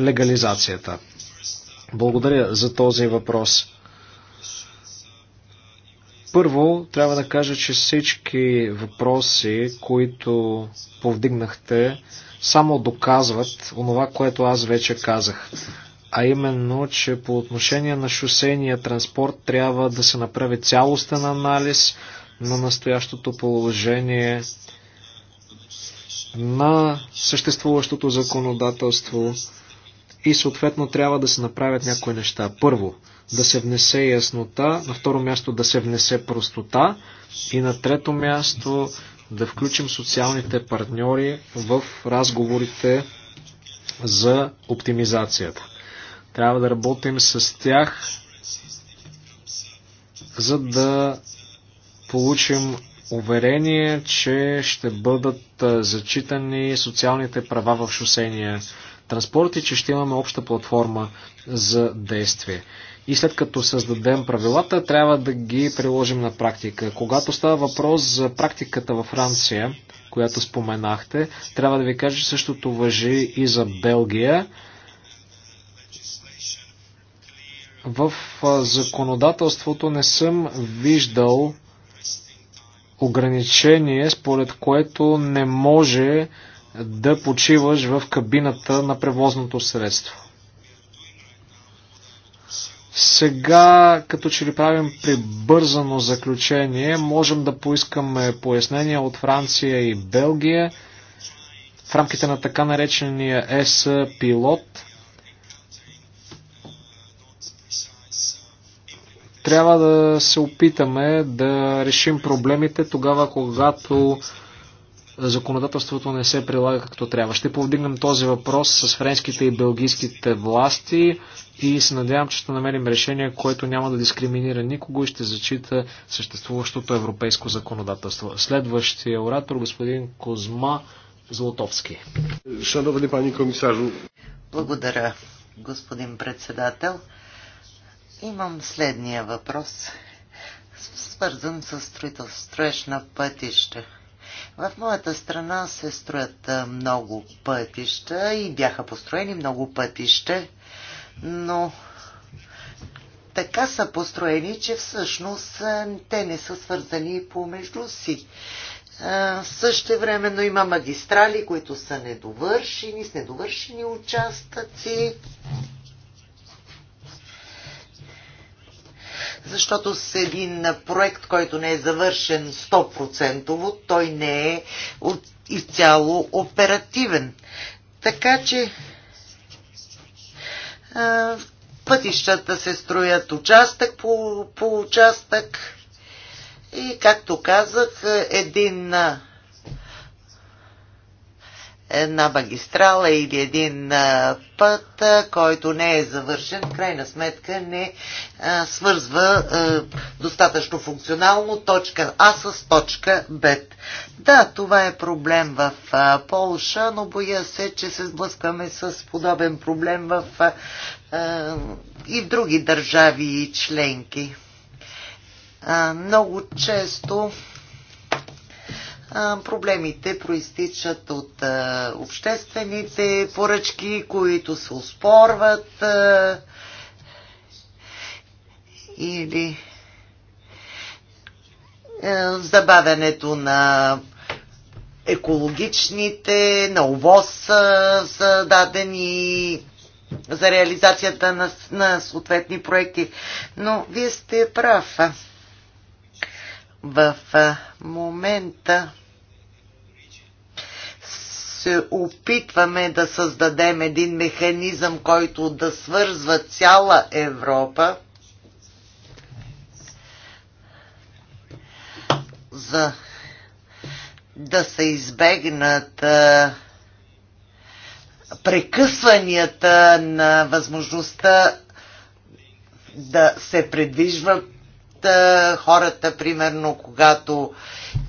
легализацията? Благодаря за този въпрос. Първо, трябва да кажа, че всички въпроси, които повдигнахте, само доказват онова, което аз вече казах а именно, че по отношение на шосейния транспорт трябва да се направи цялостен анализ на настоящото положение, на съществуващото законодателство и съответно трябва да се направят някои неща. Първо, да се внесе яснота, на второ място да се внесе простота и на трето място да включим социалните партньори в разговорите за оптимизацията. Трябва да работим с тях, за да получим уверение, че ще бъдат зачитани социалните права в шосения транспорт и че ще имаме обща платформа за действие. И след като създадем правилата, трябва да ги приложим на практика. Когато става въпрос за практиката във Франция, която споменахте, трябва да ви кажа, че същото въжи и за Белгия. в законодателството не съм виждал ограничение, според което не може да почиваш в кабината на превозното средство. Сега, като че ли правим прибързано заключение, можем да поискаме пояснения от Франция и Белгия в рамките на така наречения ЕС пилот – трябва да се опитаме да решим проблемите тогава, когато законодателството не се прилага както трябва. Ще повдигнем този въпрос с френските и белгийските власти и се надявам, че ще намерим решение, което няма да дискриминира никого и ще зачита съществуващото европейско законодателство. Следващия оратор, господин Козма Золотовски. Шановни пани комисажу. Благодаря, господин председател. Имам следния въпрос, свързан с строеж на пътища. В моята страна се строят много пътища и бяха построени много пътища, но така са построени, че всъщност те не са свързани помежду си. Също времено има магистрали, които са недовършени, с недовършени участъци. защото с един проект, който не е завършен 100%, той не е изцяло оперативен. Така че пътищата се строят участък по, по участък и, както казах, един една магистрала или един път, който не е завършен, в крайна сметка не свързва достатъчно функционално точка А с точка Б. Да, това е проблем в Полша, но боя се, че се сблъскваме с подобен проблем в, и в други държави и членки. Много често Проблемите проистичат от обществените поръчки, които се успорват или забавянето на екологичните, на увоз за дадени за реализацията на, на съответни проекти. Но вие сте прав. В момента се опитваме да създадем един механизъм, който да свързва цяла Европа за да се избегнат а, прекъсванията на възможността да се предвижва а, хората, примерно, когато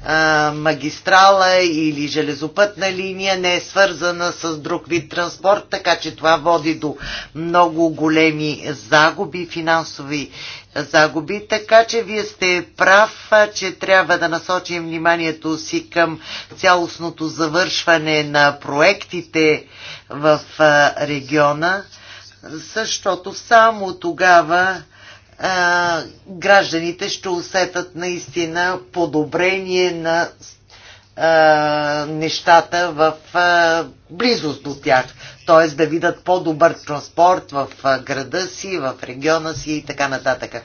а, магистрала или железопътна линия не е свързана с друг вид транспорт, така че това води до много големи загуби, финансови загуби. Така че вие сте прав, че трябва да насочим вниманието си към цялостното завършване на проектите в региона, защото само тогава а, гражданите ще усетат наистина подобрение на а, нещата в а, близост до тях. Т.е. да видят по-добър транспорт в града си, в региона си и така нататък.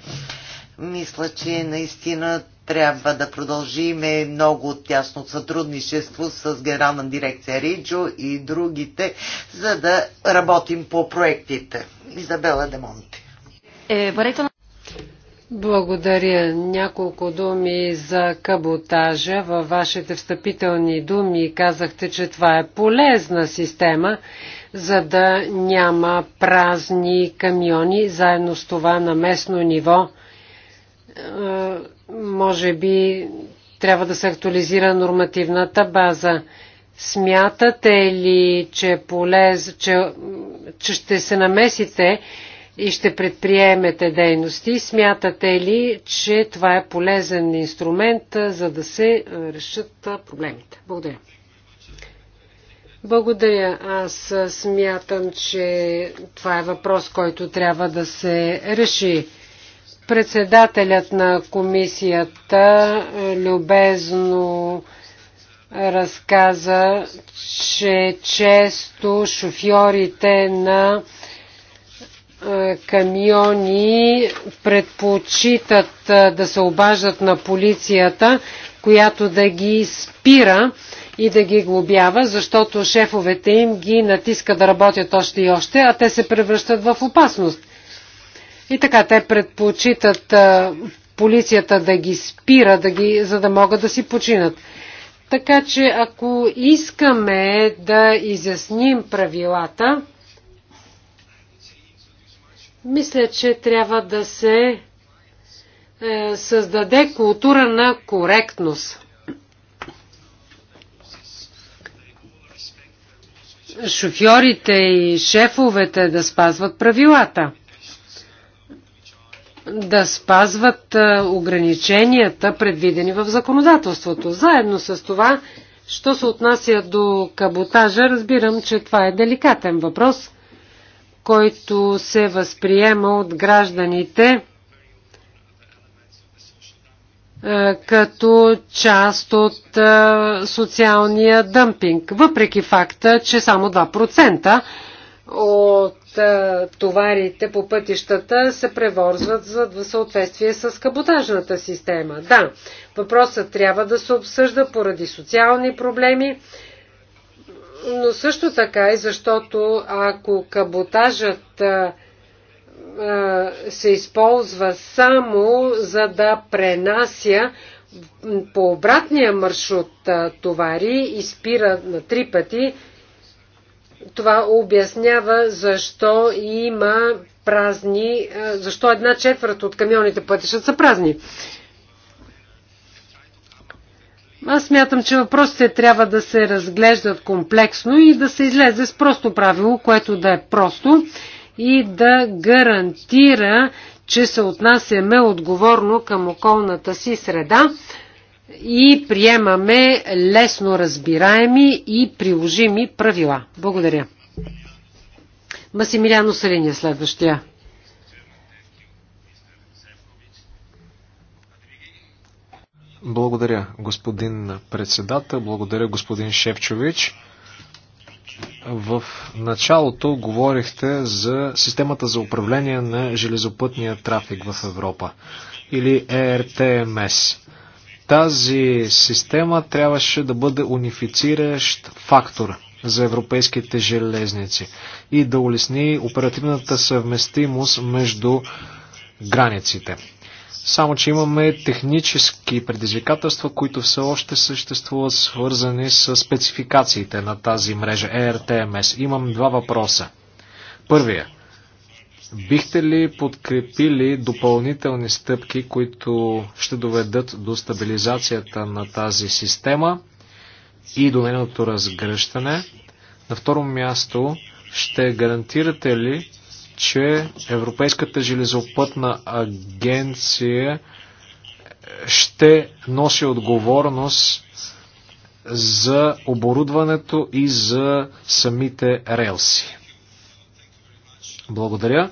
Мисля, че наистина трябва да продължиме много тясно сътрудничество с Генерална дирекция Риджо и другите, за да работим по проектите. Изабела Демонти. Е, благодаря. Няколко думи за каботажа. Във вашите встъпителни думи казахте, че това е полезна система, за да няма празни камиони. Заедно с това на местно ниво е, може би трябва да се актуализира нормативната база. Смятате ли, че, полез, че, че ще се намесите и ще предприемете дейности. Смятате ли, че това е полезен инструмент, за да се решат проблемите? Благодаря. Благодаря. Аз смятам, че това е въпрос, който трябва да се реши. Председателят на комисията любезно разказа, че често шофьорите на е, камиони предпочитат е, да се обаждат на полицията, която да ги спира и да ги глобява, защото шефовете им ги натиска да работят още и още, а те се превръщат в опасност. И така, те предпочитат е, полицията да ги спира, да ги, за да могат да си починат. Така че, ако искаме да изясним правилата, мисля, че трябва да се е, създаде култура на коректност. Шофьорите и шефовете да спазват правилата, да спазват е, ограниченията, предвидени в законодателството. Заедно с това, що се отнася до каботажа, разбирам, че това е деликатен въпрос – който се възприема от гражданите е, като част от е, социалния дъмпинг, въпреки факта, че само 2% от е, товарите по пътищата се превозват за съответствие с каботажната система. Да, въпросът трябва да се обсъжда поради социални проблеми, но също така и защото ако каботажът се използва само за да пренася по обратния маршрут товари и спира на три пъти, това обяснява защо има празни, защо една четвърт от камионите пътища са празни. Аз смятам, че въпросите трябва да се разглеждат комплексно и да се излезе с просто правило, което да е просто и да гарантира, че се отнасяме отговорно към околната си среда и приемаме лесно разбираеми и приложими правила. Благодаря. Масимилиано Салиния е следващия. Благодаря, господин председател. Благодаря, господин Шевчович. В началото говорихте за системата за управление на железопътния трафик в Европа или ERTMS. Тази система трябваше да бъде унифициращ фактор за европейските железници и да улесни оперативната съвместимост между границите. Само, че имаме технически предизвикателства, които все още съществуват свързани с спецификациите на тази мрежа ERTMS. Имам два въпроса. Първия. Бихте ли подкрепили допълнителни стъпки, които ще доведат до стабилизацията на тази система и до нейното разгръщане? На второ място, ще гарантирате ли, че Европейската железопътна агенция ще носи отговорност за оборудването и за самите релси. Благодаря.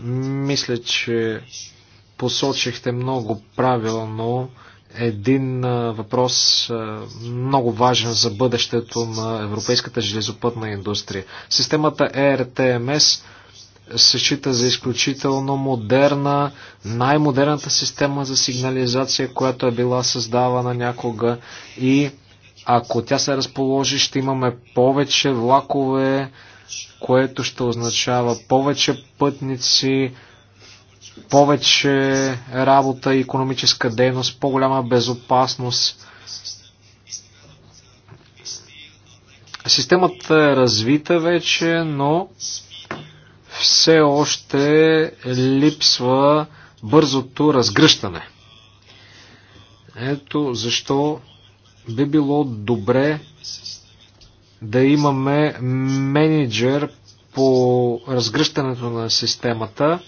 Мисля, че посочихте много правилно един въпрос много важен за бъдещето на европейската железопътна индустрия. Системата ERTMS се счита за изключително модерна, най-модерната система за сигнализация, която е била създавана някога и ако тя се разположи, ще имаме повече влакове, което ще означава повече пътници, повече работа и економическа дейност, по-голяма безопасност. Системата е развита вече, но все още липсва бързото разгръщане. Ето защо би било добре да имаме менеджер по разгръщането на системата,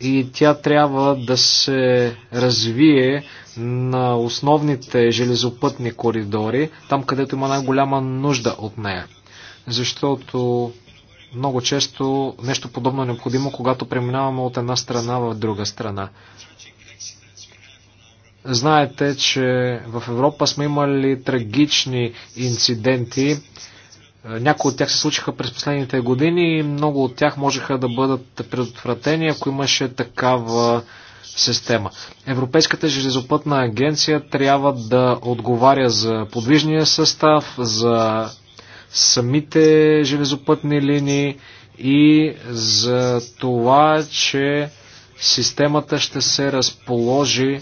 и тя трябва да се развие на основните железопътни коридори, там където има най-голяма нужда от нея. Защото много често нещо подобно е необходимо, когато преминаваме от една страна в друга страна. Знаете, че в Европа сме имали трагични инциденти, е, някои от тях се случиха през последните години и много от тях можеха да бъдат предотвратени, ако имаше такава система. Европейската железопътна агенция трябва да отговаря за подвижния състав, за самите железопътни линии и за това, че системата ще се разположи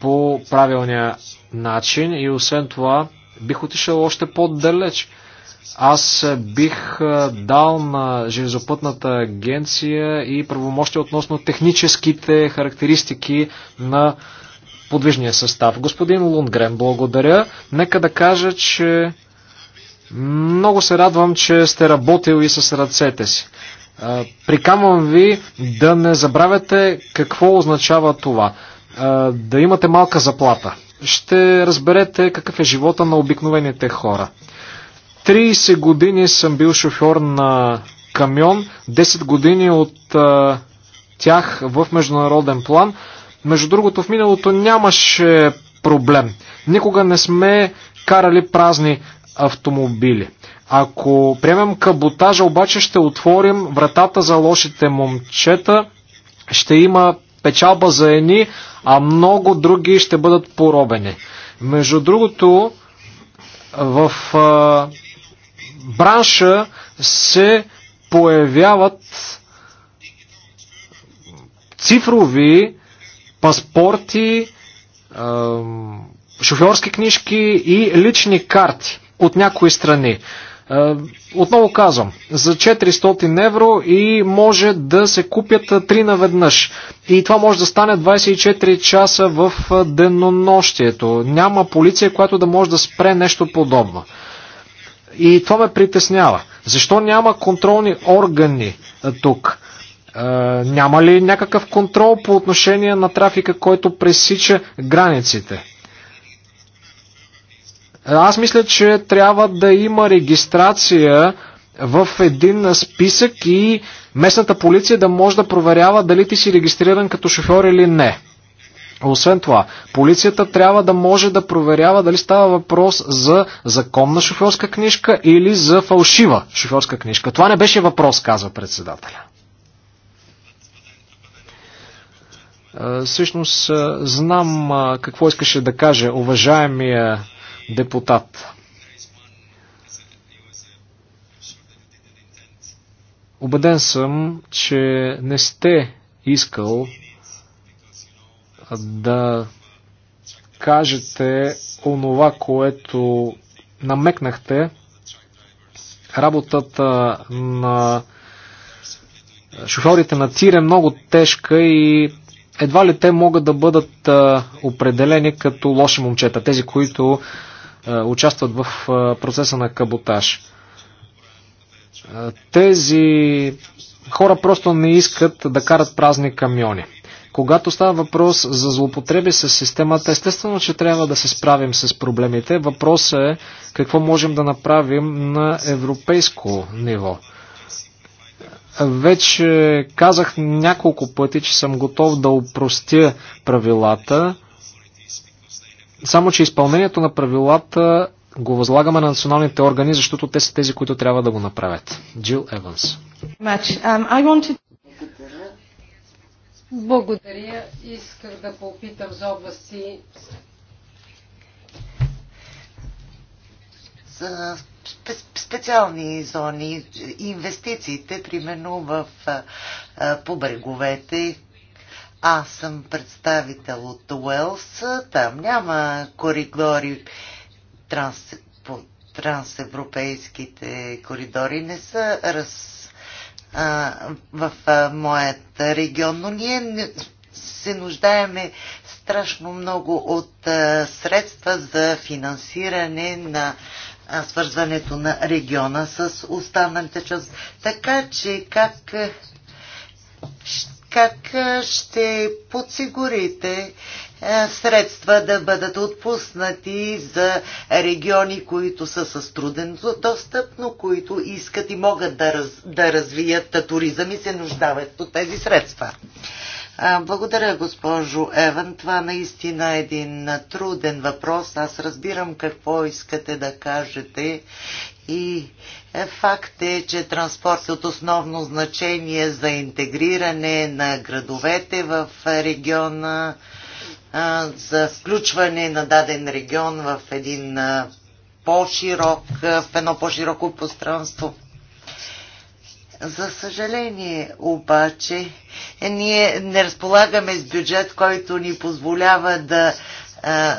по правилния начин и освен това бих отишъл още по-далеч. Аз бих дал на Железопътната агенция и правомощи относно техническите характеристики на подвижния състав. Господин Лундгрен, благодаря. Нека да кажа, че много се радвам, че сте работил и с ръцете си. Прикамвам ви да не забравяте какво означава това. Да имате малка заплата. Ще разберете какъв е живота на обикновените хора. 30 години съм бил шофьор на камион, 10 години от а, тях в международен план. Между другото, в миналото нямаше проблем. Никога не сме карали празни автомобили. Ако приемем каботажа, обаче ще отворим вратата за лошите момчета, ще има печалба за едни, а много други ще бъдат поробени. Между другото, в бранша се появяват цифрови паспорти, шофьорски книжки и лични карти от някои страни. Отново казвам, за 400 евро и може да се купят 3 наведнъж. И това може да стане 24 часа в денонощието. Няма полиция, която да може да спре нещо подобно. И това ме притеснява. Защо няма контролни органи тук? няма ли някакъв контрол по отношение на трафика, който пресича границите? Аз мисля, че трябва да има регистрация в един списък и местната полиция да може да проверява дали ти си регистриран като шофьор или не. Освен това, полицията трябва да може да проверява дали става въпрос за законна шофьорска книжка или за фалшива шофьорска книжка. Това не беше въпрос, казва председателя. Е, всъщност е, знам е, какво искаше да каже уважаемия депутат. Обеден съм, че не сте искал да кажете онова, което намекнахте. Работата на шофьорите на ЦИР е много тежка и едва ли те могат да бъдат определени като лоши момчета, тези, които участват в процеса на каботаж. Тези хора просто не искат да карат празни камиони. Когато става въпрос за злоупотреби с системата, естествено, че трябва да се справим с проблемите. Въпросът е какво можем да направим на европейско ниво. Вече казах няколко пъти, че съм готов да упростя правилата, само че изпълнението на правилата го възлагаме на националните органи, защото те са тези, които трябва да го направят. Джил Еванс. Благодаря. Исках да попитам за области за специални зони, инвестициите, примерно в, по бреговете. Аз съм представител от Уелс, там няма коридори транс, по трансевропейските коридори не са раз, в а, моят регион, но ние се нуждаеме страшно много от а, средства за финансиране на а, свързването на региона с останалите част. Така че как, как ще подсигурите е, средства да бъдат отпуснати за региони, които са с труден достъп, но които искат и могат да, раз, да развият туризъм и се нуждават от тези средства. Благодаря, госпожо Еван. Това наистина е един труден въпрос. Аз разбирам какво искате да кажете и е, факт е, че транспорт е от основно значение за интегриране на градовете в региона за включване на даден регион в един по-широк, в едно по-широко пространство. За съжаление обаче, ние не разполагаме с бюджет, който ни позволява да а,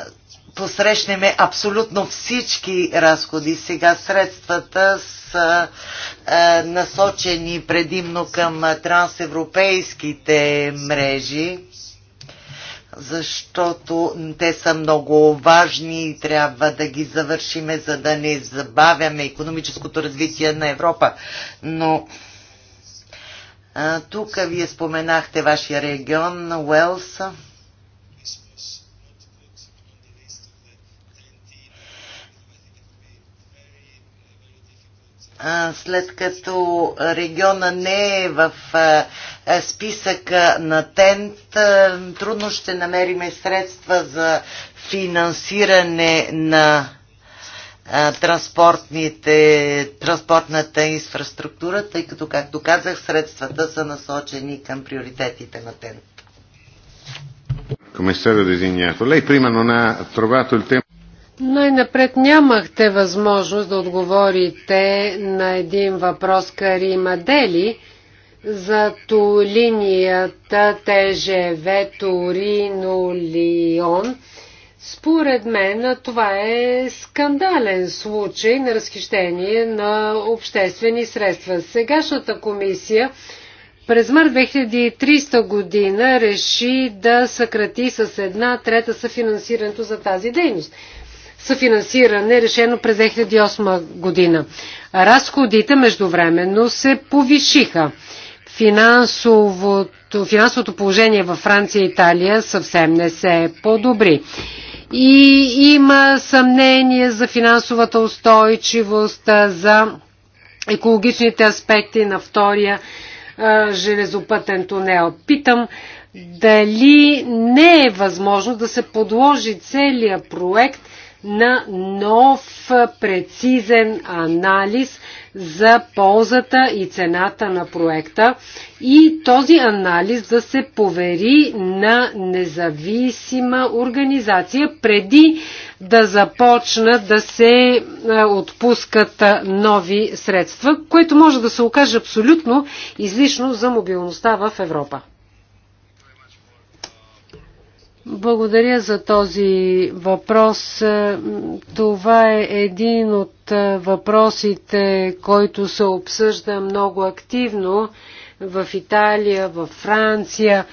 посрещнеме абсолютно всички разходи. Сега средствата са а, насочени предимно към трансевропейските мрежи защото те са много важни и трябва да ги завършиме, за да не забавяме економическото развитие на Европа. Но тук вие споменахте вашия регион, Уелс. след като региона не е в е, списъка на ТЕНТ. Е, трудно ще намериме средства за финансиране на е, транспортните, транспортната инфраструктура, тъй като, както казах, средствата са насочени към приоритетите на ТЕНТ. Комисарио Дезиньято, лей прима на ha trovato il Най-напред нямахте възможност да отговорите на един въпрос Карима Дели – за ту линията ТЖВ Торино Лион. Според мен това е скандален случай на разхищение на обществени средства. Сегашната комисия през март 2300 година реши да съкрати с една трета съфинансирането за тази дейност. Съфинансиране решено през 2008 година. Разходите междувременно се повишиха финансовото, финансовото положение във Франция и Италия съвсем не се подобри. И има съмнение за финансовата устойчивост, за екологичните аспекти на втория а, железопътен тунел. Питам дали не е възможно да се подложи целият проект на нов прецизен анализ за ползата и цената на проекта и този анализ да се повери на независима организация преди да започнат да се отпускат нови средства, което може да се окаже абсолютно излишно за мобилността в Европа. Благодаря за този въпрос. Това е един от въпросите, който се обсъжда много активно в Италия, в Франция,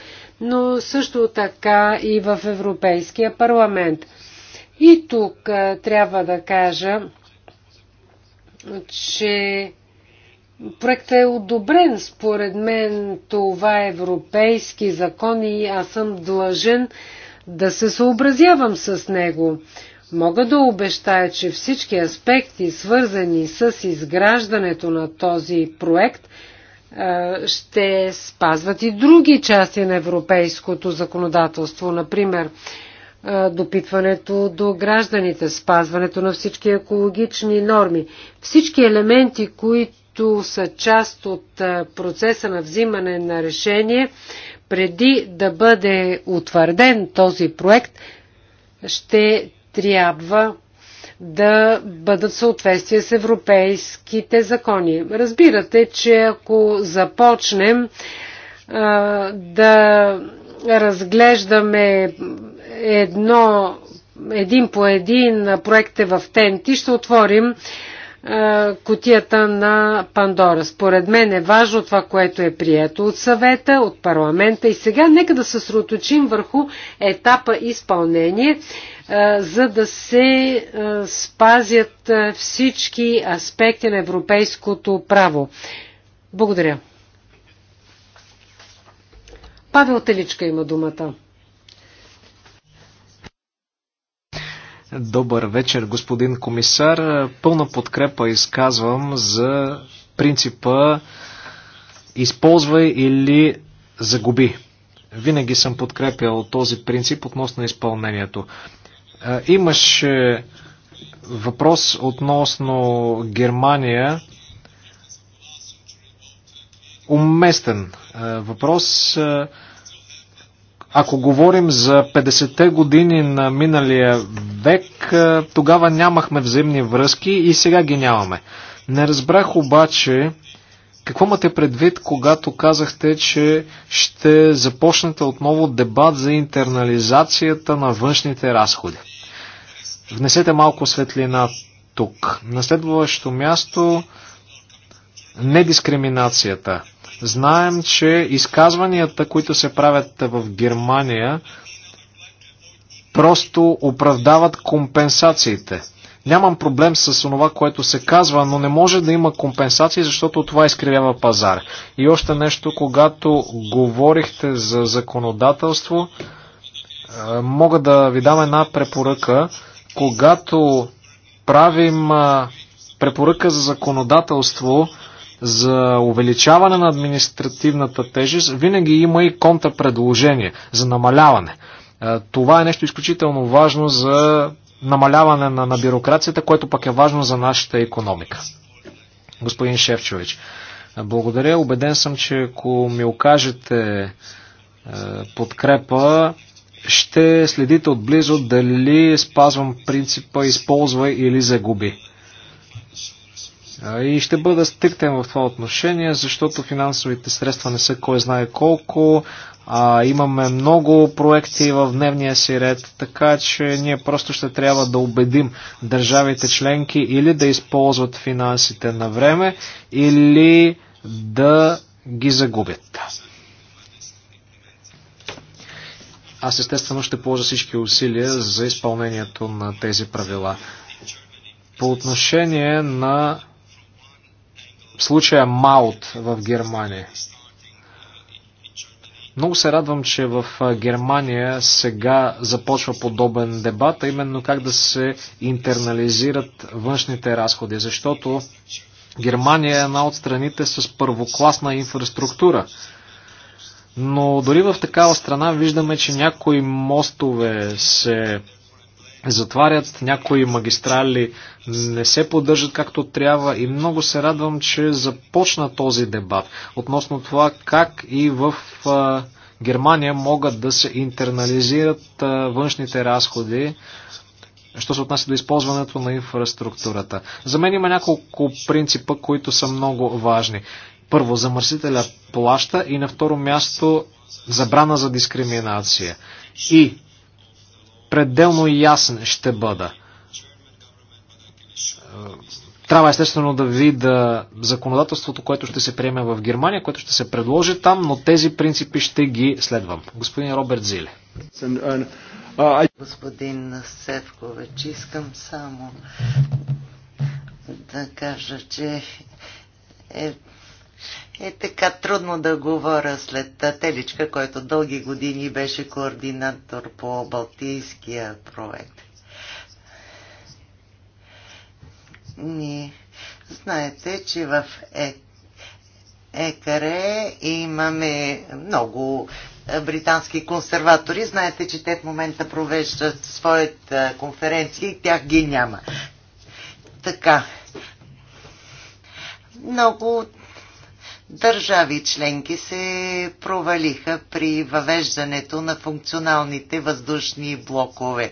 но също така и в Европейския парламент. И тук трябва да кажа, че проектът е одобрен. Според мен това е европейски закон и аз съм длъжен да се съобразявам с него. Мога да обещая, че всички аспекти, свързани с изграждането на този проект, ще спазват и други части на европейското законодателство, например допитването до гражданите, спазването на всички екологични норми, всички елементи, които са част от процеса на взимане на решение, преди да бъде утвърден този проект, ще трябва да бъдат в съответствие с европейските закони. Разбирате, че ако започнем а, да разглеждаме едно, един по един проекте в Тенти, ще отворим е, котията на Пандора. Според мен е важно това, което е прието от съвета, от парламента и сега нека да се сроточим върху етапа изпълнение, е, за да се е, спазят всички аспекти на европейското право. Благодаря. Павел Теличка има думата. Добър вечер, господин комисар. Пълна подкрепа изказвам за принципа използвай или загуби. Винаги съм подкрепял този принцип относно изпълнението. Имаш въпрос относно Германия. Уместен въпрос. Въпрос ако говорим за 50-те години на миналия век, тогава нямахме взаимни връзки и сега ги нямаме. Не разбрах обаче какво имате предвид, когато казахте, че ще започнете отново дебат за интернализацията на външните разходи? Внесете малко светлина тук. На следващото място недискриминацията. Знаем, че изказванията, които се правят в Германия, просто оправдават компенсациите. Нямам проблем с това, което се казва, но не може да има компенсации, защото това изкривява пазар. И още нещо, когато говорихте за законодателство, е, мога да ви дам една препоръка. Когато правим е, препоръка за законодателство, за увеличаване на административната тежест, винаги има и контрапредложение за намаляване. Е, това е нещо изключително важно за намаляване на, на бюрокрацията, което пък е важно за нашата економика. Господин Шевчович, е, благодаря. Убеден съм, че ако ми окажете е, подкрепа, ще следите отблизо дали спазвам принципа използвай или загуби. И ще бъда стриктен в това отношение, защото финансовите средства не са кой знае колко. А, имаме много проекти в дневния си ред, така че ние просто ще трябва да убедим държавите членки или да използват финансите на време, или да ги загубят. Аз естествено ще положа всички усилия за изпълнението на тези правила. По отношение на случая Маут в Германия. Много се радвам, че в Германия сега започва подобен дебат, а именно как да се интернализират външните разходи, защото Германия е една от страните с първокласна инфраструктура. Но дори в такава страна виждаме, че някои мостове се затварят, някои магистрали не се поддържат както трябва и много се радвам, че започна този дебат относно това как и в а, Германия могат да се интернализират а, външните разходи, що се отнася до използването на инфраструктурата. За мен има няколко принципа, които са много важни. Първо, замърсителя плаща и на второ място забрана за дискриминация. И пределно ясен ще бъда. Трябва естествено да вида законодателството, което ще се приеме в Германия, което ще се предложи там, но тези принципи ще ги следвам. Господин Роберт Зиле. Господин Севкович, искам само да кажа, че е е така трудно да говоря след Теличка, който дълги години беше координатор по Балтийския проект. Ни, знаете, че в е, ЕКАРЕ имаме много британски консерватори. Знаете, че те в момента провеждат своята конференция и тях ги няма. Така. Много държави членки се провалиха при въвеждането на функционалните въздушни блокове.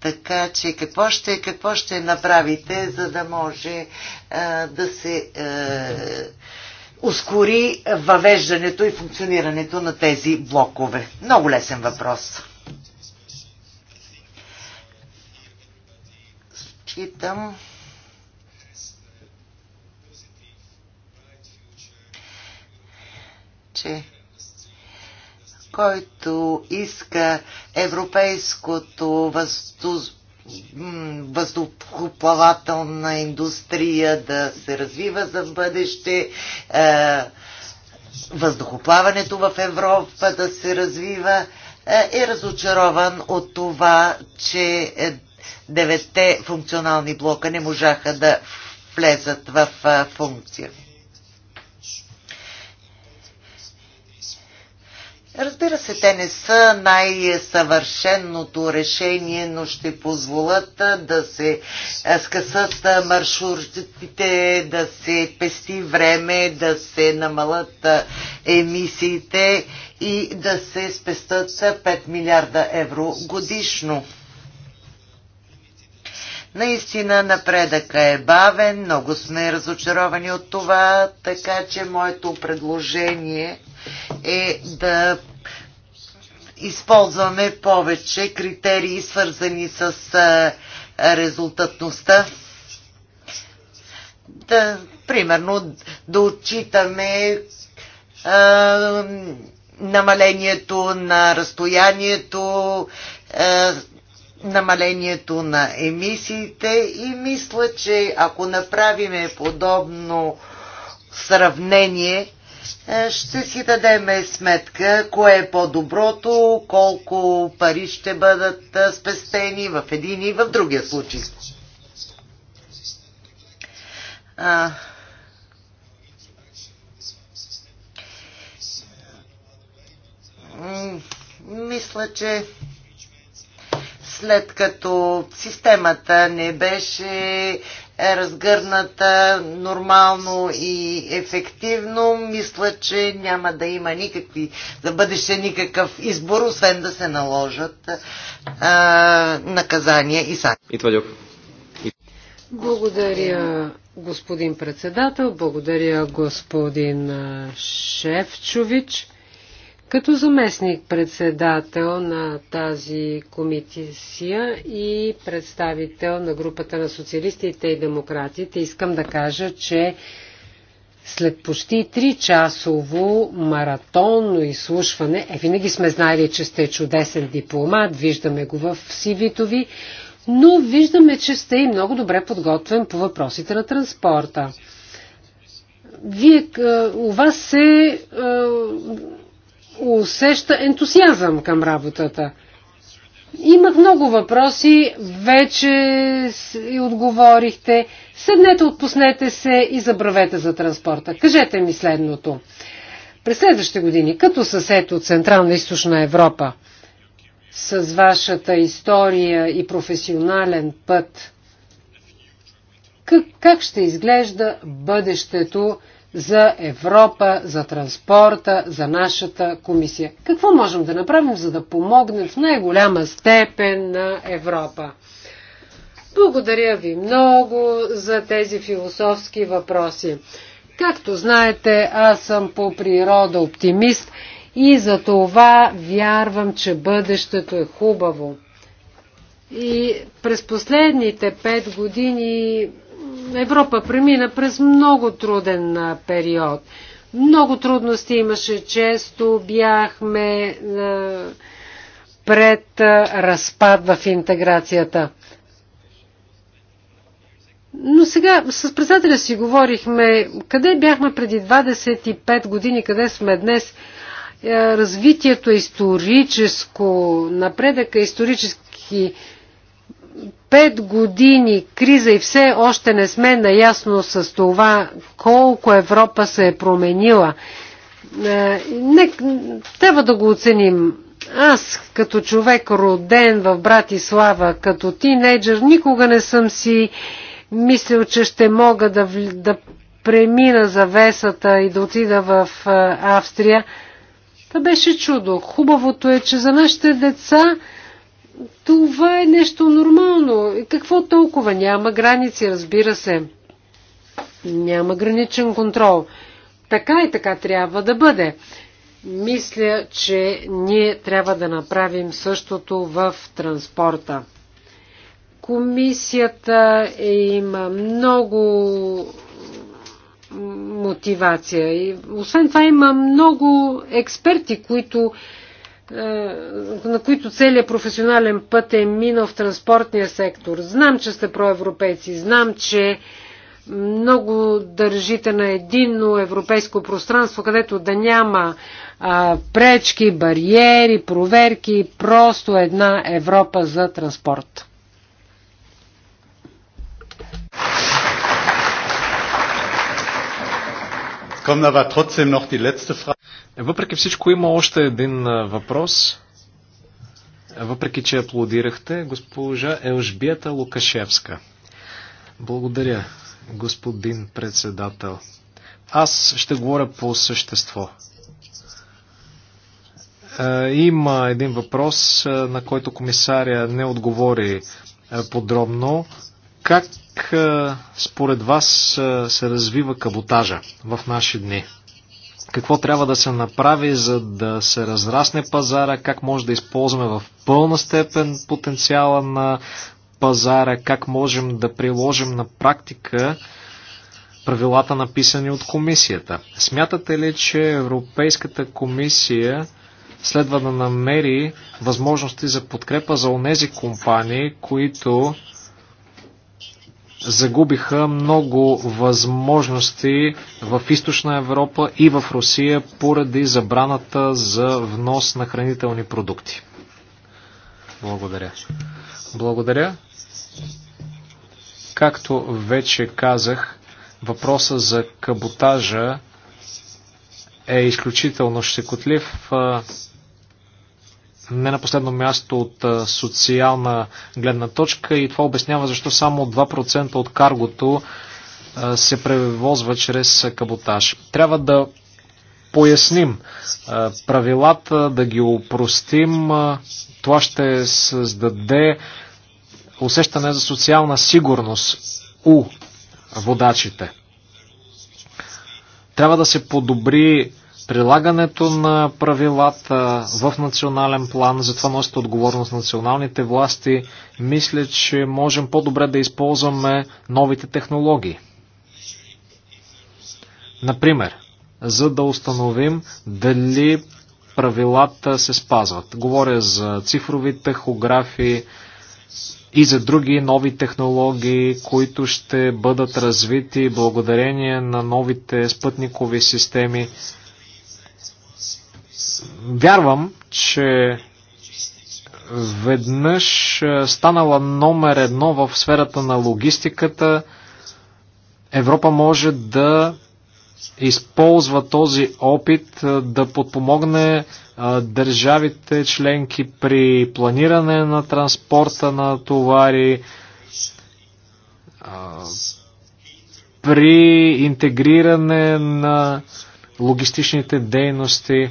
Така че какво ще, какво ще направите, за да може а, е, да се а, е, ускори въвеждането и функционирането на тези блокове? Много лесен въпрос. Читам. обаче, който иска европейското въздухоплавателна индустрия да се развива за бъдеще, е, въздухоплаването в Европа да се развива, е разочарован от това, че девете функционални блока не можаха да влезат в е, функция. Разбира се, те не са най-съвършеното решение, но ще позволят да се скъсат маршрутите, да се пести време, да се намалят емисиите и да се спестат 5 милиарда евро годишно. Наистина напредъка е бавен, много сме разочаровани от това, така че моето предложение е да използваме повече критерии, свързани с резултатността. Да, примерно да отчитаме а, намалението на разстоянието, а, намалението на емисиите и мисля, че ако направиме подобно сравнение, е, ще си дадем сметка кое е по-доброто, колко пари ще бъдат е, спестени в един и в другия случай. А, мисля, че след като системата не беше разгърната нормално и ефективно, мисля, че няма да има никакви, да бъдеще никакъв избор, освен да се наложат а, наказания и санкции. Благодаря, господин председател, благодаря господин Шефчович. Като заместник председател на тази комисия и представител на групата на социалистите и демократите, искам да кажа, че след почти 3-часово маратонно изслушване, е, винаги сме знаели, че сте чудесен дипломат, виждаме го в CV-то ви, но виждаме, че сте и много добре подготвен по въпросите на транспорта. Вие, е, у вас се е, усеща ентусиазъм към работата. Имах много въпроси, вече отговорихте. Седнете, отпуснете се и забравете за транспорта. Кажете ми следното. През следващите години, като съсед от Централна и Източна Европа, с вашата история и професионален път, как ще изглежда бъдещето за Европа, за транспорта, за нашата комисия. Какво можем да направим, за да помогнем в най-голяма степен на Европа? Благодаря ви много за тези философски въпроси. Както знаете, аз съм по природа оптимист и за това вярвам, че бъдещето е хубаво. И през последните пет години Европа премина през много труден период. Много трудности имаше. Често бяхме пред разпад в интеграцията. Но сега с председателя си говорихме къде бяхме преди 25 години, къде сме днес. Е, развитието е историческо, напредъка е исторически пет години криза и все още не сме наясно с това колко Европа се е променила. Е, не, трябва да го оценим. Аз, като човек роден в Братислава, като тинейджър, никога не съм си мислил, че ще мога да, да премина завесата и да отида в е, Австрия. Това беше чудо. Хубавото е, че за нашите деца това е нещо нормално. Какво толкова? Няма граници, разбира се. Няма граничен контрол. Така и така трябва да бъде. Мисля, че ние трябва да направим същото в транспорта. Комисията има много мотивация. И освен това има много експерти, които е, на които целият професионален път е минал в транспортния сектор. Знам, че сте проевропейци, знам, че много държите на единно европейско пространство, където да няма а, пречки, бариери, проверки, просто една Европа за транспорт. Kommt aber trotzdem noch die letzte Frage. Въпреки всичко има още един въпрос. Въпреки, че аплодирахте, госпожа Елжбиета Лукашевска. Благодаря, господин председател. Аз ще говоря по същество. Има един въпрос, на който комисаря не отговори подробно. Как според вас се развива каботажа в наши дни? какво трябва да се направи, за да се разрасне пазара, как може да използваме в пълна степен потенциала на пазара, как можем да приложим на практика правилата написани от комисията. Смятате ли, че Европейската комисия следва да намери възможности за подкрепа за онези компании, които загубиха много възможности в източна Европа и в Русия поради забраната за внос на хранителни продукти. Благодаря. Благодаря. Както вече казах, въпроса за каботажа е изключително щекотлив не на последно място от социална гледна точка и това обяснява защо само 2% от каргото се превозва чрез каботаж. Трябва да поясним правилата, да ги опростим. Това ще създаде усещане за социална сигурност у водачите. Трябва да се подобри прилагането на правилата в национален план, затова носят отговорност националните власти. Мисля, че можем по-добре да използваме новите технологии. Например, за да установим дали правилата се спазват. Говоря за цифрови техографии и за други нови технологии, които ще бъдат развити благодарение на новите спътникови системи вярвам, че веднъж е, станала номер едно в сферата на логистиката, Европа може да използва този опит е, да подпомогне е, държавите членки при планиране на транспорта на товари, при интегриране на логистичните дейности.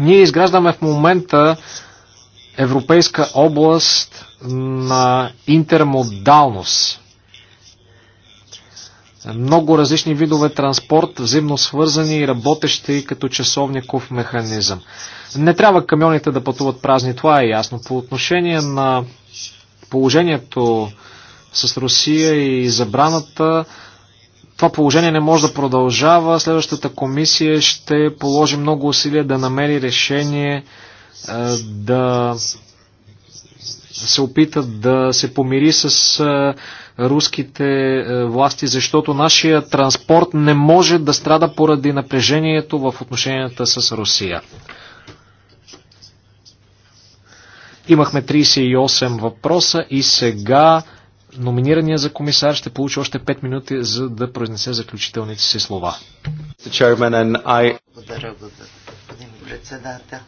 Ние изграждаме в момента европейска област на интермодалност. Много различни видове транспорт, взаимно свързани и работещи като часовников механизъм. Не трябва камионите да пътуват празни, това е ясно. По отношение на положението с Русия и забраната, това положение не може да продължава. Следващата комисия ще положи много усилия да намери решение е, да се опита да се помири с е, руските е, власти, защото нашия транспорт не може да страда поради напрежението в отношенията с Русия. Имахме 38 въпроса и сега номинирания за комисар ще получи още 5 минути, за да произнесе заключителните си слова. Благодаря, господин председател.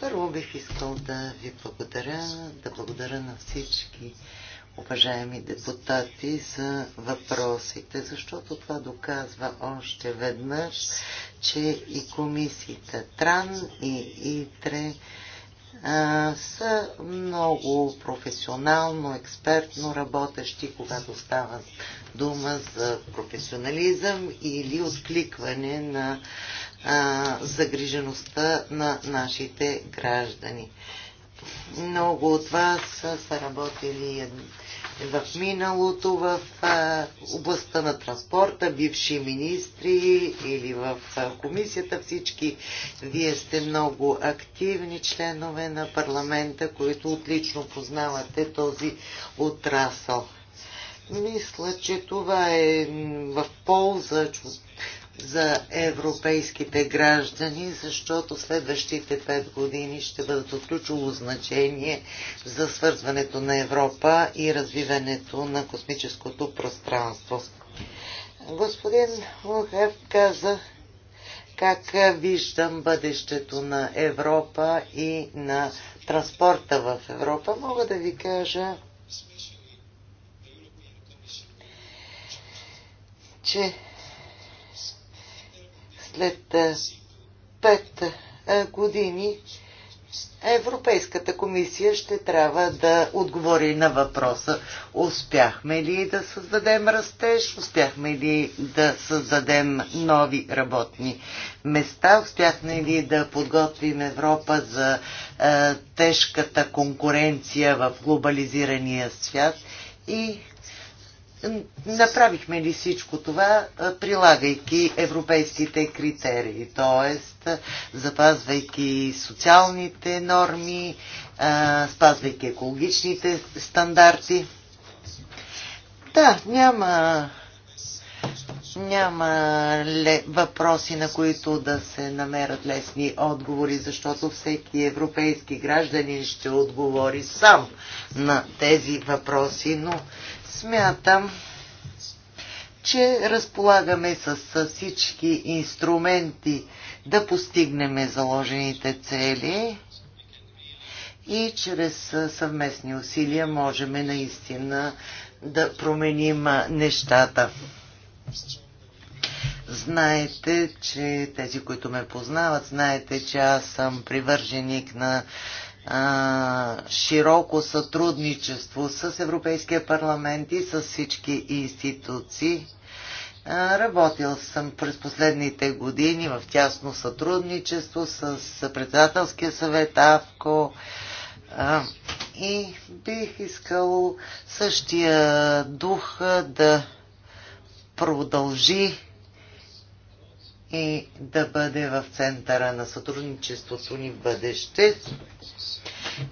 Първо бих искал да ви благодаря, да благодаря на всички уважаеми депутати за въпросите, защото това доказва още веднъж, че и комисията Тран и ИТРЕ са много професионално, експертно работещи, когато става дума за професионализъм или откликване на а, загрижеността на нашите граждани. Много от вас са работили в миналото, в областта на транспорта, бивши министри или в комисията. Всички вие сте много активни членове на парламента, които отлично познавате този отрасъл. Мисля, че това е в полза за европейските граждани, защото следващите пет години ще бъдат от ключово значение за свързването на Европа и развиването на космическото пространство. Господин Лухев каза как виждам бъдещето на Европа и на транспорта в Европа. Мога да ви кажа, че след пет години Европейската комисия ще трябва да отговори на въпроса успяхме ли да създадем растеж, успяхме ли да създадем нови работни места, успяхме ли да подготвим Европа за е, тежката конкуренция в глобализирания свят и направихме ли всичко това, прилагайки европейските критерии, т.е. запазвайки социалните норми, спазвайки екологичните стандарти. Да, няма, няма ле, въпроси, на които да се намерят лесни отговори, защото всеки европейски гражданин ще отговори сам на тези въпроси, но Смятам, че разполагаме с, всички инструменти да постигнем заложените цели и чрез съвместни усилия можем наистина да променим нещата. Знаете, че тези, които ме познават, знаете, че аз съм привърженик на широко сътрудничество с Европейския парламент и с всички институции. работил съм през последните години в тясно сътрудничество с председателския съвет АВКО и бих искал същия дух да продължи и да бъде в центъра на сътрудничеството ни в бъдеще.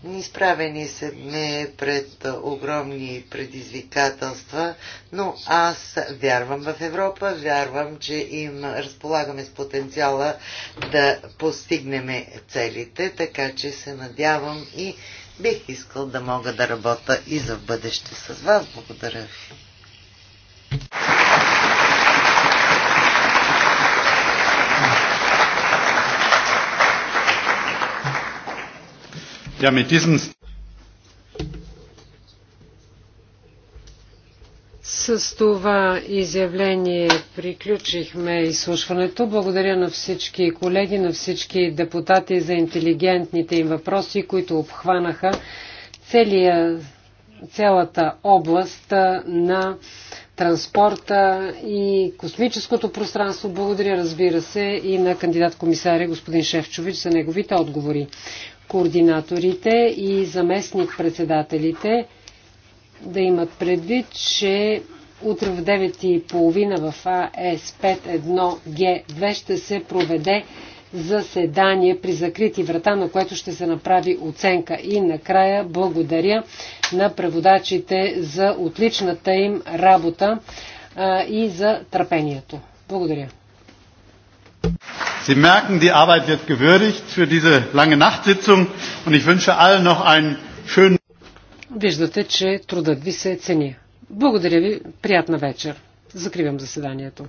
Изправени се сме пред огромни предизвикателства, но аз вярвам в Европа, вярвам, че им разполагаме с потенциала да постигнем целите, така че се надявам и бих искал да мога да работя и за бъдеще с вас. Благодаря ви. Ja, mit diesem С това изявление приключихме изслушването. Благодаря на всички колеги, на всички депутати за интелигентните им въпроси, които обхванаха целия, цялата област на транспорта и космическото пространство. Благодаря, разбира се, и на кандидат комисаря господин Шевчович за неговите отговори координаторите и заместник-председателите да имат предвид, че утре в 9.30 в АС51Г2 ще се проведе заседание при закрити врата, на което ще се направи оценка. И накрая благодаря на преводачите за отличната им работа и за търпението. Благодаря. Sie merken, die Arbeit wird gewürdigt für diese lange Nachtsitzung und ich wünsche allen noch einen schönen. Виждате, че трудът ви се цени. Благодаря ви, приятна вечер. Закривам заседанието.